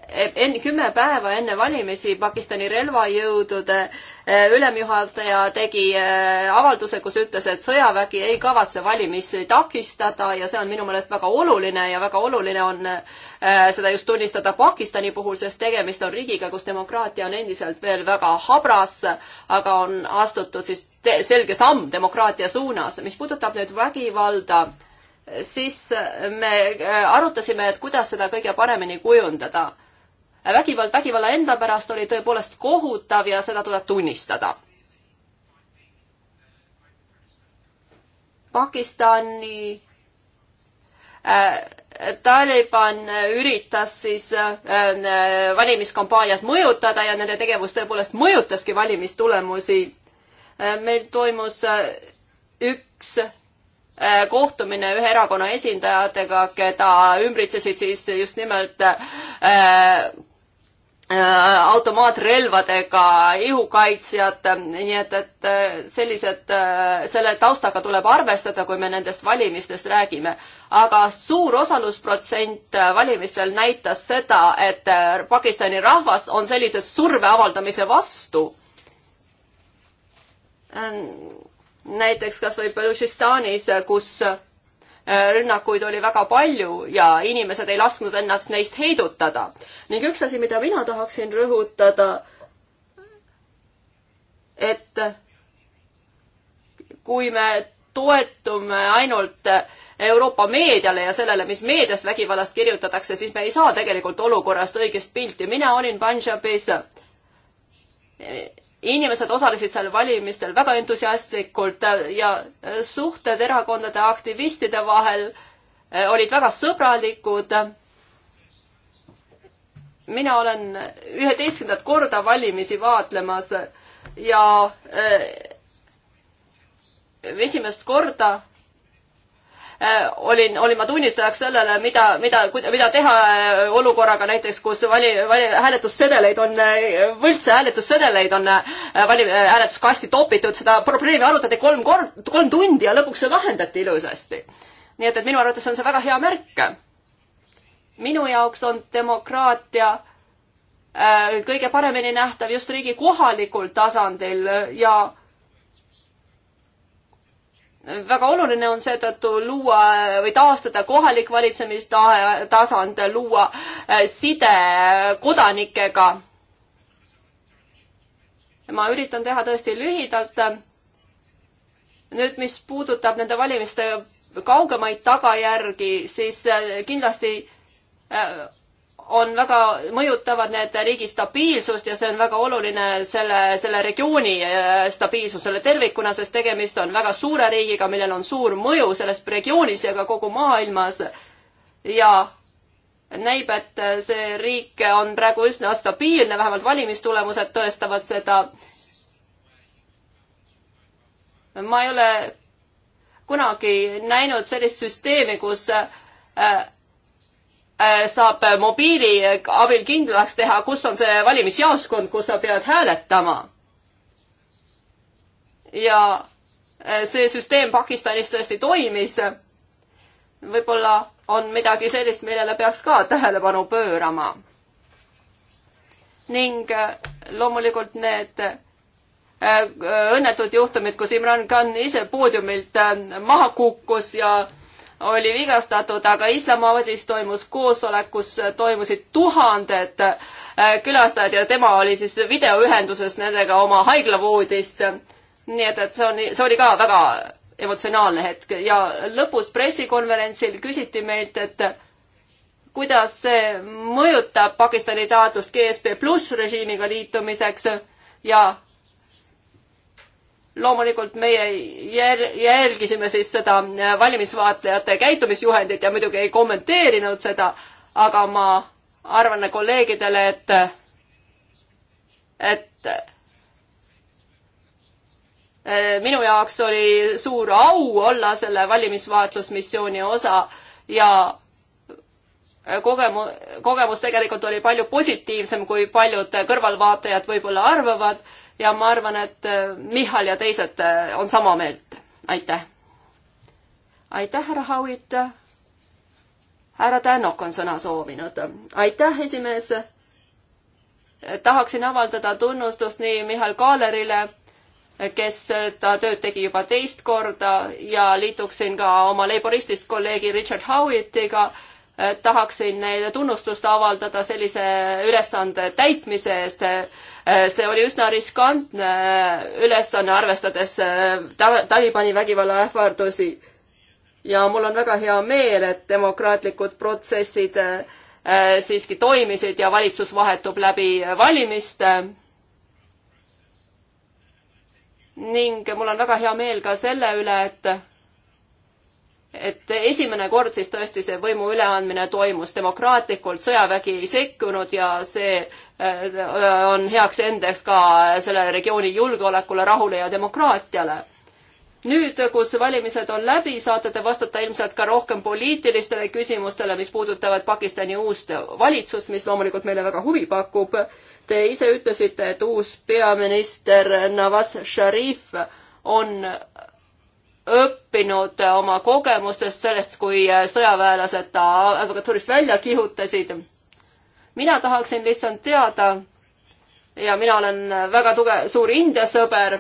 et enne, kümme päeva enne valimisi Pakistani relvajõudude eh, ülemjuhataja tegi eh, avalduse, kus ütles, et sõjavägi ei kavatse valimisi takistada ja see on minu meelest väga oluline ja väga oluline on eh, seda just tunnistada Pakistani puhul, sest tegemist on riigiga, kus demokraatia on endiselt veel väga habras, aga on astutud siis selge samm demokraatia suunas. mis puudutab nüüd vägivalda siis me äh, arutasime, et kuidas seda kõige paremini kujundada. vägivald vägivalla enda pärast oli tõepoolest kohutav ja seda tuleb tunnistada. Pakistani äh, Taliban üritas siis äh, valimiskampaaniat mõjutada ja nende tegevus tõepoolest mõjutaski valimistulemusi. meil toimus üks Äh, kohtumine ühe erakonna esindajatega, keda ümbritsesid siis just nimelt äh, äh automaatrelvadega ihukaitsjad, nii et, et äh, sellised, selle taustaga tuleb arvestada, kui me nendest valimistest räägime. aga suur osalusprotsent valimistel näitas seda, et Pakistani rahvas on sellise surve avaldamise vastu näiteks kas või Belušistanis, kus äh, rünnakuid oli väga palju ja inimesed ei lasknud ennast neist heidutada. ning üks asi, mida mina tahaksin rõhutada, et kui me toetume ainult Euroopa meediale ja sellele, mis meedias vägivallast kirjutatakse, siis me ei saa tegelikult olukorrast õigest pilti. mina olin Punjabis inimesed osalesid seal valimistel väga entusiastlikult äh, ja äh, suhted erakondade aktivistide vahel äh, olid väga sõbralikud. mina olen üheteistkümnendat korda valimisi vaatlemas ja esimest korda Äh, olin, olin ma tunnistajaks sellele, mida, mida, mida teha äh, olukorraga näiteks, kus vali, vali, hääletussedeleid on, äh, võltse hääletussedeleid on vali-, hääletuskasti topitud, seda probleemi arutati kolm kord, kolm tundi ja lõpuks see lahendati ilusasti. nii et, et minu arvates on see väga hea märk. minu jaoks on demokraatia kõige paremini nähtav just riigi kohalikul tasandil ja äh, väga oluline on seetõttu luua või taastada kohalik valitsemistasand, luua äh, side kodanikega. ma üritan teha tõesti lühidalt. nüüd, mis puudutab nende valimiste kaugemaid tagajärgi, siis äh, kindlasti äh, on väga, mõjutavad need riigi stabiilsust ja see on väga oluline selle, selle regiooni äh, stabiilsusele tervikuna, sest tegemist on väga suure riigiga, millel on suur mõju selles regioonis ja ka kogu maailmas. ja näib, et see riik on praegu üsna stabiilne, vähemalt valimistulemused tõestavad seda. ma ei ole kunagi näinud sellist süsteemi, kus äh, Äh, saab mobiili abil kindlaks teha, kus on see valimisjaoskond, kus sa pead hääletama. ja äh, see süsteem Pakistanis tõesti toimis. võib-olla on midagi sellist, millele peaks ka tähelepanu pöörama. ning äh, loomulikult need õnnetud juhtumid, kus Imran Khan ise poodiumilt maha kukkus ja oli vigastatud, aga Islamabadis toimus koosolek, kus toimusid tuhanded äh, külastajad ja tema oli siis videoühenduses nendega oma haiglavoodist. nii et, et see on, see oli ka väga emotsionaalne hetk ja lõpus pressikonverentsil küsiti meilt, et kuidas see mõjutab Pakistani taotlust GSP pluss režiimiga liitumiseks ja loomulikult meie jär-, jälgisime siis seda äh, valimisvaatlejate käitumisjuhendit ja muidugi ei kommenteerinud seda, aga ma arvan äh, kolleegidele, et, et äh, minu jaoks oli suur au olla selle valimisvaatlusmissiooni osa ja kogemu-, kogemus tegelikult oli palju positiivsem, kui paljud kõrvalvaatajad võib-olla arvavad ja ma arvan, et äh, Michal ja teised äh, on sama meelt. aitäh! aitäh, härra Hauit! härra Tänok on sõna soovinud. aitäh, esimees! tahaksin avaldada tunnustust nii Mihhail Kaalerile, kes äh, ta tööd tegi juba teist korda ja liituksin ka oma laboristist kolleegi Richard Howitiga tahaksin neile tunnustust avaldada sellise ülesande täitmise eest. see oli üsna riskantne ülesanne, arvestades äh, Talibani vägivallaähvardusi. ja mul on väga hea meel, et demokraatlikud protsessid äh, siiski toimisid ja valitsus vahetub läbi valimiste ning mul on väga hea meel ka selle üle, et et esimene kord siis tõesti see võimu üleandmine toimus demokraatlikult, sõjavägi ei sekkunud ja see äh, on heaks endeks ka selle regiooni julgeolekule, rahule ja demokraatiale. nüüd, kus valimised on läbi, saate te vastata ilmselt ka rohkem poliitilistele küsimustele, mis puudutavad Pakistani uust valitsust, mis loomulikult meile väga huvi pakub. Te ise ütlesite, et uus peaminister Nawaz Sharif on õppinud oma kogemustest sellest, kui sõjaväelased ta advokatuurist välja kihutasid. mina tahaksin lihtsalt teada ja mina olen väga tugev, suur India sõber.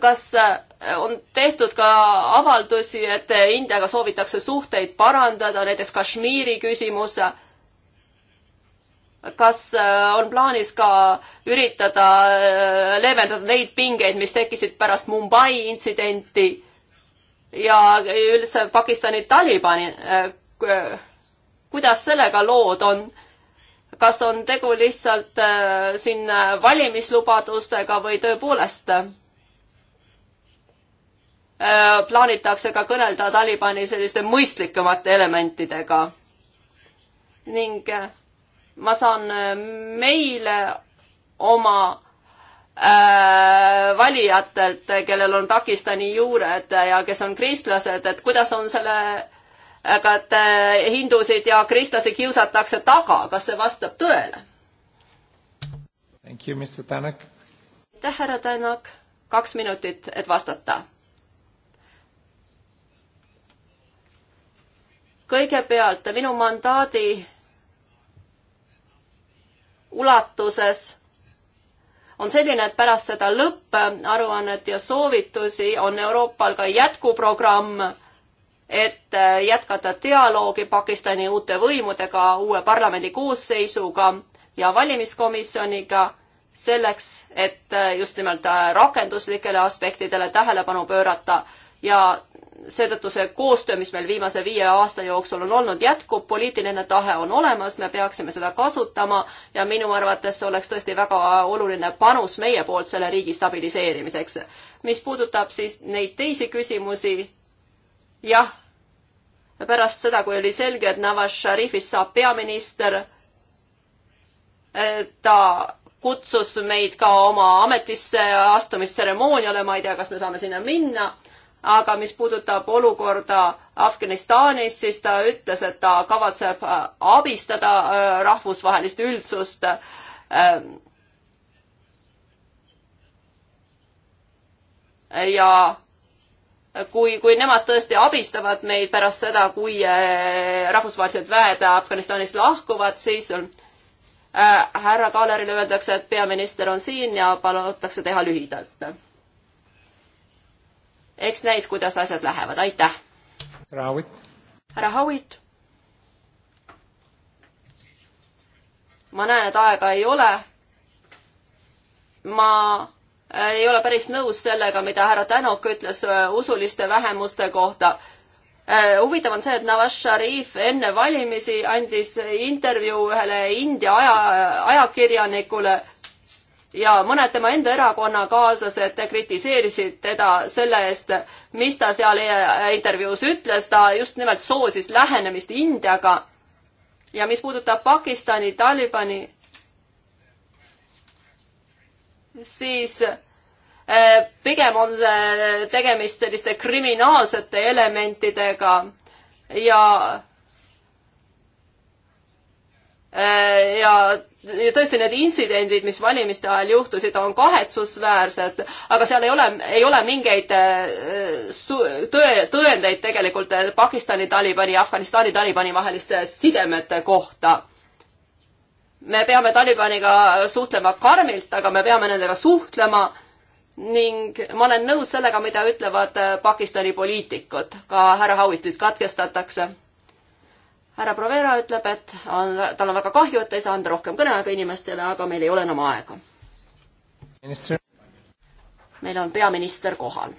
kas äh, on tehtud ka avaldusi, et Indiaga soovitakse suhteid parandada, näiteks Kashmiri küsimus kas äh, on plaanis ka üritada äh, leevendada neid pingeid, mis tekkisid pärast Mumbai intsidenti ja üldse Pakistani Talibani? Äh, kuidas sellega lood on? kas on tegu lihtsalt siin valimislubadustega või tõepoolest plaanitakse ka kõnelda Talibani selliste mõistlikumate elementidega? ning ma saan äh, meile oma äh, valijatelt, kellel on Pakistani juured ja kes on kristlased, et kuidas on selle, aga et äh, hindusid ja kristlasi kiusatakse taga, kas see vastab tõele? aitäh, härra Tänak, kaks minutit, et vastata. kõigepealt minu mandaadi ulatuses on selline, et pärast seda lõpparuannet ja soovitusi on Euroopal ka jätkuprogramm, et äh, jätkata dialoogi Pakistani uute võimudega, uue parlamendi koosseisuga ja valimiskomisjoniga selleks, et äh, just nimelt äh, rakenduslikele aspektidele tähelepanu pöörata ja seetõttu see koostöö, mis meil viimase viie aasta jooksul on olnud, jätkub, poliitiline tahe on olemas, me peaksime seda kasutama ja minu arvates see oleks tõesti väga oluline panus meie poolt selle riigi stabiliseerimiseks. mis puudutab siis neid teisi küsimusi, jah, pärast seda, kui oli selge, et Navas Šarifist saab peaminister, eh, ta kutsus meid ka oma ametisse astumistseremooniale, ma ei tea, kas me saame sinna minna aga mis puudutab olukorda Afganistanis, siis ta ütles, et ta kavatseb äh, abistada äh, rahvusvahelist üldsust. Ähm, ja kui, kui nemad tõesti abistavad meid pärast seda, kui äh, rahvusvahelised väed Afganistanist lahkuvad, siis härra Kaalerile öeldakse, et peaminister on siin ja palutakse teha lühidalt eks näis, kuidas asjad lähevad, aitäh! härra Howitt. härra Howitt. ma näen, et aega ei ole. ma äh, ei ole päris nõus sellega, mida härra Tänok ütles äh, usuliste vähemuste kohta. Äh, huvitav on see, et Nawaz Sharif enne valimisi andis intervjuu ühele India aja, ajakirjanikule ja mõned tema enda erakonnakaaslased kritiseerisid teda selle eest, mis ta seal e- intervjuus ütles, ta just nimelt soosis lähenemist Indiaga. ja mis puudutab Pakistani, Talibani, siis e, pigem on e, tegemist selliste kriminaalsete elementidega ja Äh, ja tõesti need intsidendid, mis valimiste ajal juhtusid, on kahetsusväärsed, aga seal ei ole, ei ole mingeid äh, tõe, tõendeid tegelikult äh, Pakistani Talibani ja Afganistani Talibani vaheliste sidemete kohta. me peame Talibaniga suhtlema karmilt, aga me peame nendega suhtlema ning ma olen nõus sellega, mida ütlevad Pakistani poliitikud, ka härra Howitit katkestatakse härra Provera ütleb, et on, tal on väga kahju, et ta ei saa anda rohkem kõneaega inimestele, aga meil ei ole enam aega. meil on peaminister kohal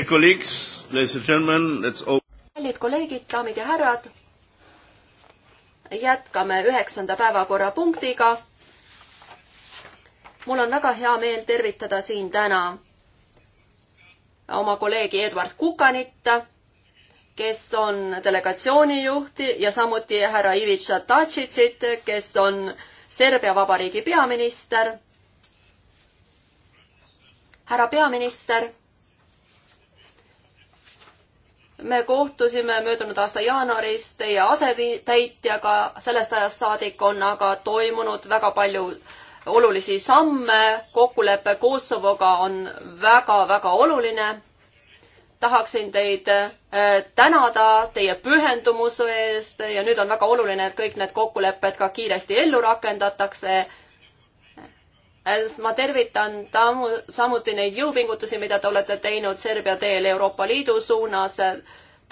kallid kolleegid, daamid ja härrad, jätkame üheksanda päevakorrapunktiga. mul on väga hea meel tervitada siin täna oma kolleegi Eduard Kukanit, kes on delegatsiooni juhti ja samuti härra Ivica Tadžitsit, kes on Serbia Vabariigi peaminister. härra peaminister me kohtusime möödunud aasta jaanuaris teie asetäitjaga, sellest ajast saadik on aga toimunud väga palju olulisi samme, kokkulepe Kosovoga on väga-väga oluline. tahaksin teid eh, tänada teie pühendumuse eest ja nüüd on väga oluline, et kõik need kokkulepped ka kiiresti ellu rakendatakse Äh, ma tervitan tamu, samuti neid jõupingutusi, mida te olete teinud Serbia teel Euroopa Liidu suunas.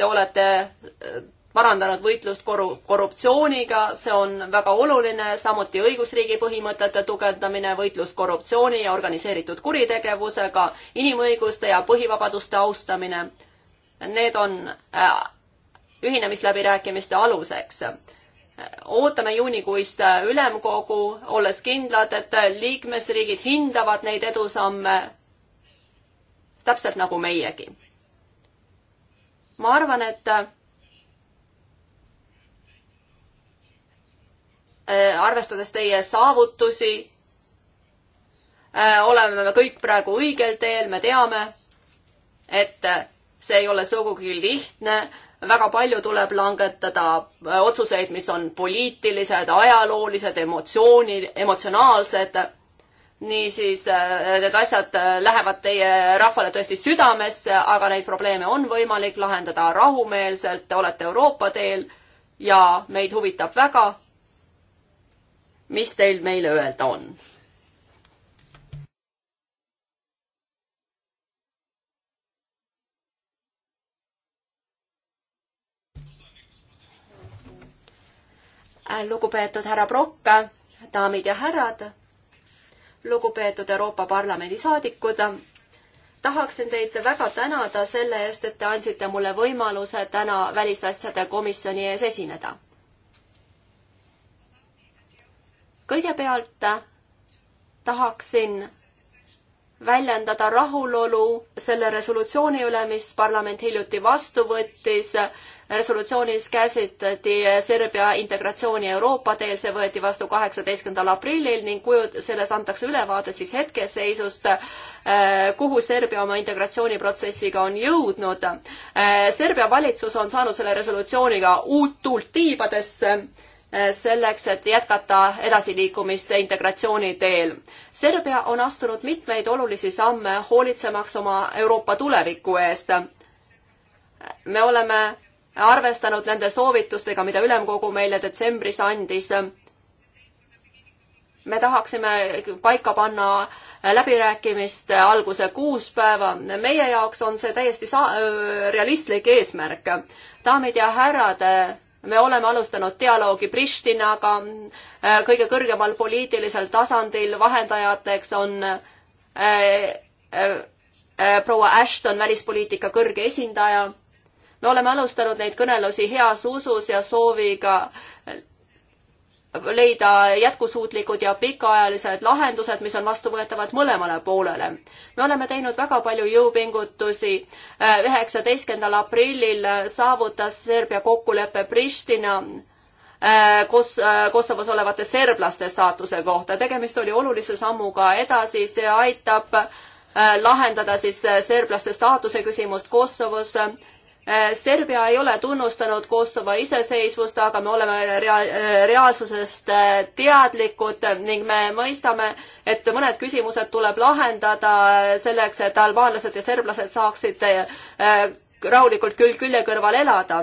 Te olete äh, parandanud võitlust koru-, korruptsiooniga, see on väga oluline, samuti õigusriigi põhimõtete tugevdamine, võitlus korruptsiooni ja organiseeritud kuritegevusega, inimõiguste ja põhivabaduste austamine. Need on äh, ühinemisläbirääkimiste aluseks ootame juunikuist ülemkogu, olles kindlad, et liikmesriigid hindavad neid edusamme täpselt nagu meiegi. ma arvan, et äh, arvestades teie saavutusi, äh, oleme me kõik praegu õigel teel, me teame, et äh, see ei ole sugugi lihtne väga palju tuleb langetada äh, otsuseid, mis on poliitilised, ajaloolised, emotsiooni, emotsionaalsed. niisiis äh, need asjad äh, lähevad teie rahvale tõesti südamesse, aga neid probleeme on võimalik lahendada rahumeelselt, te olete Euroopa teel ja meid huvitab väga, mis teil meile öelda on Äh, lugupeetud härra Brokk, daamid ja härrad, lugupeetud Euroopa Parlamendi saadikud, tahaksin teid väga tänada selle eest, et te andsite mulle võimaluse täna Välisasjade komisjoni ees esineda. kõigepealt tahaksin väljendada rahulolu selle resolutsiooni üle, mis parlament hiljuti vastu võttis resolutsioonis käsitleti Serbia integratsiooni Euroopa teel, see võeti vastu kaheksateistkümnendal aprillil ning kujud, selles antakse ülevaade siis hetkeseisust, eh, kuhu Serbia oma integratsiooniprotsessiga on jõudnud. Eh, Serbia valitsus on saanud selle resolutsiooniga uut tuult tiibadesse eh, selleks, et jätkata edasiliikumist integratsiooni teel. Serbia on astunud mitmeid olulisi samme hoolitsemaks oma Euroopa tuleviku eest. me oleme arvestanud nende soovitustega, mida ülemkogu meile detsembris andis. me tahaksime paika panna läbirääkimiste alguse kuus päeva. meie jaoks on see täiesti sa-, realistlik eesmärk. daamid ja härrad, me oleme alustanud dialoogi Pristinaga kõige kõrgemal poliitilisel tasandil, vahendajateks on proua Ashton, välispoliitika kõrge esindaja me oleme alustanud neid kõnelusi heas usus ja sooviga leida jätkusuutlikud ja pikaajalised lahendused, mis on vastuvõetavad mõlemale poolele. me oleme teinud väga palju jõupingutusi. üheksateistkümnendal aprillil saavutas Serbia kokkulepe Pristina äh, kos-, äh, Kosovos olevate serblaste staatuse kohta. tegemist oli olulise sammuga edasi, see aitab äh, lahendada siis serblaste staatuse küsimust Kosovos Äh, Serbia ei ole tunnustanud Kosovo iseseisvust, aga me oleme rea-, äh, reaalsusest äh, teadlikud ning me mõistame, et mõned küsimused tuleb lahendada selleks, et albaanlased ja serblased saaksid rahulikult külg külje kõrval elada.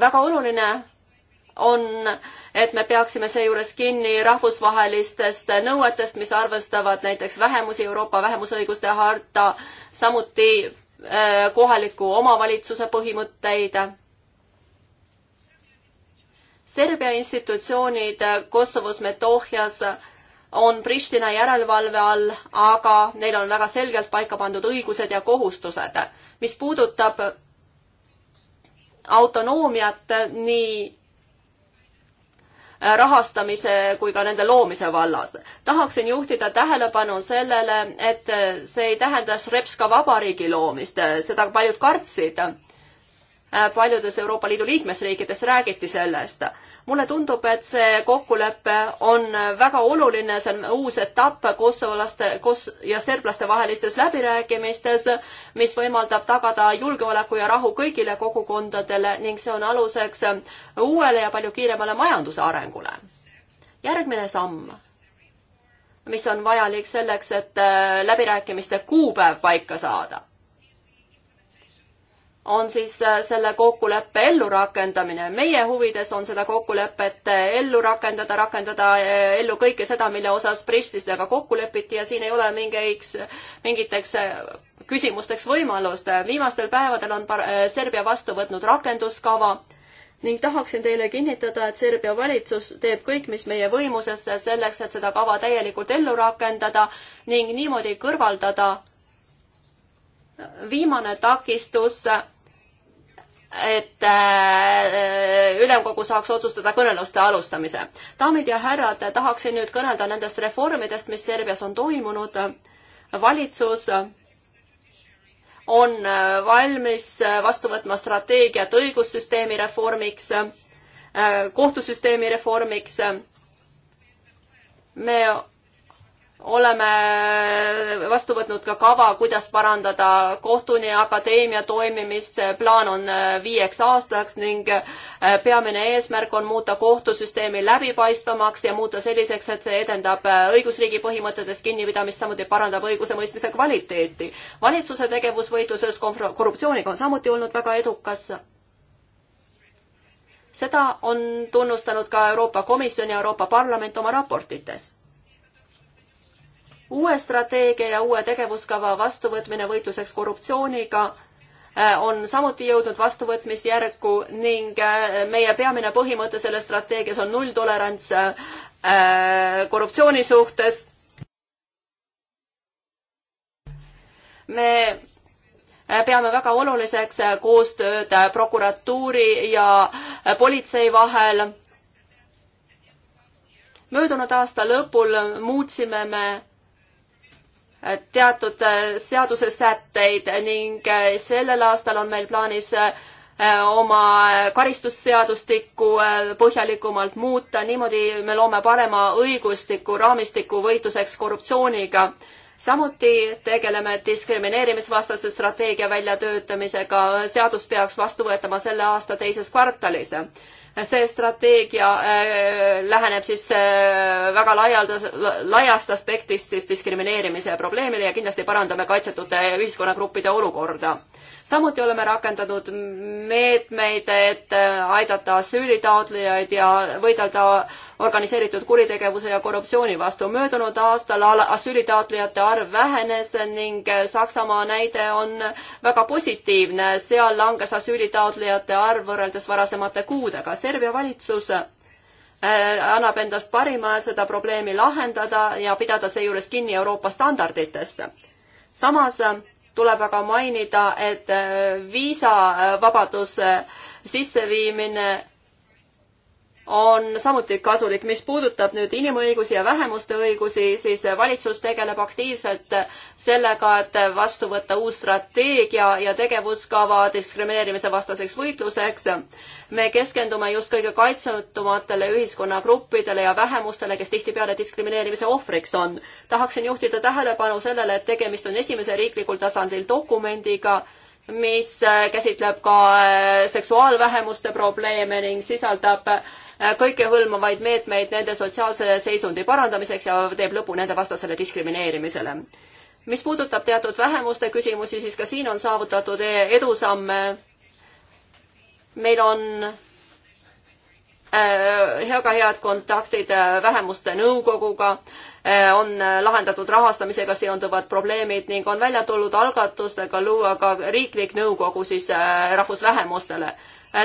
väga oluline on, et me peaksime seejuures kinni rahvusvahelistest nõuetest, mis arvestavad näiteks vähemusi, Euroopa vähemusõiguste harta, samuti äh, kohaliku omavalitsuse põhimõtteid. Serbia institutsioonid Kosovos Metohjas on Pristina järelevalve all, aga neil on väga selgelt paika pandud õigused ja kohustused. mis puudutab autonoomiat nii Äh, rahastamise kui ka nende loomise vallas. tahaksin juhtida tähelepanu sellele, et äh, see ei tähenda Srebska vabariigi loomist, äh, seda paljud kartsid Äh, paljudes Euroopa Liidu liikmesriikides räägiti sellest. mulle tundub, et see kokkulepe on väga oluline, see on uus etapp kosovolaste kos- ja serblaste vahelistes läbirääkimistes, mis võimaldab tagada julgeoleku ja rahu kõigile kogukondadele ning see on aluseks uuele ja palju kiiremale majanduse arengule. järgmine samm mis on vajalik selleks, et äh, läbirääkimiste kuupäev paika saada on siis äh, selle kokkuleppe ellurakendamine. meie huvides on seda kokkulepet äh, ellu rakendada, rakendada äh, ellu kõike seda, mille osas Prististega kokku lepiti ja siin ei ole mingiks, mingiteks küsimusteks võimalust. viimastel päevadel on Serbia vastu võtnud rakenduskava ning tahaksin teile kinnitada, et Serbia valitsus teeb kõik, mis meie võimuses selleks, et seda kava täielikult ellu rakendada ning niimoodi kõrvaldada viimane takistus et äh, ülemkogu saaks otsustada kõneluste alustamise. daamid ja härrad, tahaksin nüüd kõnelda nendest reformidest, mis Serbias on toimunud. valitsus on äh, valmis äh, vastu võtma strateegiat õigussüsteemi reformiks, kohtusüsteemi reformiks. me oleme vastu võtnud ka kava, kuidas parandada kohtuni akadeemia toimimist, plaan on äh, viieks aastaks ning äh, peamine eesmärk on muuta kohtusüsteemi läbipaistvamaks ja muuta selliseks, et see edendab äh, õigusriigi põhimõtetest kinnipidamist, samuti parandab õigusemõistmise kvaliteeti. valitsuse tegevus võitluses korruptsiooniga on samuti olnud väga edukas seda on tunnustanud ka Euroopa Komisjon ja Euroopa Parlament oma raportites uue strateegia ja uue tegevuskava vastuvõtmine võitluseks korruptsiooniga äh, on samuti jõudnud vastuvõtmisjärku ning äh, meie peamine põhimõte selles strateegias on nulltolerants äh, korruptsiooni suhtes. me peame väga oluliseks koostööd prokuratuuri ja politsei vahel. möödunud aasta lõpul muutsime me teatud äh, seadusesätteid ning äh, sellel aastal on meil plaanis äh, oma karistusseadustikku põhjalikumalt muuta, niimoodi me loome parema õigustiku raamistiku võitluseks korruptsiooniga. samuti tegeleme diskrimineerimisvastase strateegia väljatöötamisega, seadus peaks vastu võetama selle aasta teises kvartalis see strateegia äh, läheneb siis äh, väga laialdas, laiast aspektist siis diskrimineerimise probleemile ja kindlasti parandame kaitsetute ühiskonnagruppide olukorda samuti oleme rakendanud meetmeid, et äh, aidata asüülitaotlejaid ja võidelda organiseeritud kuritegevuse ja korruptsiooni vastu. möödunud aastal asüülitaotlejate arv vähenes ning äh, Saksamaa näide on väga positiivne, seal langes asüülitaotlejate arv võrreldes varasemate kuudega. Serbia valitsus äh, annab endast parima, et seda probleemi lahendada ja pidada seejuures kinni Euroopa standarditest. samas tuleb aga mainida, et äh, viisavabaduse sisseviimine on samuti kasulik. mis puudutab nüüd inimõigusi ja vähemuste õigusi, siis valitsus tegeleb aktiivselt sellega, et vastu võtta uus strateegia ja tegevuskava diskrimineerimise vastaseks võitluseks. me keskendume just kõige kaitsetumatele ühiskonnagruppidele ja vähemustele, kes tihtipeale diskrimineerimise ohvriks on. tahaksin juhtida tähelepanu sellele, et tegemist on esimese riiklikul tasandil dokumendiga, mis äh, käsitleb ka äh, seksuaalvähemuste probleeme ning sisaldab äh, kõikehõlmavaid meetmeid nende sotsiaalse seisundi parandamiseks ja teeb lõpu nende vastasele diskrimineerimisele. mis puudutab teatud vähemuste küsimusi, siis ka siin on saavutatud e-, edusamme. meil on väga head kontaktid vähemuste nõukoguga Eh, on eh, lahendatud rahastamisega seonduvad probleemid ning on välja tulnud algatustega luua ka riiklik nõukogu siis eh, rahvusvähemustele.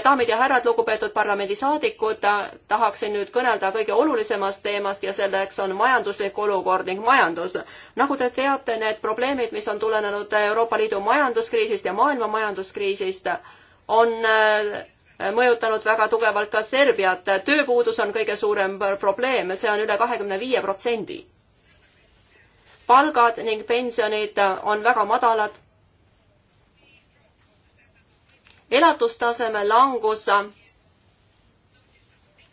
daamid ja härrad, lugupeetud parlamendisaadikud, tahaksin nüüd kõnelda kõige olulisemast teemast ja selleks on majanduslik olukord ning majandus. nagu te teate, need probleemid, mis on tulenenud Euroopa Liidu majanduskriisist ja maailma majanduskriisist, on mõjutanud väga tugevalt ka Serbiat. tööpuudus on kõige suurem probleem, see on üle kahekümne viie protsendi. palgad ning pensionid on väga madalad. elatustaseme langus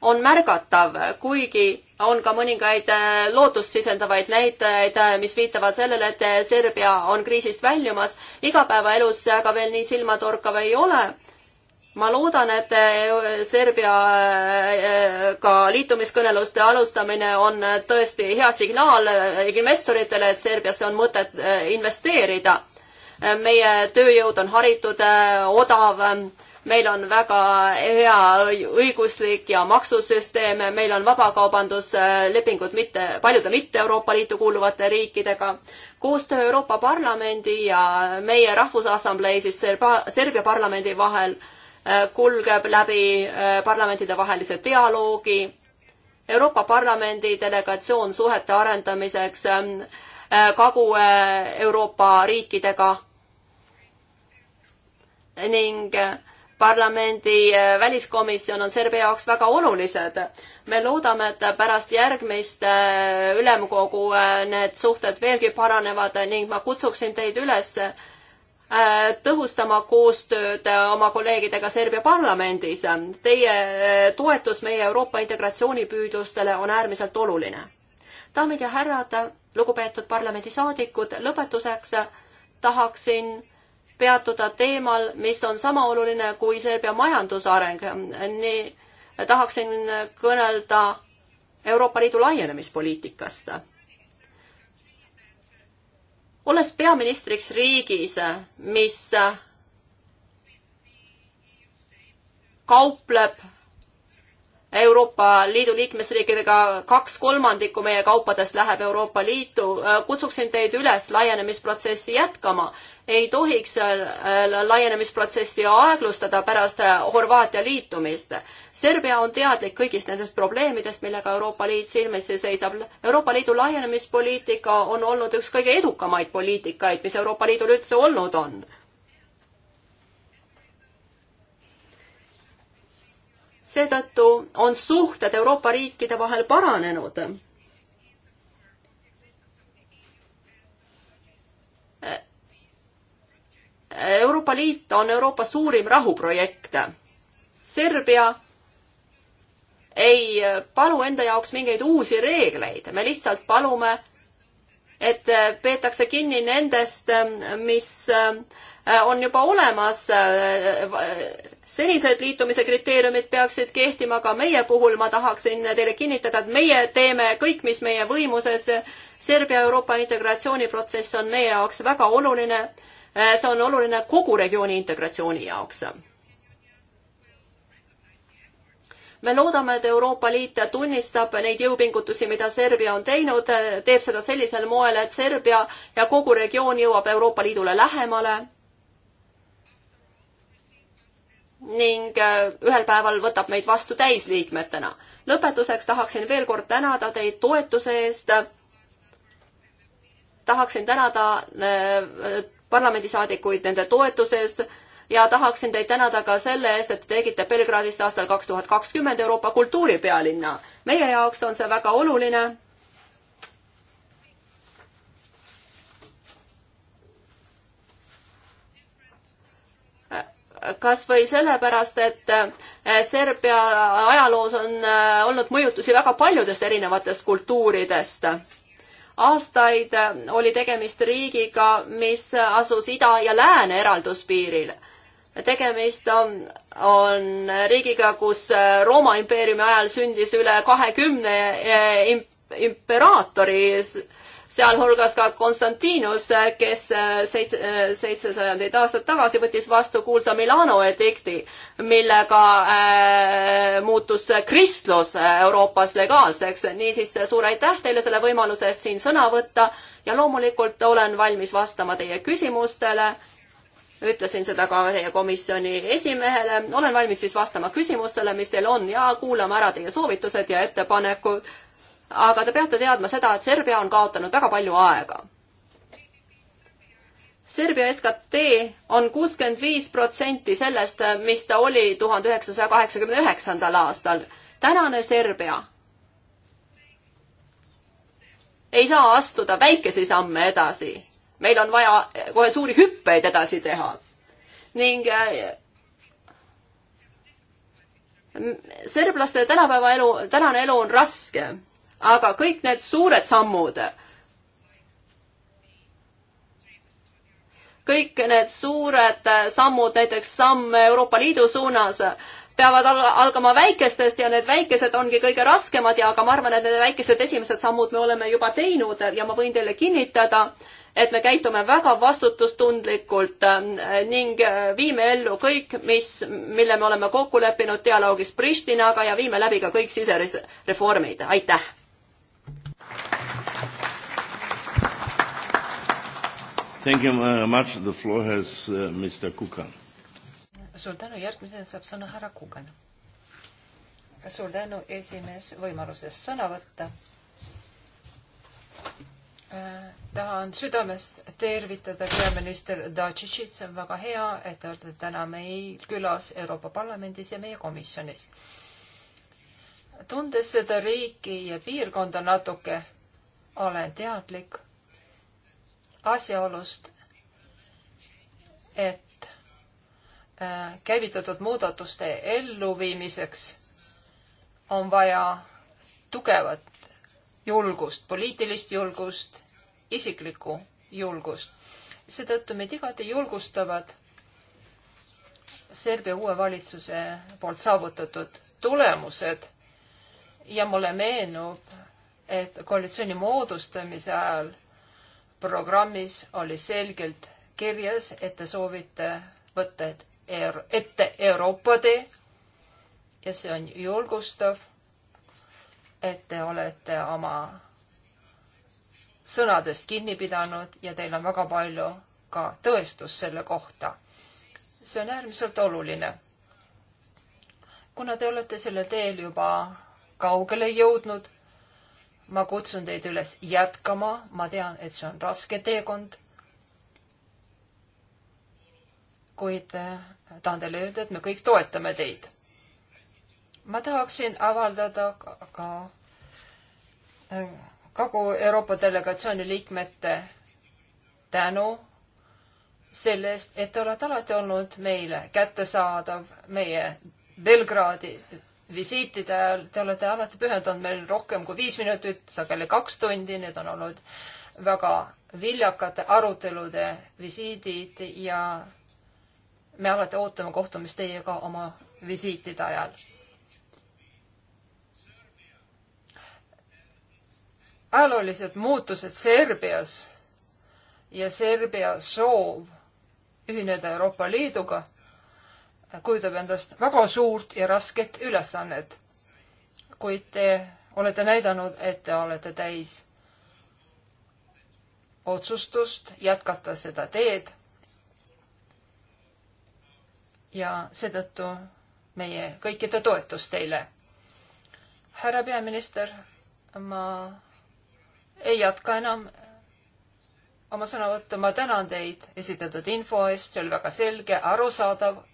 on märgatav, kuigi on ka mõningaid äh, lootust sisendavaid näitajaid, äh, mis viitavad sellele, et äh, Serbia on kriisist väljumas. igapäevaelus see aga veel nii silmatorkav ei ole ma loodan, et äh, Serbiaga äh, liitumiskõneluste alustamine on äh, tõesti hea signaal investoritele, et Serbiasse on mõtet investeerida. meie tööjõud on haritud, odav, meil on väga hea õiguslik ja maksusüsteem, meil on vabakaubanduslepingud mitte, paljude mitte Euroopa Liitu kuuluvate riikidega. koostöö Euroopa Parlamendi ja meie Rahvusassamblee, siis Serbia parlamendi vahel Äh, kulgeb läbi äh, parlamentidevahelise dialoogi. Euroopa Parlamendi delegatsioon suhete arendamiseks ähm, äh, Kagu-Euroopa riikidega ning parlamendi väliskomisjon on Serbia jaoks väga olulised. me loodame, et pärast järgmist ülemkogu need suhted veelgi paranevad ning ma kutsuksin teid üles Äh, tõhustama koostööd äh, oma kolleegidega Serbia parlamendis. Teie äh, toetus meie Euroopa integratsioonipüüdlustele on äärmiselt oluline. daamid ja härrad, lugupeetud parlamendisaadikud, lõpetuseks tahaksin peatuda teemal, mis on sama oluline kui Serbia majandusareng. nii tahaksin kõnelda Euroopa Liidu laienemispoliitikast olles peaministriks riigis, mis kaupleb Euroopa Liidu liikmesriikidega kaks kolmandikku meie kaupadest läheb Euroopa Liitu. Äh, kutsuksin teid üles laienemisprotsessi jätkama. ei tohiks äh, laienemisprotsessi aeglustada pärast äh, Horvaatia liitumist. Serbia on teadlik kõigist nendest probleemidest, millega Euroopa Liit silmitsi seisab. Euroopa Liidu laienemispoliitika on olnud üks kõige edukamaid poliitikaid, mis Euroopa Liidul üldse olnud on seetõttu on suhted Euroopa riikide vahel paranenud. Euroopa Liit on Euroopa suurim rahuprojekt. Serbia ei palu enda jaoks mingeid uusi reegleid, me lihtsalt palume, et peetakse kinni nendest, mis Äh, on juba olemas. Äh, senised liitumise kriteeriumid peaksid kehtima ka meie puhul. ma tahaksin teile kinnitada, et meie teeme kõik, mis meie võimuses. Serbia Euroopa integratsiooniprotsess on meie jaoks väga oluline. Äh, see on oluline kogu regiooni integratsiooni jaoks me loodame, et Euroopa Liit tunnistab neid jõupingutusi, mida Serbia on teinud, teeb seda sellisel moel, et Serbia ja kogu regioon jõuab Euroopa Liidule lähemale. ning äh, ühel päeval võtab meid vastu täisliikmetena. lõpetuseks tahaksin veel kord tänada teid toetuse eest. tahaksin tänada äh, parlamendisaadikuid nende toetuse eest ja tahaksin teid tänada ka selle eest, et te tegite Belgradist aastal kaks tuhat kakskümmend Euroopa kultuuripealinna. meie jaoks on see väga oluline kas või sellepärast, et eh, Serbia ajaloos on eh, olnud mõjutusi väga paljudest erinevatest kultuuridest. aastaid eh, oli tegemist riigiga, mis asus ida ja lääne eralduspiiril. tegemist on, on riigiga, kus Rooma impeeriumi ajal sündis üle kahekümne imperaatori sealhulgas ka Konstantinus, kes äh, seitse, äh, seitsesajandit aastat tagasi võttis vastu kuulsa Milano edikti, millega äh, muutus kristlus äh, Euroopas legaalseks. niisiis suur aitäh teile selle võimaluse eest siin sõna võtta ja loomulikult olen valmis vastama teie küsimustele ütlesin seda ka teie komisjoni esimehele, olen valmis siis vastama küsimustele, mis teil on ja kuulama ära teie soovitused ja ettepanekud aga te peate teadma seda, et Serbia on kaotanud väga palju aega. Serbia SKT on kuuskümmend viis protsenti sellest, mis ta oli tuhande üheksasaja kaheksakümne üheksandal aastal. tänane Serbia ei saa astuda väikesi samme edasi. meil on vaja kohe suuri hüppeid edasi teha. ning äh, serblaste tänapäeva elu, tänane elu on raske aga kõik need suured sammud, kõik need suured äh, sammud, näiteks samm Euroopa Liidu suunas, peavad algama väikestest ja need väikesed ongi kõige raskemad ja, aga ma arvan, et need väikesed esimesed sammud me oleme juba teinud ja ma võin teile kinnitada, et me käitume väga vastutustundlikult äh, ning äh, viime ellu kõik, mis, mille me oleme kokku leppinud dialoogis Pristinaga ja viime läbi ka kõik sisereformid, aitäh! Thank you very uh, much. The floor has uh, Mr. Kukan. suur tänu, järgmisena saab sõna härra Kukan. suur tänu, esimees, võimalusest sõna võtta äh, tahan südamest tervitada peaminister Dacićit, see on väga hea, et te olete täna meil külas Euroopa Parlamendis ja meie komisjonis. tundes seda riiki ja piirkonda natuke, olen teadlik, asjaolust, et äh, käivitatud muudatuste elluviimiseks on vaja tugevat julgust, poliitilist julgust, isiklikku julgust. seetõttu meid igati julgustavad Serbia uue valitsuse poolt saavutatud tulemused ja mulle meenub, et koalitsiooni moodustamise ajal programmis oli selgelt kirjas, et te soovite võtta euro, ette Euroopa tee ja see on julgustav, et te olete oma sõnadest kinni pidanud ja teil on väga palju ka tõestus selle kohta. see on äärmiselt oluline. kuna te olete sellel teel juba kaugele jõudnud ma kutsun teid üles jätkama, ma tean, et see on raske teekond. kuid äh, tahan teile öelda, et me kõik toetame teid. ma tahaksin avaldada ka Kagu-Euroopa äh, delegatsiooni liikmete tänu selle eest, et te olete alati olnud meile kättesaadav, meie Belgradi visiitidel te olete alati pühendunud meil rohkem kui viis minutit, sageli kaks tundi, need on olnud väga viljakate arutelude visiidid ja me alati ootame kohtumist teiega oma visiitide ajal. ajaloolised muutused Serbias ja Serbia soov ühineda Euroopa Liiduga kujutab endast väga suurt ja rasket ülesannet. kuid te olete näidanud, et te olete täis otsustust jätkata seda teed. ja seetõttu meie kõikide toetus teile. härra peaminister, ma ei jätka enam oma sõnavõttu. ma tänan teid esitatud info eest, see oli väga selge, arusaadav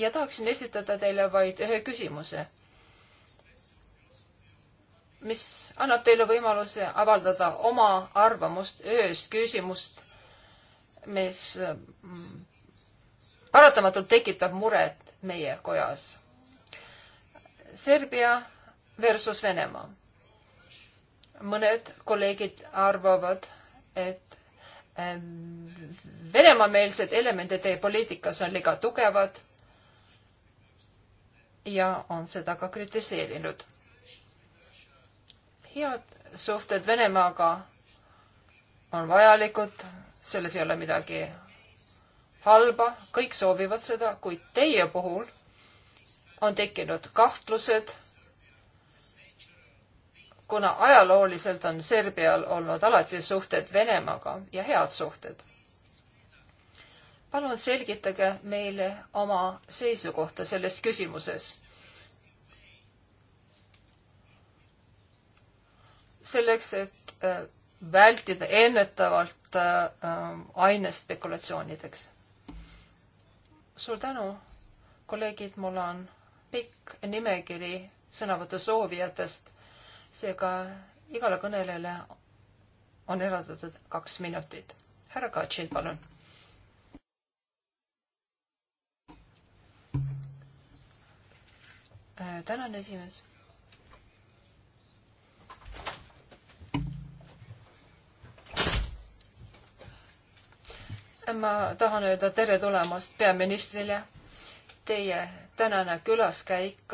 ja tahaksin esitada teile vaid ühe küsimuse, mis annab teile võimaluse avaldada oma arvamust ühest küsimust, mis mm, paratamatult tekitab muret meie kojas. Serbia versus Venemaa. mõned kolleegid arvavad, et Venemaa-meelsed elemendid teie poliitikas on liiga tugevad ja on seda ka kritiseerinud. head suhted Venemaaga on vajalikud, selles ei ole midagi halba, kõik soovivad seda, kuid teie puhul on tekkinud kahtlused, kuna ajalooliselt on Serbial olnud alati suhted Venemaaga ja head suhted palun selgitage meile oma seisukohta selles küsimuses. selleks, et äh, vältida ennetavalt äh, ainespekulatsioonideks. suur tänu, kolleegid, mul on pikk nimekiri sõnavõtu soovijatest, seega igale kõnelejale on eraldatud kaks minutit. härra Katšin, palun Äh, tänan, esimees. ma tahan öelda tere tulemast peaministrile. Teie tänane külaskäik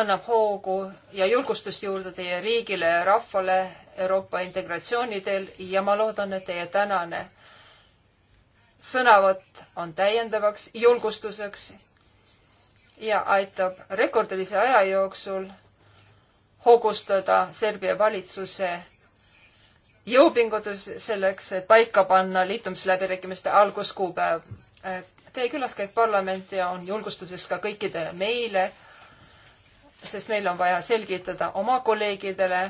annab hoogu ja julgustust juurde teie riigile ja rahvale Euroopa integratsiooni teel ja ma loodan, et teie tänane äh, sõnavõtt on täiendavaks julgustuseks ja aitab rekordilise aja jooksul hoogustada Serbia valitsuse jõupingutus selleks, et paika panna liitumisläbirääkimiste alguskuupäev. Teie külaskäik parlamenti on julgustuseks ka kõikidele meile, sest meil on vaja selgitada oma kolleegidele,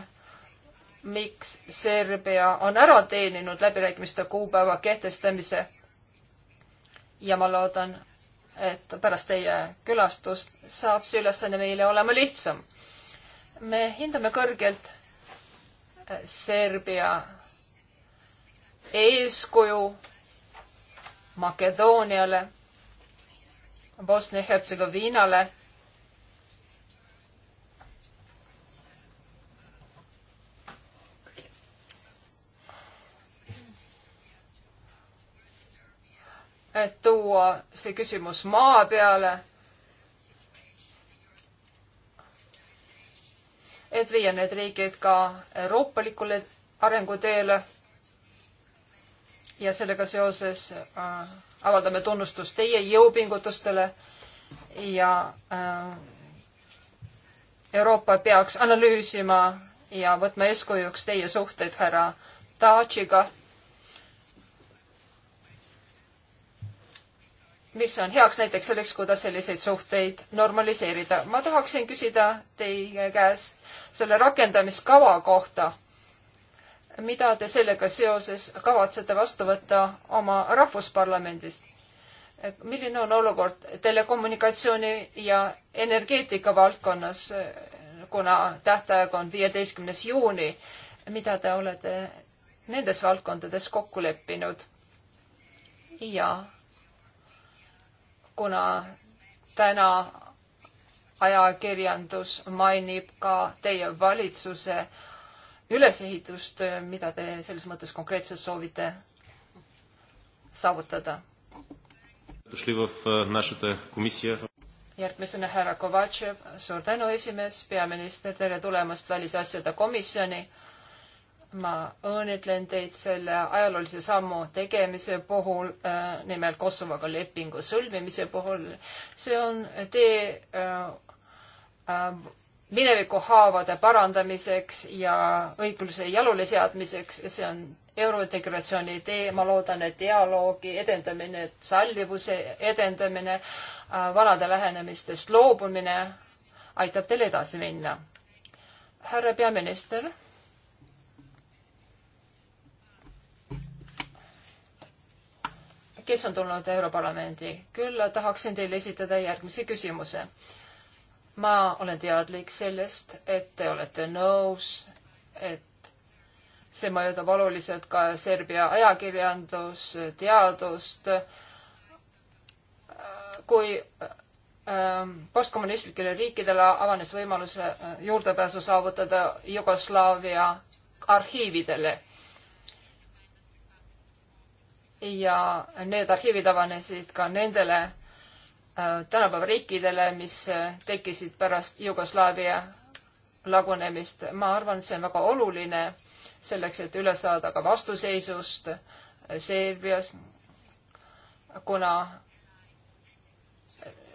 miks Serbia on ära teeninud läbirääkimiste kuupäeva kehtestamise ja ma loodan, et pärast teie külastust saab see ülesanne meile olema lihtsam. me hindame kõrgelt äh, Serbia eeskuju Makedooniale, Bosnia-Hertsegoviinale et tuua see küsimus maa peale. et viia need riigid ka euroopalikule arenguteele. ja sellega seoses äh, avaldame tunnustust teie jõupingutustele ja äh, Euroopa peaks analüüsima ja võtma eeskujuks teie suhteid härra Tadžiga mis on heaks näiteks selleks, kuidas selliseid suhteid normaliseerida. ma tahaksin küsida teie käest selle rakendamiskava kohta. mida te sellega seoses kavatsete vastu võtta oma rahvusparlamendist? milline on olukord telekommunikatsiooni ja energeetika valdkonnas, kuna tähtaeg on viieteistkümnes juuni, mida te olete nendes valdkondades kokku leppinud? ja kuna täna ajakirjandus mainib ka teie valitsuse ülesehitust, mida te selles mõttes konkreetselt soovite saavutada? Eh, järgmisena härra Kovatšev, suur tänu, esimees, peaminister, tere tulemast välisasjade komisjoni ma õnnitlen teid selle ajaloolise sammu tegemise puhul äh,, nimelt Kosovoga lepingu sõlmimise puhul. see on tee äh, äh, minevikuhaavade parandamiseks ja õigluse jalule seadmiseks, see on eurointegratsiooni tee, ma loodan, et dialoogi edendamine, sallivuse edendamine äh,, vanade lähenemistest loobumine aitab teil edasi minna. härra peaminister kes on tulnud Europarlamendi. küll tahaksin teile esitada järgmise küsimuse. ma olen teadlik sellest, et te olete nõus, et see mõjutab oluliselt ka Serbia ajakirjandus, teadust, kui ähm, postkommunistlikele riikidele avanes võimalus äh, juurdepääsu saavutada Jugoslaavia arhiividele ja need arhiivid avanesid ka nendele äh, tänapäeva riikidele, mis äh, tekkisid pärast Jugoslaavia lagunemist. ma arvan, et see on väga oluline selleks, et üle saada ka vastuseisust äh, Serbias, kuna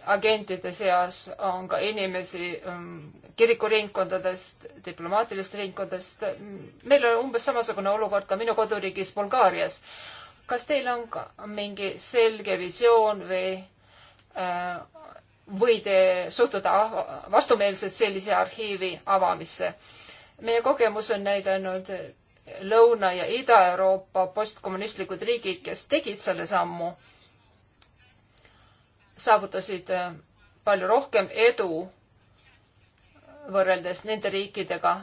agentide seas on ka inimesi ähm, kirikuringkondadest, diplomaatilistest ringkondadest. meil on umbes samasugune olukord ka minu koduriigis Bulgaarias kas teil on ka mingi selge visioon või äh, või te äh, suhtute vastumeelselt sellise arhiivi avamisse? meie kogemus on näidanud äh, Lõuna- ja Ida-Euroopa postkommunistlikud riigid, kes tegid selle sammu, saavutasid äh, palju rohkem edu võrreldes nende riikidega,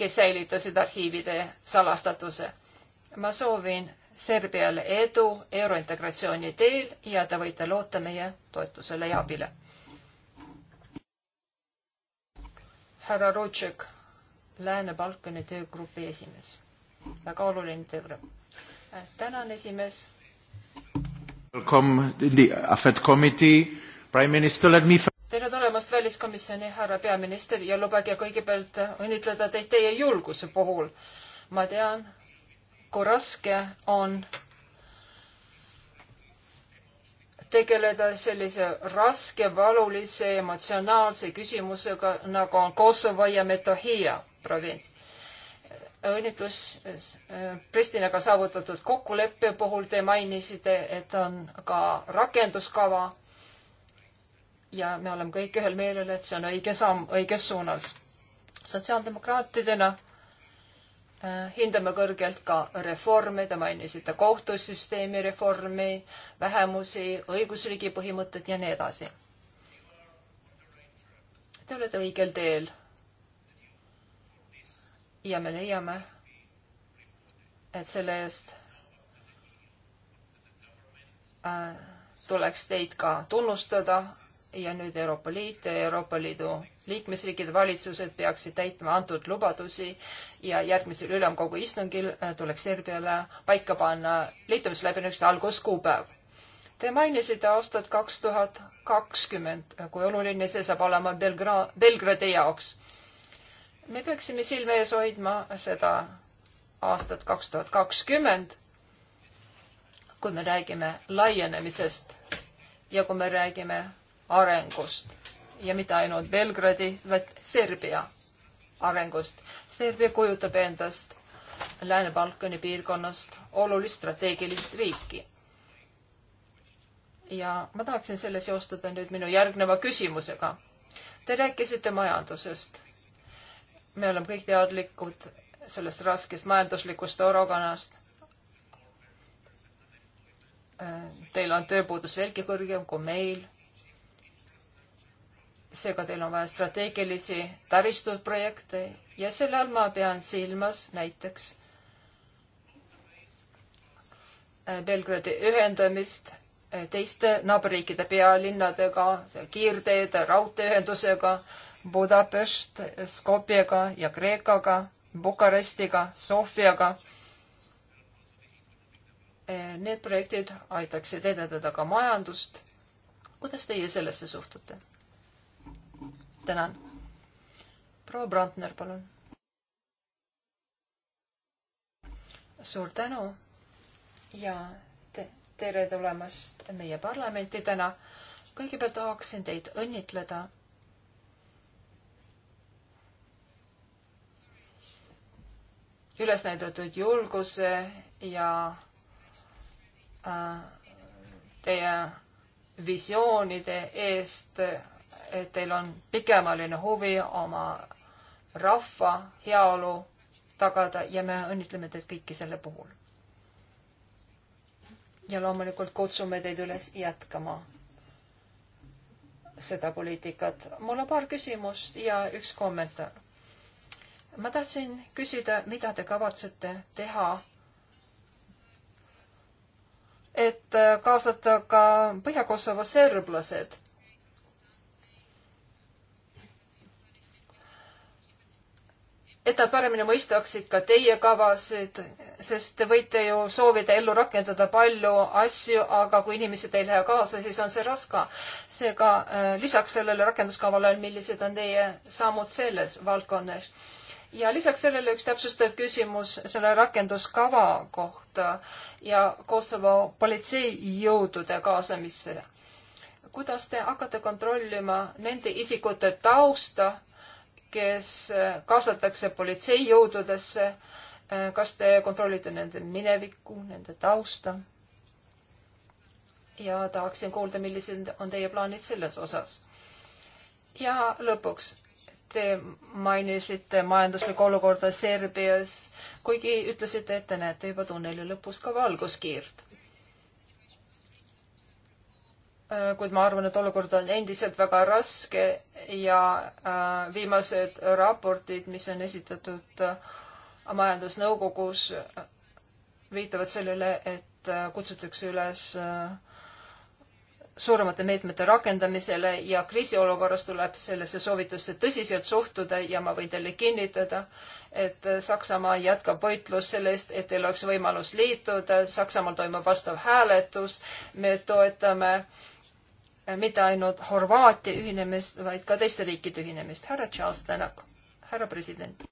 kes säilitasid arhiivide salastatuse ma soovin Serbiale edu eurointegratsiooni teel ja te võite loota meie toetusele ja abile. härra Rutšek, Lääne-Balkani töögrupi esimees, väga oluline töögrupp. tänan, esimees. Welcome in the AFET committee, prime minister, let me tere tulemast väliskomisjoni, härra peaminister ja lubage kõigepealt õnnitleda teid teie julguse puhul. ma tean, kui raske on tegeleda sellise raske, valulise, emotsionaalse küsimusega, nagu on Kosovo ja Metohia provints. õnnitlus Pristinaga saavutatud kokkuleppe puhul te mainisite, et on ka rakenduskava. ja me oleme kõik ühel meelel, et see on õige samm õiges suunas. sotsiaaldemokraatidena Äh, hindame kõrgelt ka reforme, te mainisite kohtusüsteemi reformi, vähemusi, õigusriigi põhimõtted ja nii edasi. Te olete õigel teel. ja me leiame, et selle eest äh, tuleks teid ka tunnustada ja nüüd Euroopa Liit ja Euroopa Liidu liikmesriikide valitsused peaksid täitma antud lubadusi ja järgmisel ülemkogu istungil äh, tuleks Serbiale paika panna liitumisläbirääkimiste alguskuupäev. Te mainisite aastat kaks tuhat kakskümmend, kui oluline see saab olema Belgra-, Belgradi jaoks. me peaksime silme ees hoidma seda aastat kaks tuhat kakskümmend, kui me räägime laienemisest ja kui me räägime arengust ja mitte ainult Belgradi, vaid Serbia arengust. Serbia kujutab endast Lääne-Balkani piirkonnast olulist strateegilist riiki. ja ma tahaksin selle seostada nüüd minu järgneva küsimusega. Te rääkisite majandusest. me oleme kõik teadlikud sellest raskest majanduslikust orokonnast Teil on tööpuudus veelgi kõrgem kui meil seega teil on vaja strateegilisi taristuprojekte ja selle all ma pean silmas näiteks äh, Belgradi ühendamist äh, teiste naaberriikide pealinnadega, kiirteede, raudteeühendusega, Budapest, Skopjega ja Kreekaga, Bukarestiga, Sofiaga. Äh, need projektid aitaksid edendada ka majandust. kuidas teie sellesse suhtute? tänan. proua Brandner, palun. suur tänu ja te tere tulemast meie parlamenti täna. kõigepealt tahaksin teid õnnitleda üles näidatud julguse ja äh, teie visioonide eest et teil on pikemaline huvi oma rahva heaolu tagada ja me õnnitleme teid kõiki selle puhul. ja loomulikult kutsume teid üles jätkama seda poliitikat. mul on paar küsimust ja üks kommentaar. ma tahtsin küsida, mida te kavatsete teha, et kaasata ka Põhja-Kosovo serblased et nad paremini mõistaksid ka teie kavasid, sest te võite ju soovida ellu rakendada palju asju, aga kui inimesed ei lähe kaasa, siis on see raske. seega äh, lisaks sellele rakenduskavale, millised on teie sammud selles valdkonnas? ja lisaks sellele üks täpsustav küsimus selle rakenduskava kohta ja Kosovo politseijõudude kaasamisse. kuidas te hakkate kontrollima nende isikute tausta, kes äh, kaasatakse politseijõududesse. Äh, kas te kontrollite nende minevikku, nende tausta? ja tahaksin kuulda, millised on teie plaanid selles osas. ja lõpuks, te mainisite majanduslikku olukorda Serbias, kuigi ütlesite, et te näete juba tunneli lõpus ka valguskiirt. Äh, kuid ma arvan, et olukord on endiselt väga raske ja äh, viimased raportid, mis on esitatud äh, majandusnõukogus, viitavad sellele, et kutsutakse üles suuremate meetmete rakendamisele ja kriisiolukorras tuleb sellesse soovitusse tõsiselt suhtuda ja ma võin teile kinnitada, et Saksamaa jätkab võitlust selle eest, et teil oleks võimalus liituda, Saksamaal toimub vastav hääletus, me toetame äh, mitte ainult Horvaatia ühinemist, vaid ka teiste riikide ühinemist. härra Charles Tänak, härra president.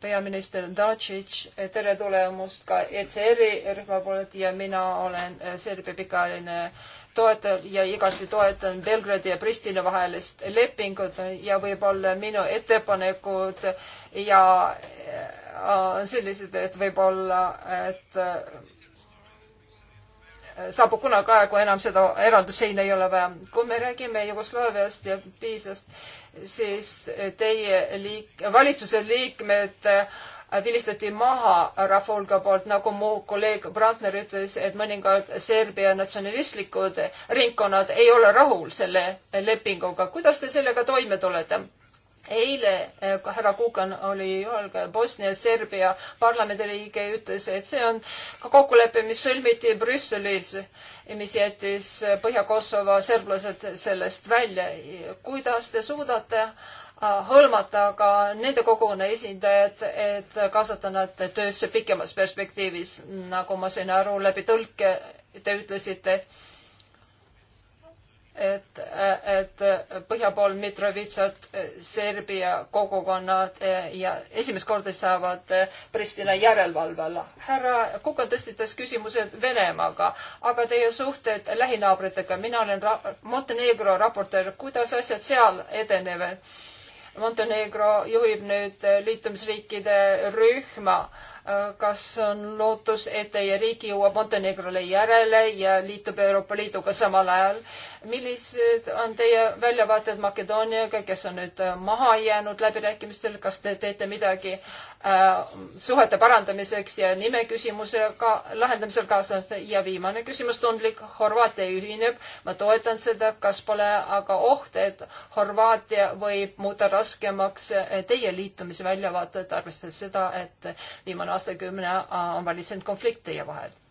peaminister Dacic, tere tulemast ka ECR-i rühma poolt ja mina olen eh, Serbia pikaajaline toetav ja igati toetan Belgradi ja Pristina vahelist lepingut ja võib-olla minu ettepanekud ja eh, sellised, et võib-olla, et saabub kunagi aeg, kui enam seda eraldusseina ei ole vaja. kui me räägime Jugoslaaviast ja Piisast, siis teie liik-, valitsuse liikmed äh, vilistati maha rahvahulga poolt, nagu mu kolleeg Brandner ütles, et mõningad Serbia natsionalistlikud ringkonnad ei ole rahul selle lepinguga. kuidas te sellega toime tulete? eile eh, härra Kukan oli Bosnia ja Serbia parlamendiliige ja ütles, et see on ka kokkulepe, mis sõlmiti Brüsselis, mis jättis eh, Põhja-Kosovo serblased sellest välja. kuidas te suudate eh, hõlmata ka nende kogukonna esindajad, et kaasata nad töösse pikemas perspektiivis, nagu ma sain aru läbi tõlke, te ütlesite et, et põhja pool Mitrovitsat Serbia kogukonnad eh, ja esimest korda saavad eh, Pristina järelevalve alla. härra Kukan tõstitas küsimused Venemaaga, aga teie suhted lähinaabritega, mina olen ra-, Montenegro raportöör, kuidas asjad seal edenevad? Montenegro juhib nüüd eh, liitumisriikide rühma äh, Äh, kas on lootus, et teie riik jõuab Montenegrole järele ja liitub Euroopa Liiduga samal ajal? millised on teie väljavaated Makedooniaga, kes on nüüd äh, maha jäänud läbirääkimistel, kas te teete midagi Äh, suhete parandamiseks ja nime küsimusega lahendamisel kaasas ja viimane küsimus tundlik, Horvaatia ühineb, ma toetan seda, kas pole aga oht, et Horvaatia võib muuta raskemaks teie liitumise väljavaated, arvestades seda, et viimane aastakümne äh, on valitsenud konflikt teie vahel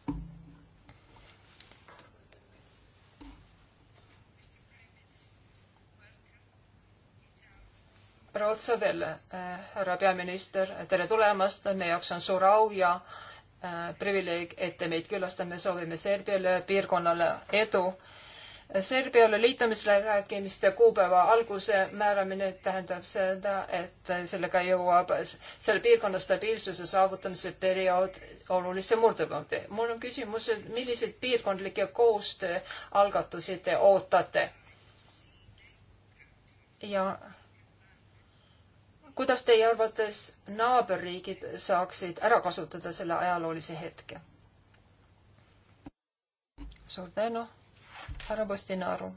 proua Otsavele, äh, härra peaminister, tere tulemast, meie jaoks on suur au ja äh, privileeg, et te meid külastame, soovime Serbiale, piirkonnale edu. Serbiale liitumisläbirääkimiste kuupäeva alguse määramine tähendab seda, et sellega jõuab selle piirkonna stabiilsuse saavutamise periood olulisse murdepunkti. mul on küsimus, et milliseid piirkondlikke koostööalgatusi te ootate? ja kuidas teie arvates naaberriigid saaksid ära kasutada selle ajaloolise hetke? suur tänu, härra Postinaru.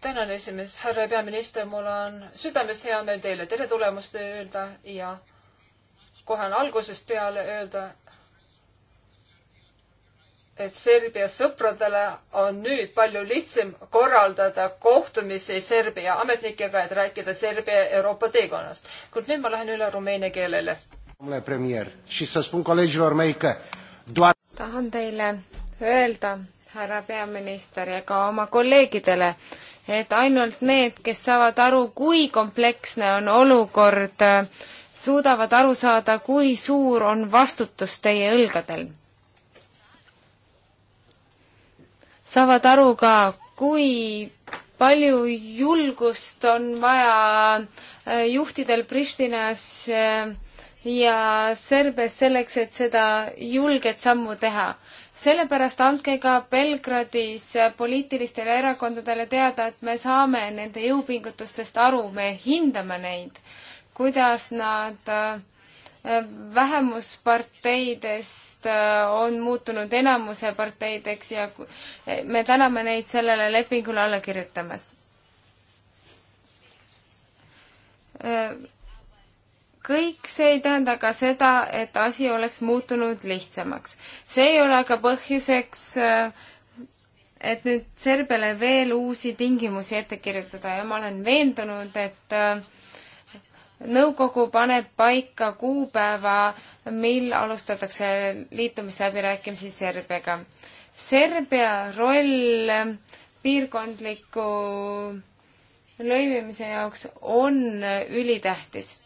tänan, esimees, härra peaminister, mul on südamest hea meel teile tere tulemust öelda ja kohe on algusest peale öelda, et Serbia sõpradele on nüüd palju lihtsam korraldada kohtumisi Serbia ametnikega, et rääkida Serbia Euroopa teekonnast. kuid nüüd ma lähen üle rumeenia keelele. tahan teile öelda, härra peaminister ja ka oma kolleegidele, et ainult need, kes saavad aru, kui kompleksne on olukord, suudavad aru saada, kui suur on vastutus teie õlgadel saavad aru ka, kui palju julgust on vaja äh, juhtidel Pristinas äh, ja Serbias selleks, et seda julget sammu teha. sellepärast andke ka Belgradis äh, poliitilistele erakondadele teada, et me saame nende jõupingutustest aru, me hindame neid, kuidas nad äh, vähemusparteidest äh, on muutunud enamuse parteideks ja me täname neid sellele lepingule alla kirjutamast. Äh, kõik see ei tähenda ka seda, et asi oleks muutunud lihtsamaks. see ei ole aga põhjuseks, äh, et nüüd Serbiale veel uusi tingimusi ette kirjutada ja ma olen veendunud, et nõukogu paneb paika kuupäeva, mil alustatakse liitumisläbirääkimisi Serbiaga. Serbia roll piirkondliku lõimimise jaoks on ülitähtis.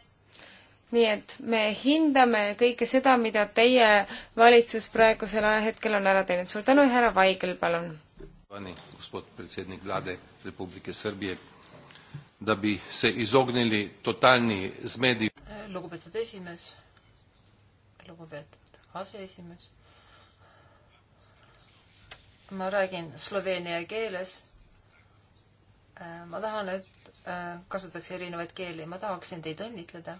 nii et me hindame kõike seda, mida teie valitsus praegusel hetkel on ära teinud. suur tänu, härra Vaigel, palun! da bi se izognili totalni zmedi. lugupeetud esimees, lugupeetud aseesimees. ma räägin sloveenia keeles. ma tahan, et äh, kasutaks erinevaid keeli, ma tahaksin teid õnnitleda.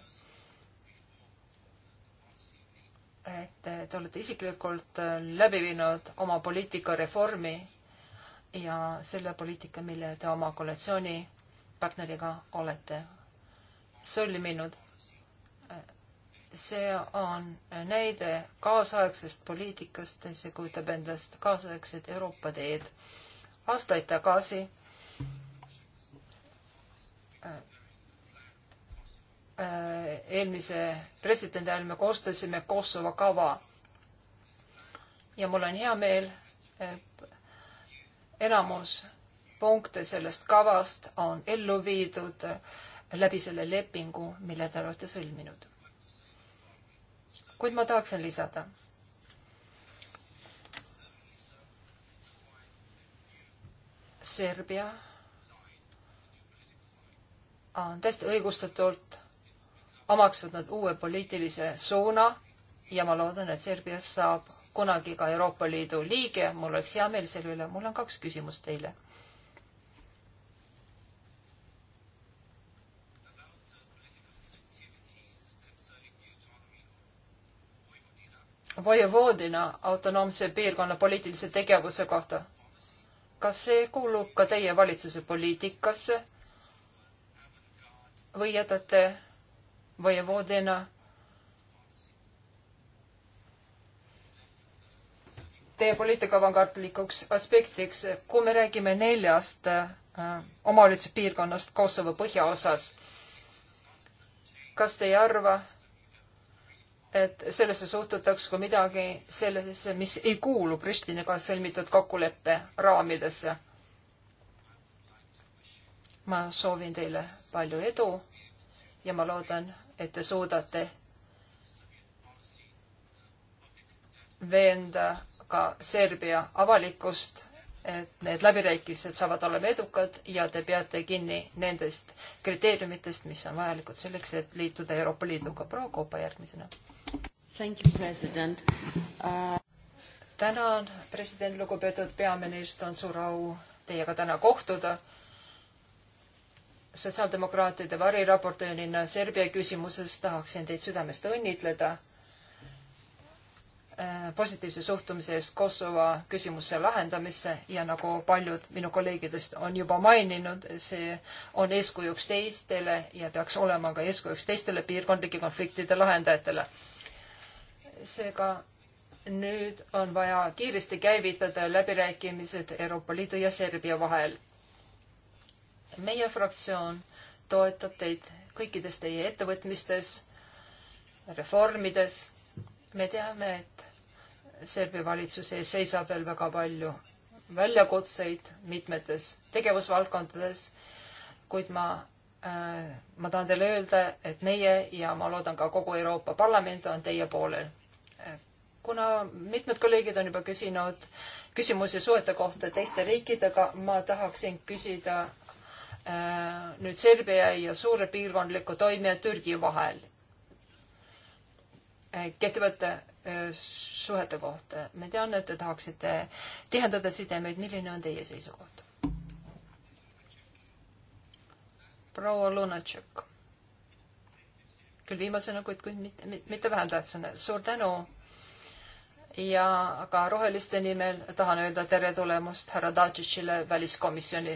et te olete isiklikult äh, läbi viinud oma poliitikareformi ja selle poliitika, mille te oma koalitsiooni partneriga olete sõlminud. see on näide kaasaegsest poliitikast, see kujutab endast kaasaegset Euroopa teed. aastaid tagasi äh, eelmise presidendi ajal me koostasime Kosovo kava. ja mul on hea meel, enamus punkte sellest kavast on ellu viidud läbi selle lepingu, mille te olete sõlminud. kuid ma tahaksin lisada. Serbia on täiesti õigustatult omaks võtnud uue poliitilise suuna ja ma loodan, et Serbiast saab kunagi ka Euroopa Liidu liige. mul oleks hea meel selle üle. mul on kaks küsimust teile. vojevoodina autonoomse piirkonna poliitilise tegevuse kohta. kas see kuulub ka teie valitsuse poliitikasse või jätate vojevoodina teie poliitika avangardlikuks aspektiks, kui me räägime neljast äh, omavalitsuse piirkonnast Kosovo põhjaosas. kas te ei arva, et sellesse suhtutaks kui midagi sellesse, mis ei kuulu Pristiniga sõlmitud kokkuleppe raamidesse. ma soovin teile palju edu ja ma loodan, et te suudate veenda ka Serbia avalikkust, et need läbirääkimised saavad olema edukad ja te peate kinni nendest kriteeriumitest, mis on vajalikud selleks, et liituda Euroopa Liiduga. proua Koopa järgmisena Thank you, president uh.... tänan, president, lugupeetud peaminister, on suur au teiega täna kohtuda. sotsiaaldemokraatide variraportöörina Serbia küsimuses tahaksin teid südamest õnnitleda äh, positiivse suhtumise eest Kosovo küsimuse lahendamisse ja nagu paljud minu kolleegidest on juba maininud, see on eeskujuks teistele ja peaks olema ka eeskujuks teistele piirkondlike konfliktide lahendajatele seega nüüd on vaja kiiresti käivitada läbirääkimised Euroopa Liidu ja Serbia vahel. meie fraktsioon toetab teid kõikides teie ettevõtmistes, reformides. me teame, et Serbia valitsuse ees seisab veel väga palju väljakutseid mitmetes tegevusvaldkondades, kuid ma äh,, ma tahan teile öelda, et meie ja ma loodan ka kogu Euroopa Parlament on teie poolel kuna mitmed kolleegid on juba küsinud küsimusi suhete kohta teiste riikidega, ma tahaksin küsida äh, nüüd Serbia ja suure piirkondliku toimija Türgi vahel äh, kehtivate äh, suhete kohta. ma tean, et te tahaksite tihendada sidemeid, milline on teie seisukoht? proua Lunatšek küll viimasena, kuid, kuid mitte, mitte vähem tähtsana. suur tänu. ja ka roheliste nimel tahan öelda tere tulemust härra Tadžitšile väliskomisjoni.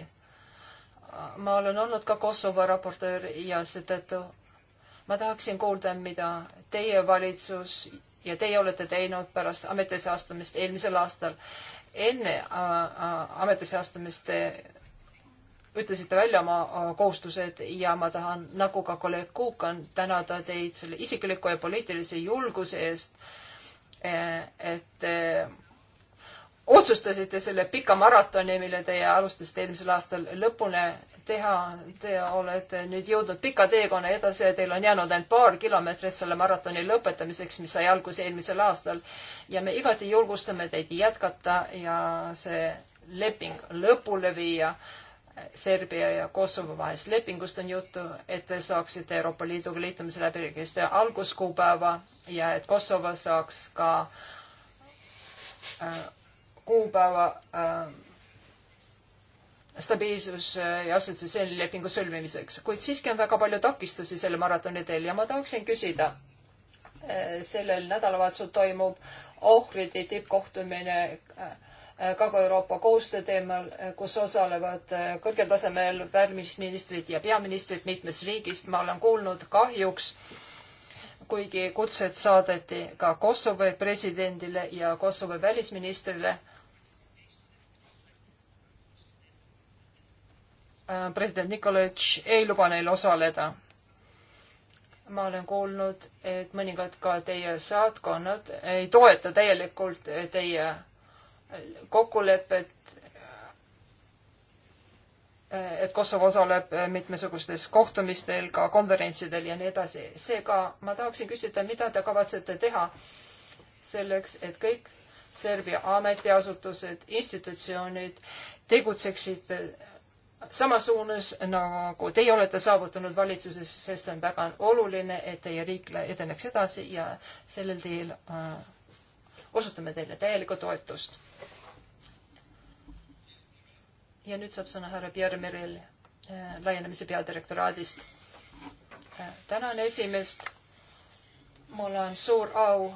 ma olen olnud ka Kosovo raportöör ja seetõttu ma tahaksin kuulda, mida teie valitsus ja teie olete teinud pärast ametisse astumist eelmisel aastal. enne äh, äh ametisse astumist te ütlesite välja oma kohustused ja ma tahan, nagu ka kolleeg Kuukan, tänada teid selle isikliku ja poliitilise julguse eest, e, et e, otsustasite selle pika maratoni, mille teie alustasite eelmisel aastal lõpuni teha. Te olete nüüd jõudnud pika teekonna edasi ja teil on jäänud ainult paar kilomeetrit selle maratoni lõpetamiseks, mis sai alguse eelmisel aastal. ja me igati julgustame teid jätkata ja see leping lõpule viia Serbia ja Kosovo vahelist lepingust on juttu, et te saaksite Euroopa Liiduga liitumise läbirääkimiste alguskuupäeva ja et Kosovo saaks ka äh, kuupäeva äh, stabiilsus ja assotsiatsioonilepingu sõlmimiseks, kuid siiski on väga palju takistusi selle maratoni teel ja ma tahaksin küsida. Äh, sellel nädalavahetusel toimub ohvrite tippkohtumine äh, Äh, Kagu-Euroopa koostöö teemal, äh, kus osalevad äh, kõrgel tasemel välisministrid ja peaministrid mitmest riigist. ma olen kuulnud kahjuks, kuigi kutsed saadeti ka Kosovo presidendile ja Kosovo välisministrile, president Nikolitš ei luba neil osaleda. ma olen kuulnud, et mõningad ka teie saatkonnad ei toeta täielikult teie kokkulepet, et Kosovo osaleb mitmesugustes kohtumistel, ka konverentsidel ja nii edasi. seega ma tahaksin küsida, mida te kavatsete teha selleks, et kõik Serbia ametiasutused, institutsioonid tegutseksid samas suunas, nagu teie olete saavutanud valitsuses, sest on väga oluline, et teie riik edeneks edasi ja sellel teel äh, osutame teile täielikku toetust. ja nüüd saab sõna härra Pierre Merel äh, laienemise peadirektoraadist äh,. tänan esimest. mul on suur au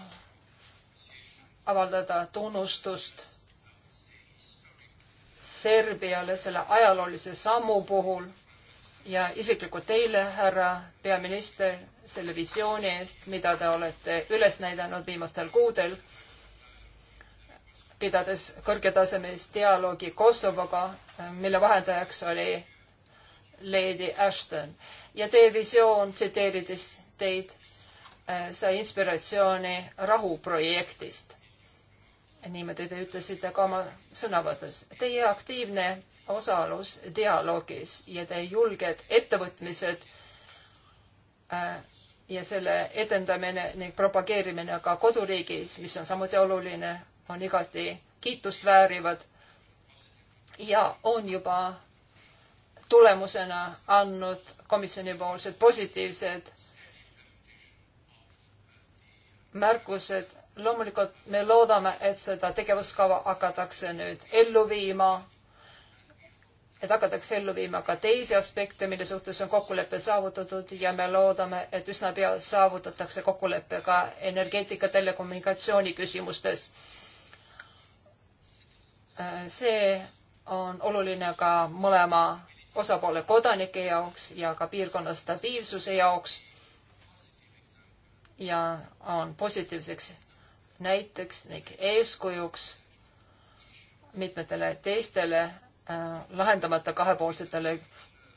avaldada tunnustust Serbiale selle ajaloolise sammu puhul ja isiklikult teile, härra peaminister, selle visiooni eest, mida te olete üles näidanud viimastel kuudel pidades kõrgetasemelist dialoogi Kosovoga, mille vahendajaks oli Lady Ashton. ja teie visioon, tsiteerides teid, eh, sai inspiratsiooni rahuprojektist. niimoodi te ütlesite ka oma sõnavõtus. Teie aktiivne osalus dialoogis ja teie julged ettevõtmised eh, ja selle edendamine ning propageerimine ka koduriigis, mis on samuti oluline, on igati kiitust väärivad ja on juba tulemusena andnud komisjonipoolsed positiivsed märkused. loomulikult me loodame, et seda tegevuskava hakatakse nüüd ellu viima, et hakatakse ellu viima ka teisi aspekte, mille suhtes on kokkulepe saavutatud ja me loodame, et üsna pea saavutatakse kokkulepe ka energeetika telekommunikatsiooni küsimustes see on oluline ka mõlema osapoole kodanike jaoks ja ka piirkonna stabiilsuse jaoks ja on positiivseks näiteks ning eeskujuks mitmetele teistele äh, lahendamata kahepoolsetele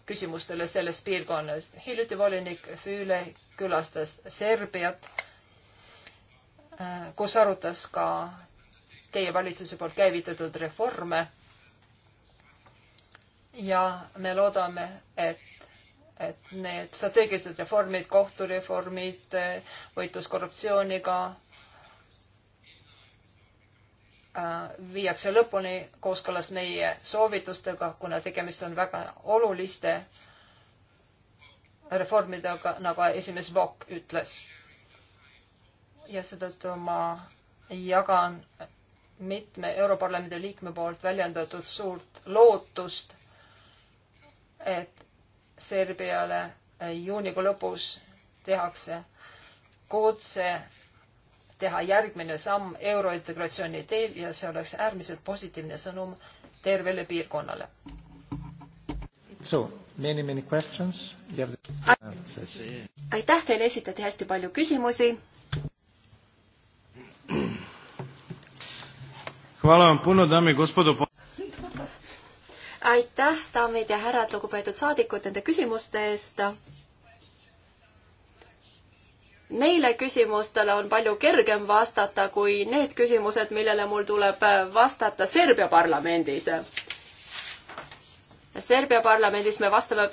küsimustele sellest piirkonnast. hiljuti volinik Füüle külastas Serbiat, äh, kus arutas ka teie valitsuse poolt käivitatud reforme. ja me loodame, et, et need strateegilised reformid, kohtureformid, võitlus korruptsiooniga äh, viiakse lõpuni kooskõlas meie soovitustega, kuna tegemist on väga oluliste reformidega, nagu esimees Vokk ütles. ja seetõttu ma jagan mitme Europarlamendi liikme poolt väljendatud suurt lootust, et Serbiale juunikuu lõpus tehakse kutse teha järgmine samm eurointegratsiooni teel ja see oleks äärmiselt positiivne sõnum tervele piirkonnale. So many, many questions. aitäh teile, esitati hästi palju küsimusi aitäh, daamid ja härrad, lugupeetud saadikud, nende küsimuste eest. Neile küsimustele on palju kergem vastata kui need küsimused, millele mul tuleb vastata Serbia parlamendis. Serbia parlamendis me vastame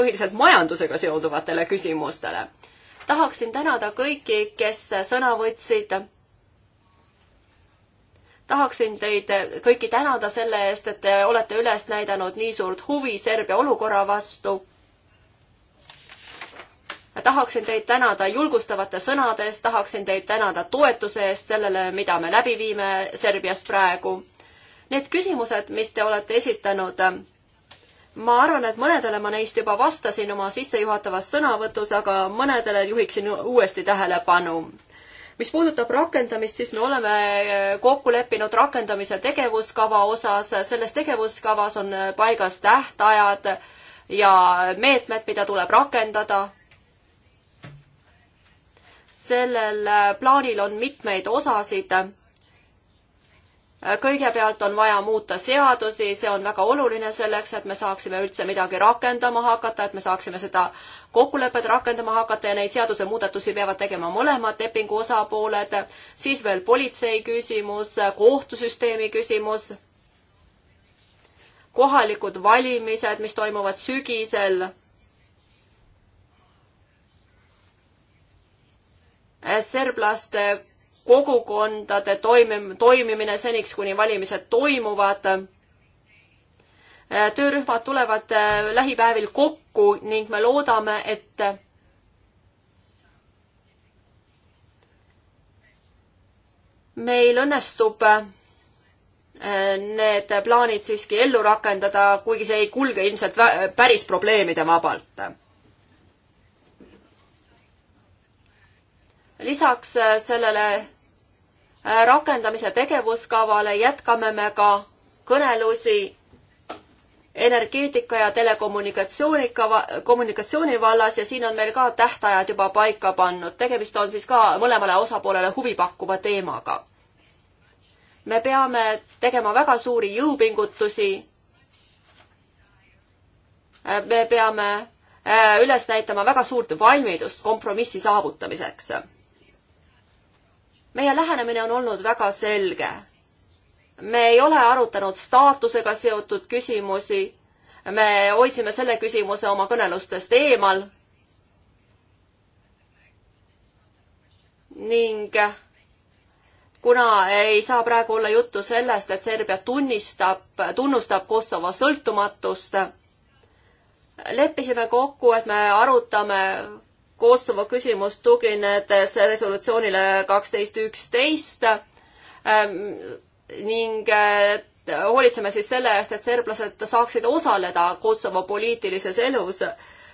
põhiliselt majandusega seonduvatele küsimustele. tahaksin tänada kõiki, kes sõna võtsid tahaksin teid kõiki tänada selle eest, et te olete üles näidanud nii suurt huvi Serbia olukorra vastu. tahaksin teid tänada julgustavate sõnade eest, tahaksin teid tänada toetuse eest sellele, mida me läbi viime Serbias praegu. Need küsimused, mis te olete esitanud, ma arvan, et mõnedele ma neist juba vastasin oma sissejuhatavas sõnavõtus, aga mõnedele juhiksin uuesti tähelepanu mis puudutab rakendamist, siis me oleme äh, kokku leppinud rakendamise tegevuskava osas, selles tegevuskavas on äh, paigas tähtajad ja meetmed, mida tuleb rakendada. sellel äh, plaanil on mitmeid osasid kõigepealt on vaja muuta seadusi, see on väga oluline selleks, et me saaksime üldse midagi rakendama hakata, et me saaksime seda kokkulepet rakendama hakata ja neid seadusemuudatusi peavad tegema mõlemad lepingu osapooled. siis veel politsei küsimus, kohtusüsteemi küsimus, kohalikud valimised, mis toimuvad sügisel serblaste kogukondade toimim-, toimimine seniks, kuni valimised toimuvad. Äh, töörühmad tulevad äh, lähipäevil kokku ning me loodame, et meil õnnestub äh, need plaanid siiski ellu rakendada, kuigi see ei kulge ilmselt päris probleemide vabalt. lisaks sellele Äh, rakendamise tegevuskavale jätkame me ka kõnelusi energeetika ja telekommunikatsiooni kava, kommunikatsiooni vallas ja siin on meil ka tähtajad juba paika pannud. tegemist on siis ka mõlemale osapoolele huvipakkuva teemaga. me peame tegema väga suuri jõupingutusi. Äh, me peame äh, üles näitama väga suurt valmidust kompromissi saavutamiseks meie lähenemine on olnud väga selge. me ei ole arutanud staatusega seotud küsimusi, me hoidsime selle küsimuse oma kõnelustest eemal ning kuna ei saa praegu olla juttu sellest, et Serbia tunnistab, tunnustab Kosovo sõltumatust, leppisime kokku, et me arutame Kosovo küsimus tuginedes resolutsioonile kaksteist üksteist ähm, ning äh, hoolitseme siis selle eest, et serblased saaksid osaleda Kosovo poliitilises elus.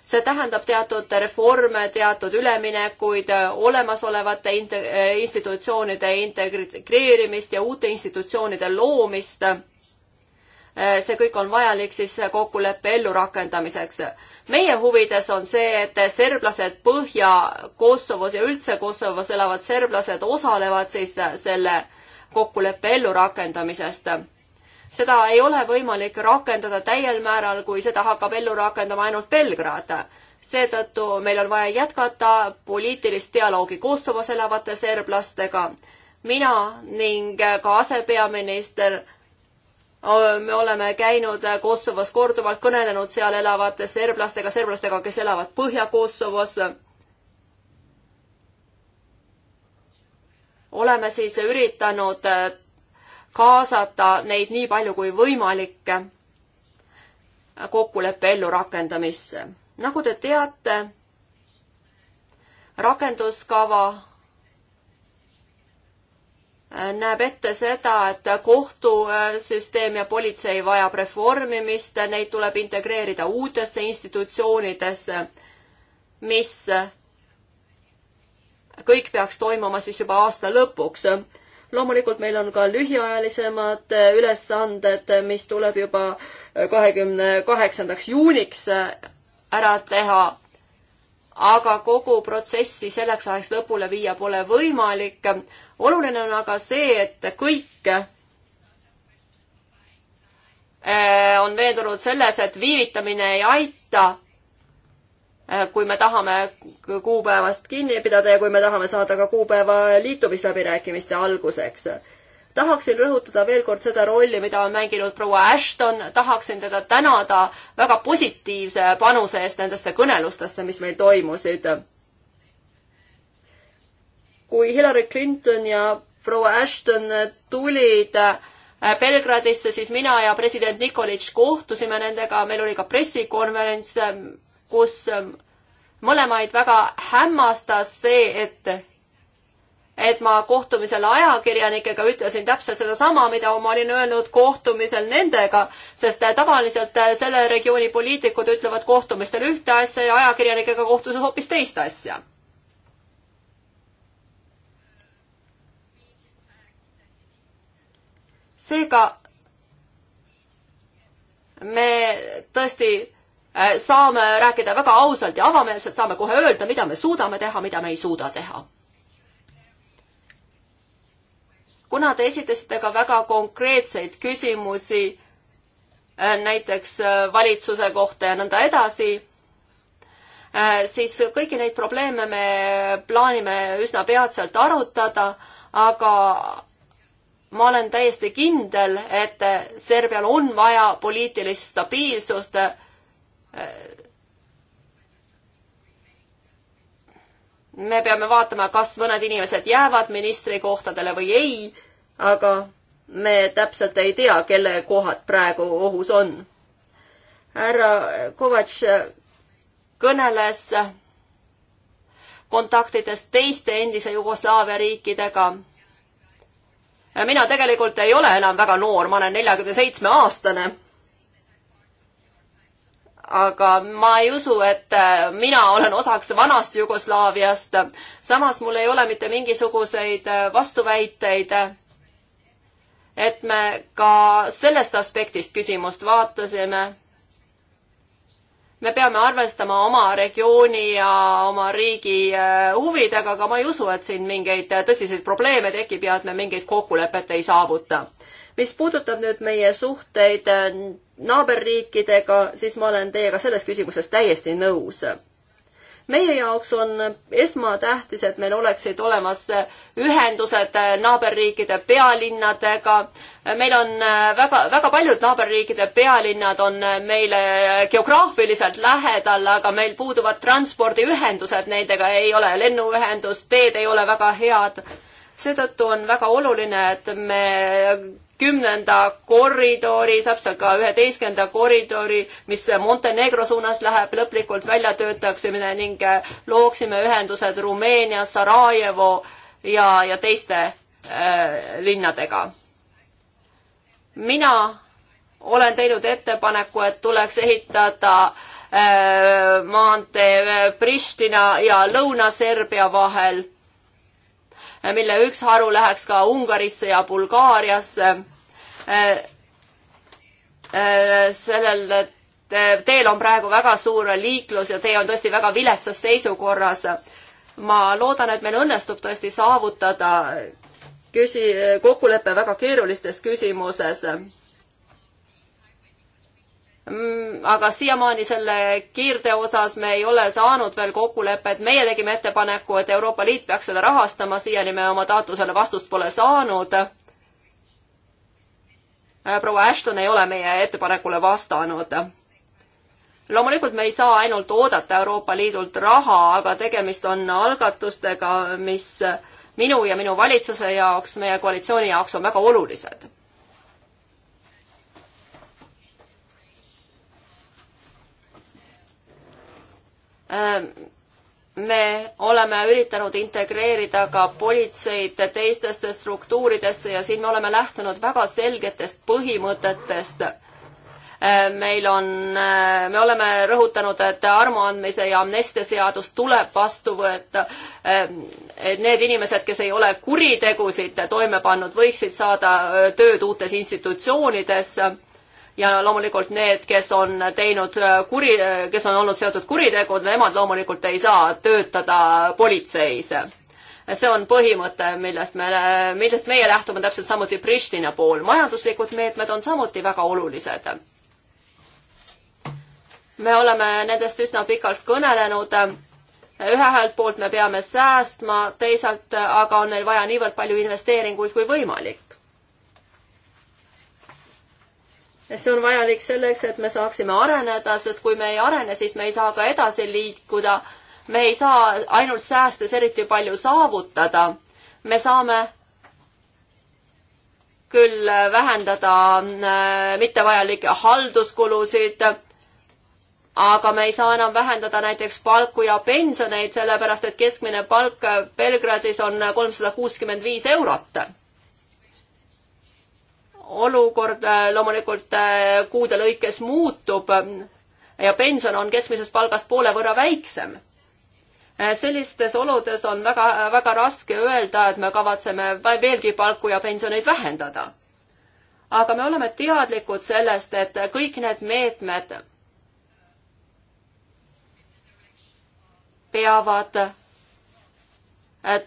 see tähendab teatud reforme, teatud üleminekuid, äh, olemasolevate äh, institutsioonide integreerimist ja uute institutsioonide loomist Eh, see kõik on vajalik siis kokkuleppe ellurakendamiseks. meie huvides on see, et serblased Põhja-Kosovos ja üldse Kosovos elavad serblased osalevad siis selle kokkuleppe ellurakendamisest. seda ei ole võimalik rakendada täiel määral, kui seda hakkab ellu rakendama ainult Belgrad seetõttu meil on vaja jätkata poliitilist dialoogi Kosovos elavate serblastega. mina ning ka asepeaminister me oleme käinud Kosovos korduvalt, kõnelenud seal elavate serblastega, serblastega, kes elavad Põhja-Kosovos. oleme siis üritanud äh, kaasata neid nii palju kui võimalik kokkuleppe ellurakendamisse. nagu te teate, rakenduskava näeb ette seda, et kohtusüsteem ja politsei vajab reformimist, neid tuleb integreerida uutesse institutsioonidesse, mis kõik peaks toimuma siis juba aasta lõpuks. loomulikult meil on ka lühiajalisemad ülesanded, mis tuleb juba kahekümne kaheksandaks juuniks ära teha aga kogu protsessi selleks ajaks lõpule viia pole võimalik. oluline on aga see, et kõik eh, on veendunud selles, et viivitamine ei aita, eh, kui me tahame kuupäevast kinni pidada ja kui me tahame saada ka kuupäeva liitumisläbirääkimiste alguseks tahaksin rõhutada veel kord seda rolli, mida on mänginud proua Ashton, tahaksin teda tänada väga positiivse panuse eest nendesse kõnelustesse, mis meil toimusid. kui Hillary Clinton ja proua Ashton tulid äh, Belgradisse, siis mina ja president Nikolitš kohtusime nendega, meil oli ka pressikonverents, äh, kus äh, mõlemaid väga hämmastas see, et et ma kohtumisel ajakirjanikega ütlesin täpselt sedasama, mida ma olin öelnud kohtumisel nendega, sest tavaliselt selle regiooni poliitikud ütlevad kohtumistel ühte asja ja ajakirjanikega kohtusid hoopis teist asja. seega me tõesti äh, saame rääkida väga ausalt ja avameelselt, saame kohe öelda, mida me suudame teha, mida me ei suuda teha kuna te esitasite ka väga konkreetseid küsimusi äh, näiteks äh, valitsuse kohta ja nõnda edasi, äh, siis kõiki neid probleeme me plaanime üsna peatselt arutada, aga ma olen täiesti kindel, et Serbial on vaja poliitilist stabiilsust. me peame vaatama, kas mõned inimesed jäävad ministrikohtadele või ei aga me täpselt ei tea, kelle kohad praegu ohus on. härra Kovatš kõneles kontaktidest teiste endise Jugoslaavia riikidega. mina tegelikult ei ole enam väga noor, ma olen neljakümne seitsme aastane. aga ma ei usu, et äh, mina olen osaks vanast Jugoslaaviast. samas mul ei ole mitte mingisuguseid äh, vastuväiteid äh, et me ka sellest aspektist küsimust vaatasime. me peame arvestama oma regiooni ja oma riigi äh, huvidega, aga ma ei usu, et siin mingeid äh, tõsiseid probleeme tekib ja et me mingeid kokkulepet ei saavuta. mis puudutab nüüd meie suhteid äh, naaberriikidega, siis ma olen teiega selles küsimuses täiesti nõus meie jaoks on esmatähtis, et meil oleksid olemas ühendused naaberriikide pealinnadega. meil on äh, väga, väga paljud naaberriikide pealinnad on äh, meile geograafiliselt lähedal, aga meil puuduvad transpordiühendused nendega, ei ole lennuühendust, teed ei ole väga head seetõttu on väga oluline, et me kümnenda koridori, saab seal ka üheteistkümnenda koridori, mis Montenegro suunas läheb, lõplikult välja töötaksime ning looksime ühendused Rumeenia, Sarajevo ja, ja teiste äh, linnadega. mina olen teinud ettepaneku, et tuleks ehitada äh, maantee äh, Pristina ja Lõuna-Serbia vahel mille üks haru läheks ka Ungarisse ja Bulgaariasse. sellel teel on praegu väga suur liiklus ja tee on tõesti väga viletsas seisukorras. ma loodan, et meil õnnestub tõesti saavutada küsi-, kokkulepe väga keerulistes küsimuses Mm, aga siiamaani selle kiirtee osas me ei ole saanud veel kokkulepet, meie tegime ettepaneku, et Euroopa Liit peaks seda rahastama, siiani me oma taotlusele vastust pole saanud. Äh, proua Ashton ei ole meie ettepanekule vastanud. loomulikult me ei saa ainult oodata Euroopa Liidult raha, aga tegemist on algatustega, mis minu ja minu valitsuse jaoks, meie koalitsiooni jaoks on väga olulised Ähm, me oleme üritanud integreerida ka politseid teistesse struktuuridesse ja siin me oleme lähtunud väga selgetest põhimõtetest. Äh, meil on, äh, me oleme rõhutanud, et armuandmise ja amnestia seadus tuleb vastu võtta. Äh, et need inimesed, kes ei ole kuritegusid toime pannud, võiksid saada tööd uutes institutsioonides ja loomulikult need, kes on teinud äh, kuri, äh, kes on olnud seotud kuritegud, nemad loomulikult ei saa töötada politseis. see on põhimõte, millest me, millest meie lähtume täpselt samuti Pristina pool. majanduslikud meetmed on samuti väga olulised. me oleme nendest üsna pikalt kõnelenud ühelt poolt me peame säästma, teisalt aga on meil vaja niivõrd palju investeeringuid kui võimalik. see on vajalik selleks, et me saaksime areneda, sest kui me ei arene, siis me ei saa ka edasi liikuda. me ei saa ainult säästes eriti palju saavutada. me saame küll vähendada äh, mittevajalikke halduskulusid, aga me ei saa enam vähendada näiteks palku ja pensioneid, sellepärast et keskmine palk Belgradis on kolmsada kuuskümmend viis eurot olukord äh, loomulikult äh, kuude lõikes muutub äh, ja pension on keskmisest palgast poole võrra väiksem. sellistes oludes on väga, väga raske öelda, et me kavatseme veelgi palku ja pensioneid vähendada. aga me oleme teadlikud sellest, et kõik need meetmed peavad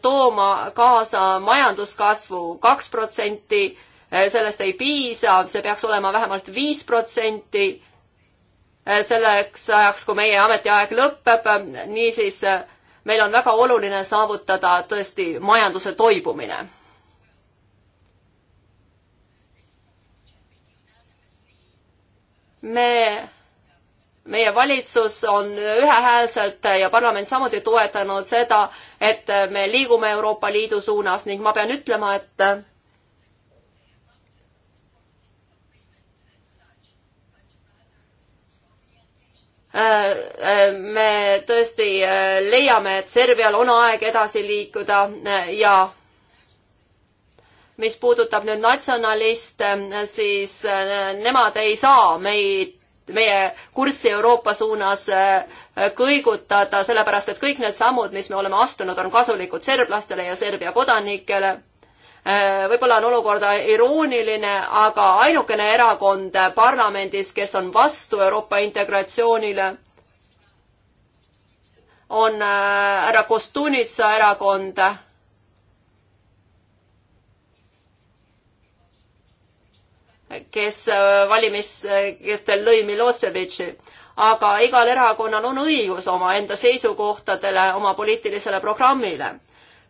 tooma kaasa majanduskasvu kaks protsenti Äh, sellest ei piisa, see peaks olema vähemalt viis protsenti äh, selleks ajaks, kui meie ametiaeg lõpeb, niisiis äh, meil on väga oluline saavutada tõesti majanduse toibumine me, meie valitsus on ühehäälselt ja parlament samuti toetanud seda, et me liigume Euroopa Liidu suunas ning ma pean ütlema, et Äh, äh, me tõesti äh, leiame, et Serbial on aeg edasi liikuda ja mis puudutab nüüd natsionaliste, siis nemad ei saa meid, meie kurssi Euroopa suunas kõigutada, sellepärast et kõik need sammud, mis me oleme astunud, on kasulikud serblastele ja Serbia kodanikele Äh, võib-olla on olukord irooniline, aga ainukene erakond parlamendis, kes on vastu Euroopa integratsioonile, on äh, härra Kostunitsa erakond. kes äh, valimistel lõi Miloševitši, aga igal erakonnal on õigus omaenda seisukohtadele, oma poliitilisele programmile.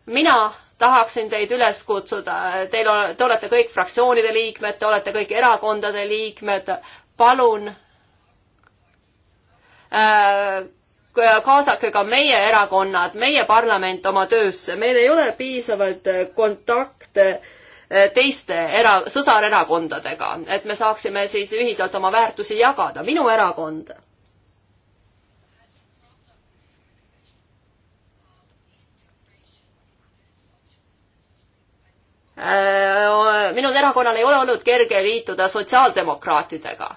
mina tahaksin teid üles kutsuda, teil on, te olete kõik fraktsioonide liikmed, te olete kõik erakondade liikmed, palun äh, kaasake ka meie erakonnad, meie parlament oma töösse, meil ei ole piisavalt kontakte äh, teiste era-, sõsarerakondadega, et me saaksime siis ühiselt oma väärtusi jagada, minu erakond Äh, minul erakonnal ei ole olnud kerge liituda sotsiaaldemokraatidega.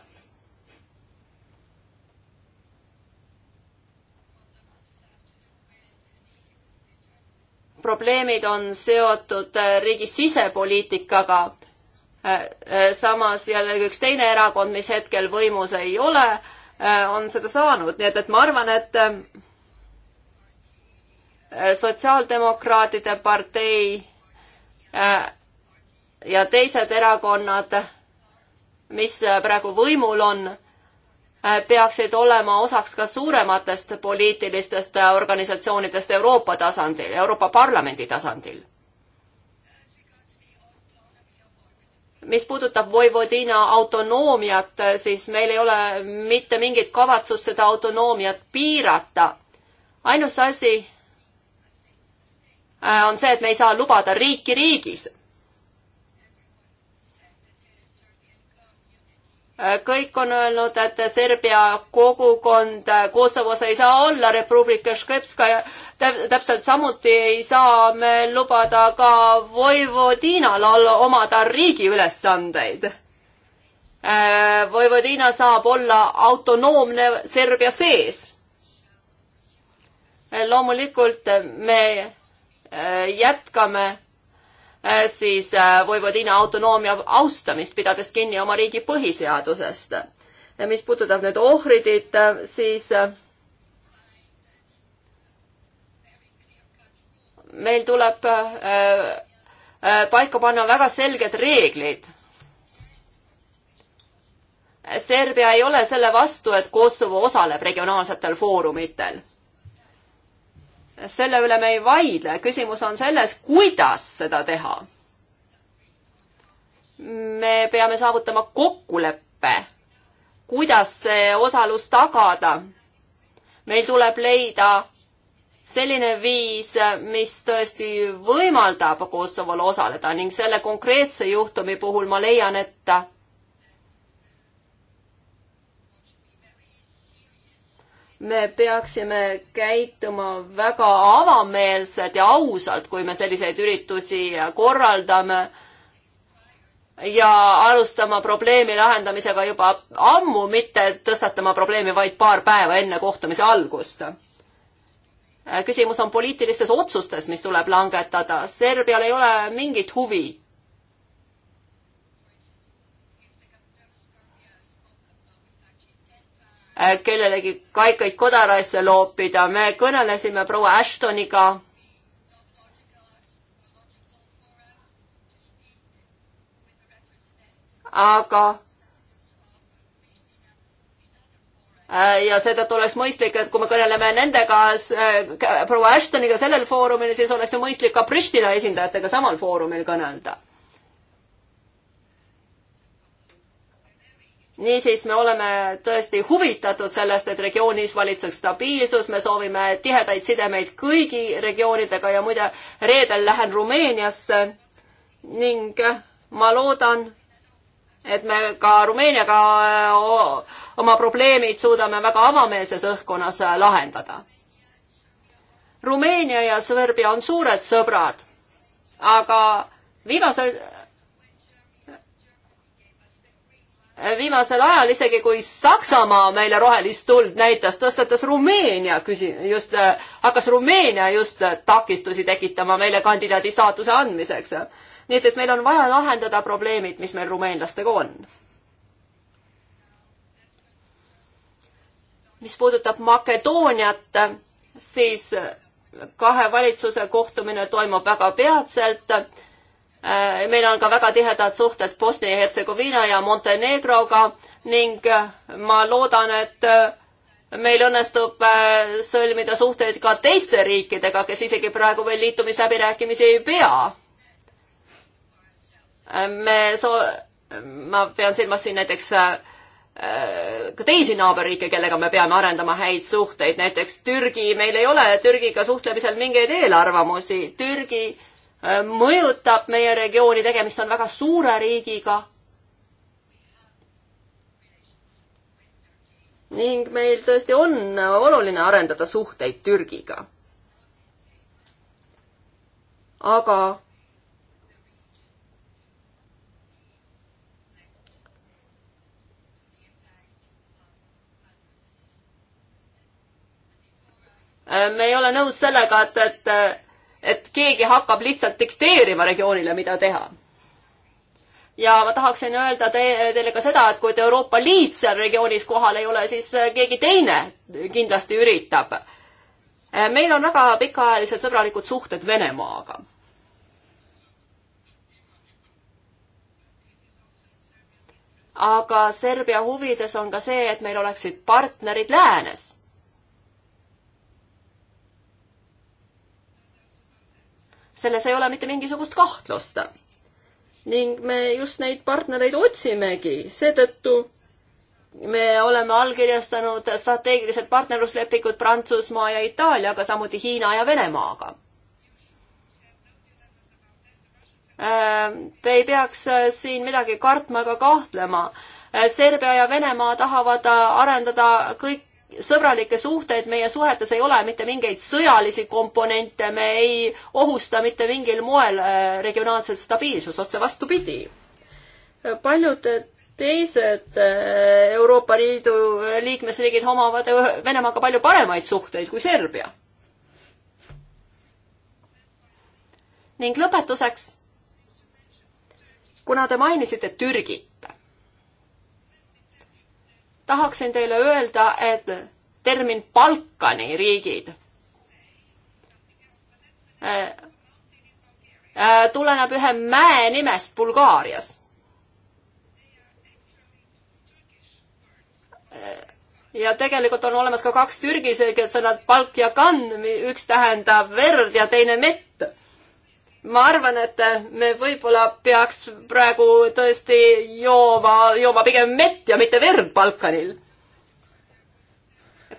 probleemid on seotud riigi sisepoliitikaga. Äh, äh, samas jällegi üks teine erakond, mis hetkel võimus ei ole, on seda saanud, nii et, et ma arvan, et sotsiaaldemokraatide partei Äh, ja teised erakonnad, mis praegu võimul on, äh, peaksid olema osaks ka suurematest poliitilistest organisatsioonidest Euroopa tasandil, Euroopa Parlamendi tasandil. mis puudutab Vojvodina autonoomiat, siis meil ei ole mitte mingit kavatsust seda autonoomiat piirata. ainus asi, Äh, on see, et me ei saa lubada riiki riigis. Äh, kõik on öelnud, et Serbia kogukond äh, Kosovos ei saa olla Republika Škrepska ja täpselt samuti ei saa me lubada ka Vojvodinal omada riigi ülesandeid. Vojvodina saab olla autonoomne Serbia sees. loomulikult me Äh, jätkame äh, siis äh, Vojvodina autonoomia austamist, pidades kinni oma riigi põhiseadusest. mis puudutab nüüd ohvridit, siis meil tuleb paika panna väga selged reeglid. Serbia ei ole selle vastu, et Kosovo osaleb regionaalsetel foorumitel selle üle me ei vaidle, küsimus on selles, kuidas seda teha. me peame saavutama kokkuleppe, kuidas see osalus tagada. meil tuleb leida selline viis, mis tõesti võimaldab Kosovol osaleda ning selle konkreetse juhtumi puhul ma leian, et me peaksime käituma väga avameelselt ja ausalt, kui me selliseid üritusi korraldame ja alustama probleemi lahendamisega juba ammu, mitte tõstatama probleemi vaid paar päeva enne kohtumise algust. küsimus on poliitilistes otsustes, mis tuleb langetada. Serbial ei ole mingit huvi Äh, kellelegi kaikaid kodaraisse loopida, me kõnelesime proua Ashtoniga. aga äh, ja seetõttu oleks mõistlik, et kui me kõneleme nendega, äh, proua Ashtoniga sellel foorumil, siis oleks ju mõistlik ka Pristina esindajatega samal foorumil kõnelda. niisiis me oleme tõesti huvitatud sellest, et regioonis valitseks stabiilsus, me soovime tihedaid sidemeid kõigi regioonidega ja muide, reedel lähen Rumeeniasse ning ma loodan, et me ka Rumeeniaga äh, oma probleemid suudame väga avameelses õhkkonnas lahendada. Rumeenia ja Serbia on suured sõbrad, aga viimasel viimasel ajal, isegi kui Saksamaa meile rohelist tuld näitas, tõstatas Rumeenia küsi-, just, hakkas Rumeenia just takistusi tekitama meile kandidaadi staatuse andmiseks. nii et, et meil on vaja lahendada probleemid, mis meil rumeenlastega on. mis puudutab Makedooniat, siis kahe valitsuse kohtumine toimub väga peatselt Äh, meil on ka väga tihedad suhted Bosnia-Hertsegoviina ja Montenegroga ning äh, ma loodan, et äh, meil õnnestub sõlmida suhteid ka teiste riikidega, kes isegi praegu veel liitumisläbirääkimisi ei pea. me soo-, ma pean silmas siin näiteks ka teisi naaberriike, kellega me peame arendama häid suhteid, näiteks Türgi, meil ei ole Türgiga suhtlemisel mingeid eelarvamusi. Türgi äh, mõjutab meie regiooni, tegemist on väga suure riigiga. ning meil tõesti on oluline arendada suhteid Türgiga. aga me ei ole nõus sellega, et, et et keegi hakkab lihtsalt dikteerima regioonile, mida teha. ja ma tahaksin öelda te, teile ka seda, et kui Euroopa Liit seal regioonis kohal ei ole, siis äh, keegi teine kindlasti üritab. Äh, meil on väga pikaajalised sõbralikud suhted Venemaaga. aga Serbia huvides on ka see, et meil oleksid partnerid läänes selles ei ole mitte mingisugust kahtlust. ning me just neid partnereid otsimegi, seetõttu me oleme allkirjastanud strateegilised partnerluslepingud Prantsusmaa ja Itaaliaga, samuti Hiina ja Venemaaga. Äh, te ei peaks äh, siin midagi kartma ega kahtlema. Äh, Serbia ja Venemaa tahavad arendada kõik sõbralikke suhteid meie suhetes ei ole mitte mingeid sõjalisi komponente, me ei ohusta mitte mingil moel äh, regionaalset stabiilsust, otse vastupidi. paljud teised äh, Euroopa Liidu liikmesriigid omavad äh, Venemaaga palju paremaid suhteid kui Serbia. ning lõpetuseks, kuna te mainisite Türgit, tahaksin teile öelda, et termin Balkani riigid äh, äh, tuleneb ühe mäe nimest Bulgaarias. Äh, ja tegelikult on olemas ka kaks türgiselget sõna Balk ja Kann, üks tähendab verd ja teine mett ma arvan, et me võib-olla peaks praegu tõesti jooma, jooma pigem mett ja mitte verd Balkanil.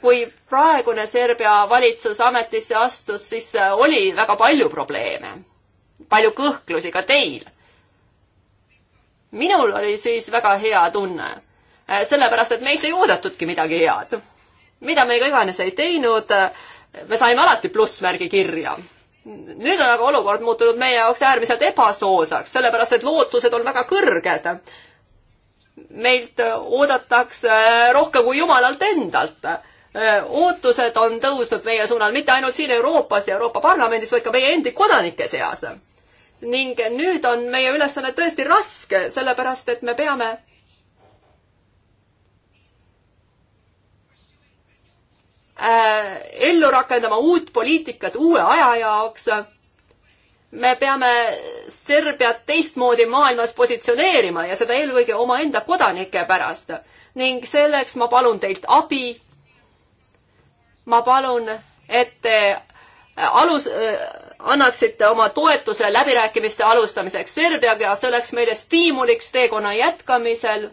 kui praegune Serbia valitsus ametisse astus, siis oli väga palju probleeme, palju kõhklusi ka teil. minul oli siis väga hea tunne, sellepärast et meilt ei oodatudki midagi head. mida me ka iganes ei teinud, me saime alati plussmärgi kirja nüüd on aga olukord muutunud meie jaoks äärmiselt ebasoosaks, sellepärast et lootused on väga kõrged. meilt äh, oodatakse rohkem kui jumalalt endalt. Äh, ootused on tõusnud meie suunal mitte ainult siin Euroopas ja Euroopa Parlamendis, vaid ka meie endi kodanike seas. ning nüüd on meie ülesanne tõesti raske, sellepärast et me peame Äh, ellu rakendama uut poliitikat uue aja jaoks. me peame Serbiat teistmoodi maailmas positsioneerima ja seda eelkõige omaenda kodanike pärast ning selleks ma palun teilt abi. ma palun, et te alus äh,, annaksite oma toetuse läbirääkimiste alustamiseks Serbiaga ja see oleks meile stiimuliks teekonna jätkamisel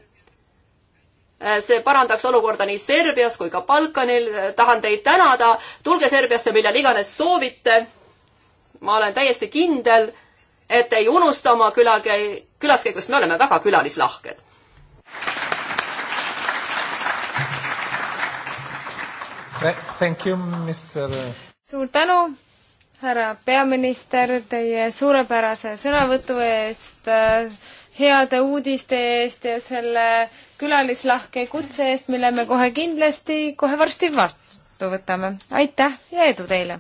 Eh, see parandaks olukorda nii Serbias kui ka Balkanil. Eh, tahan teid tänada. tulge Serbiasse, millal iganes soovite. ma olen täiesti kindel, et ei unusta oma külagi, külaskäigust, me oleme väga külalislahked. Thank you, Mr. suur tänu, härra peaminister, teie suurepärase sõnavõtu eest heade uudiste eest ja selle külalislahke kutse eest, mille me kohe kindlasti kohe varsti vastu võtame. aitäh ja edu teile!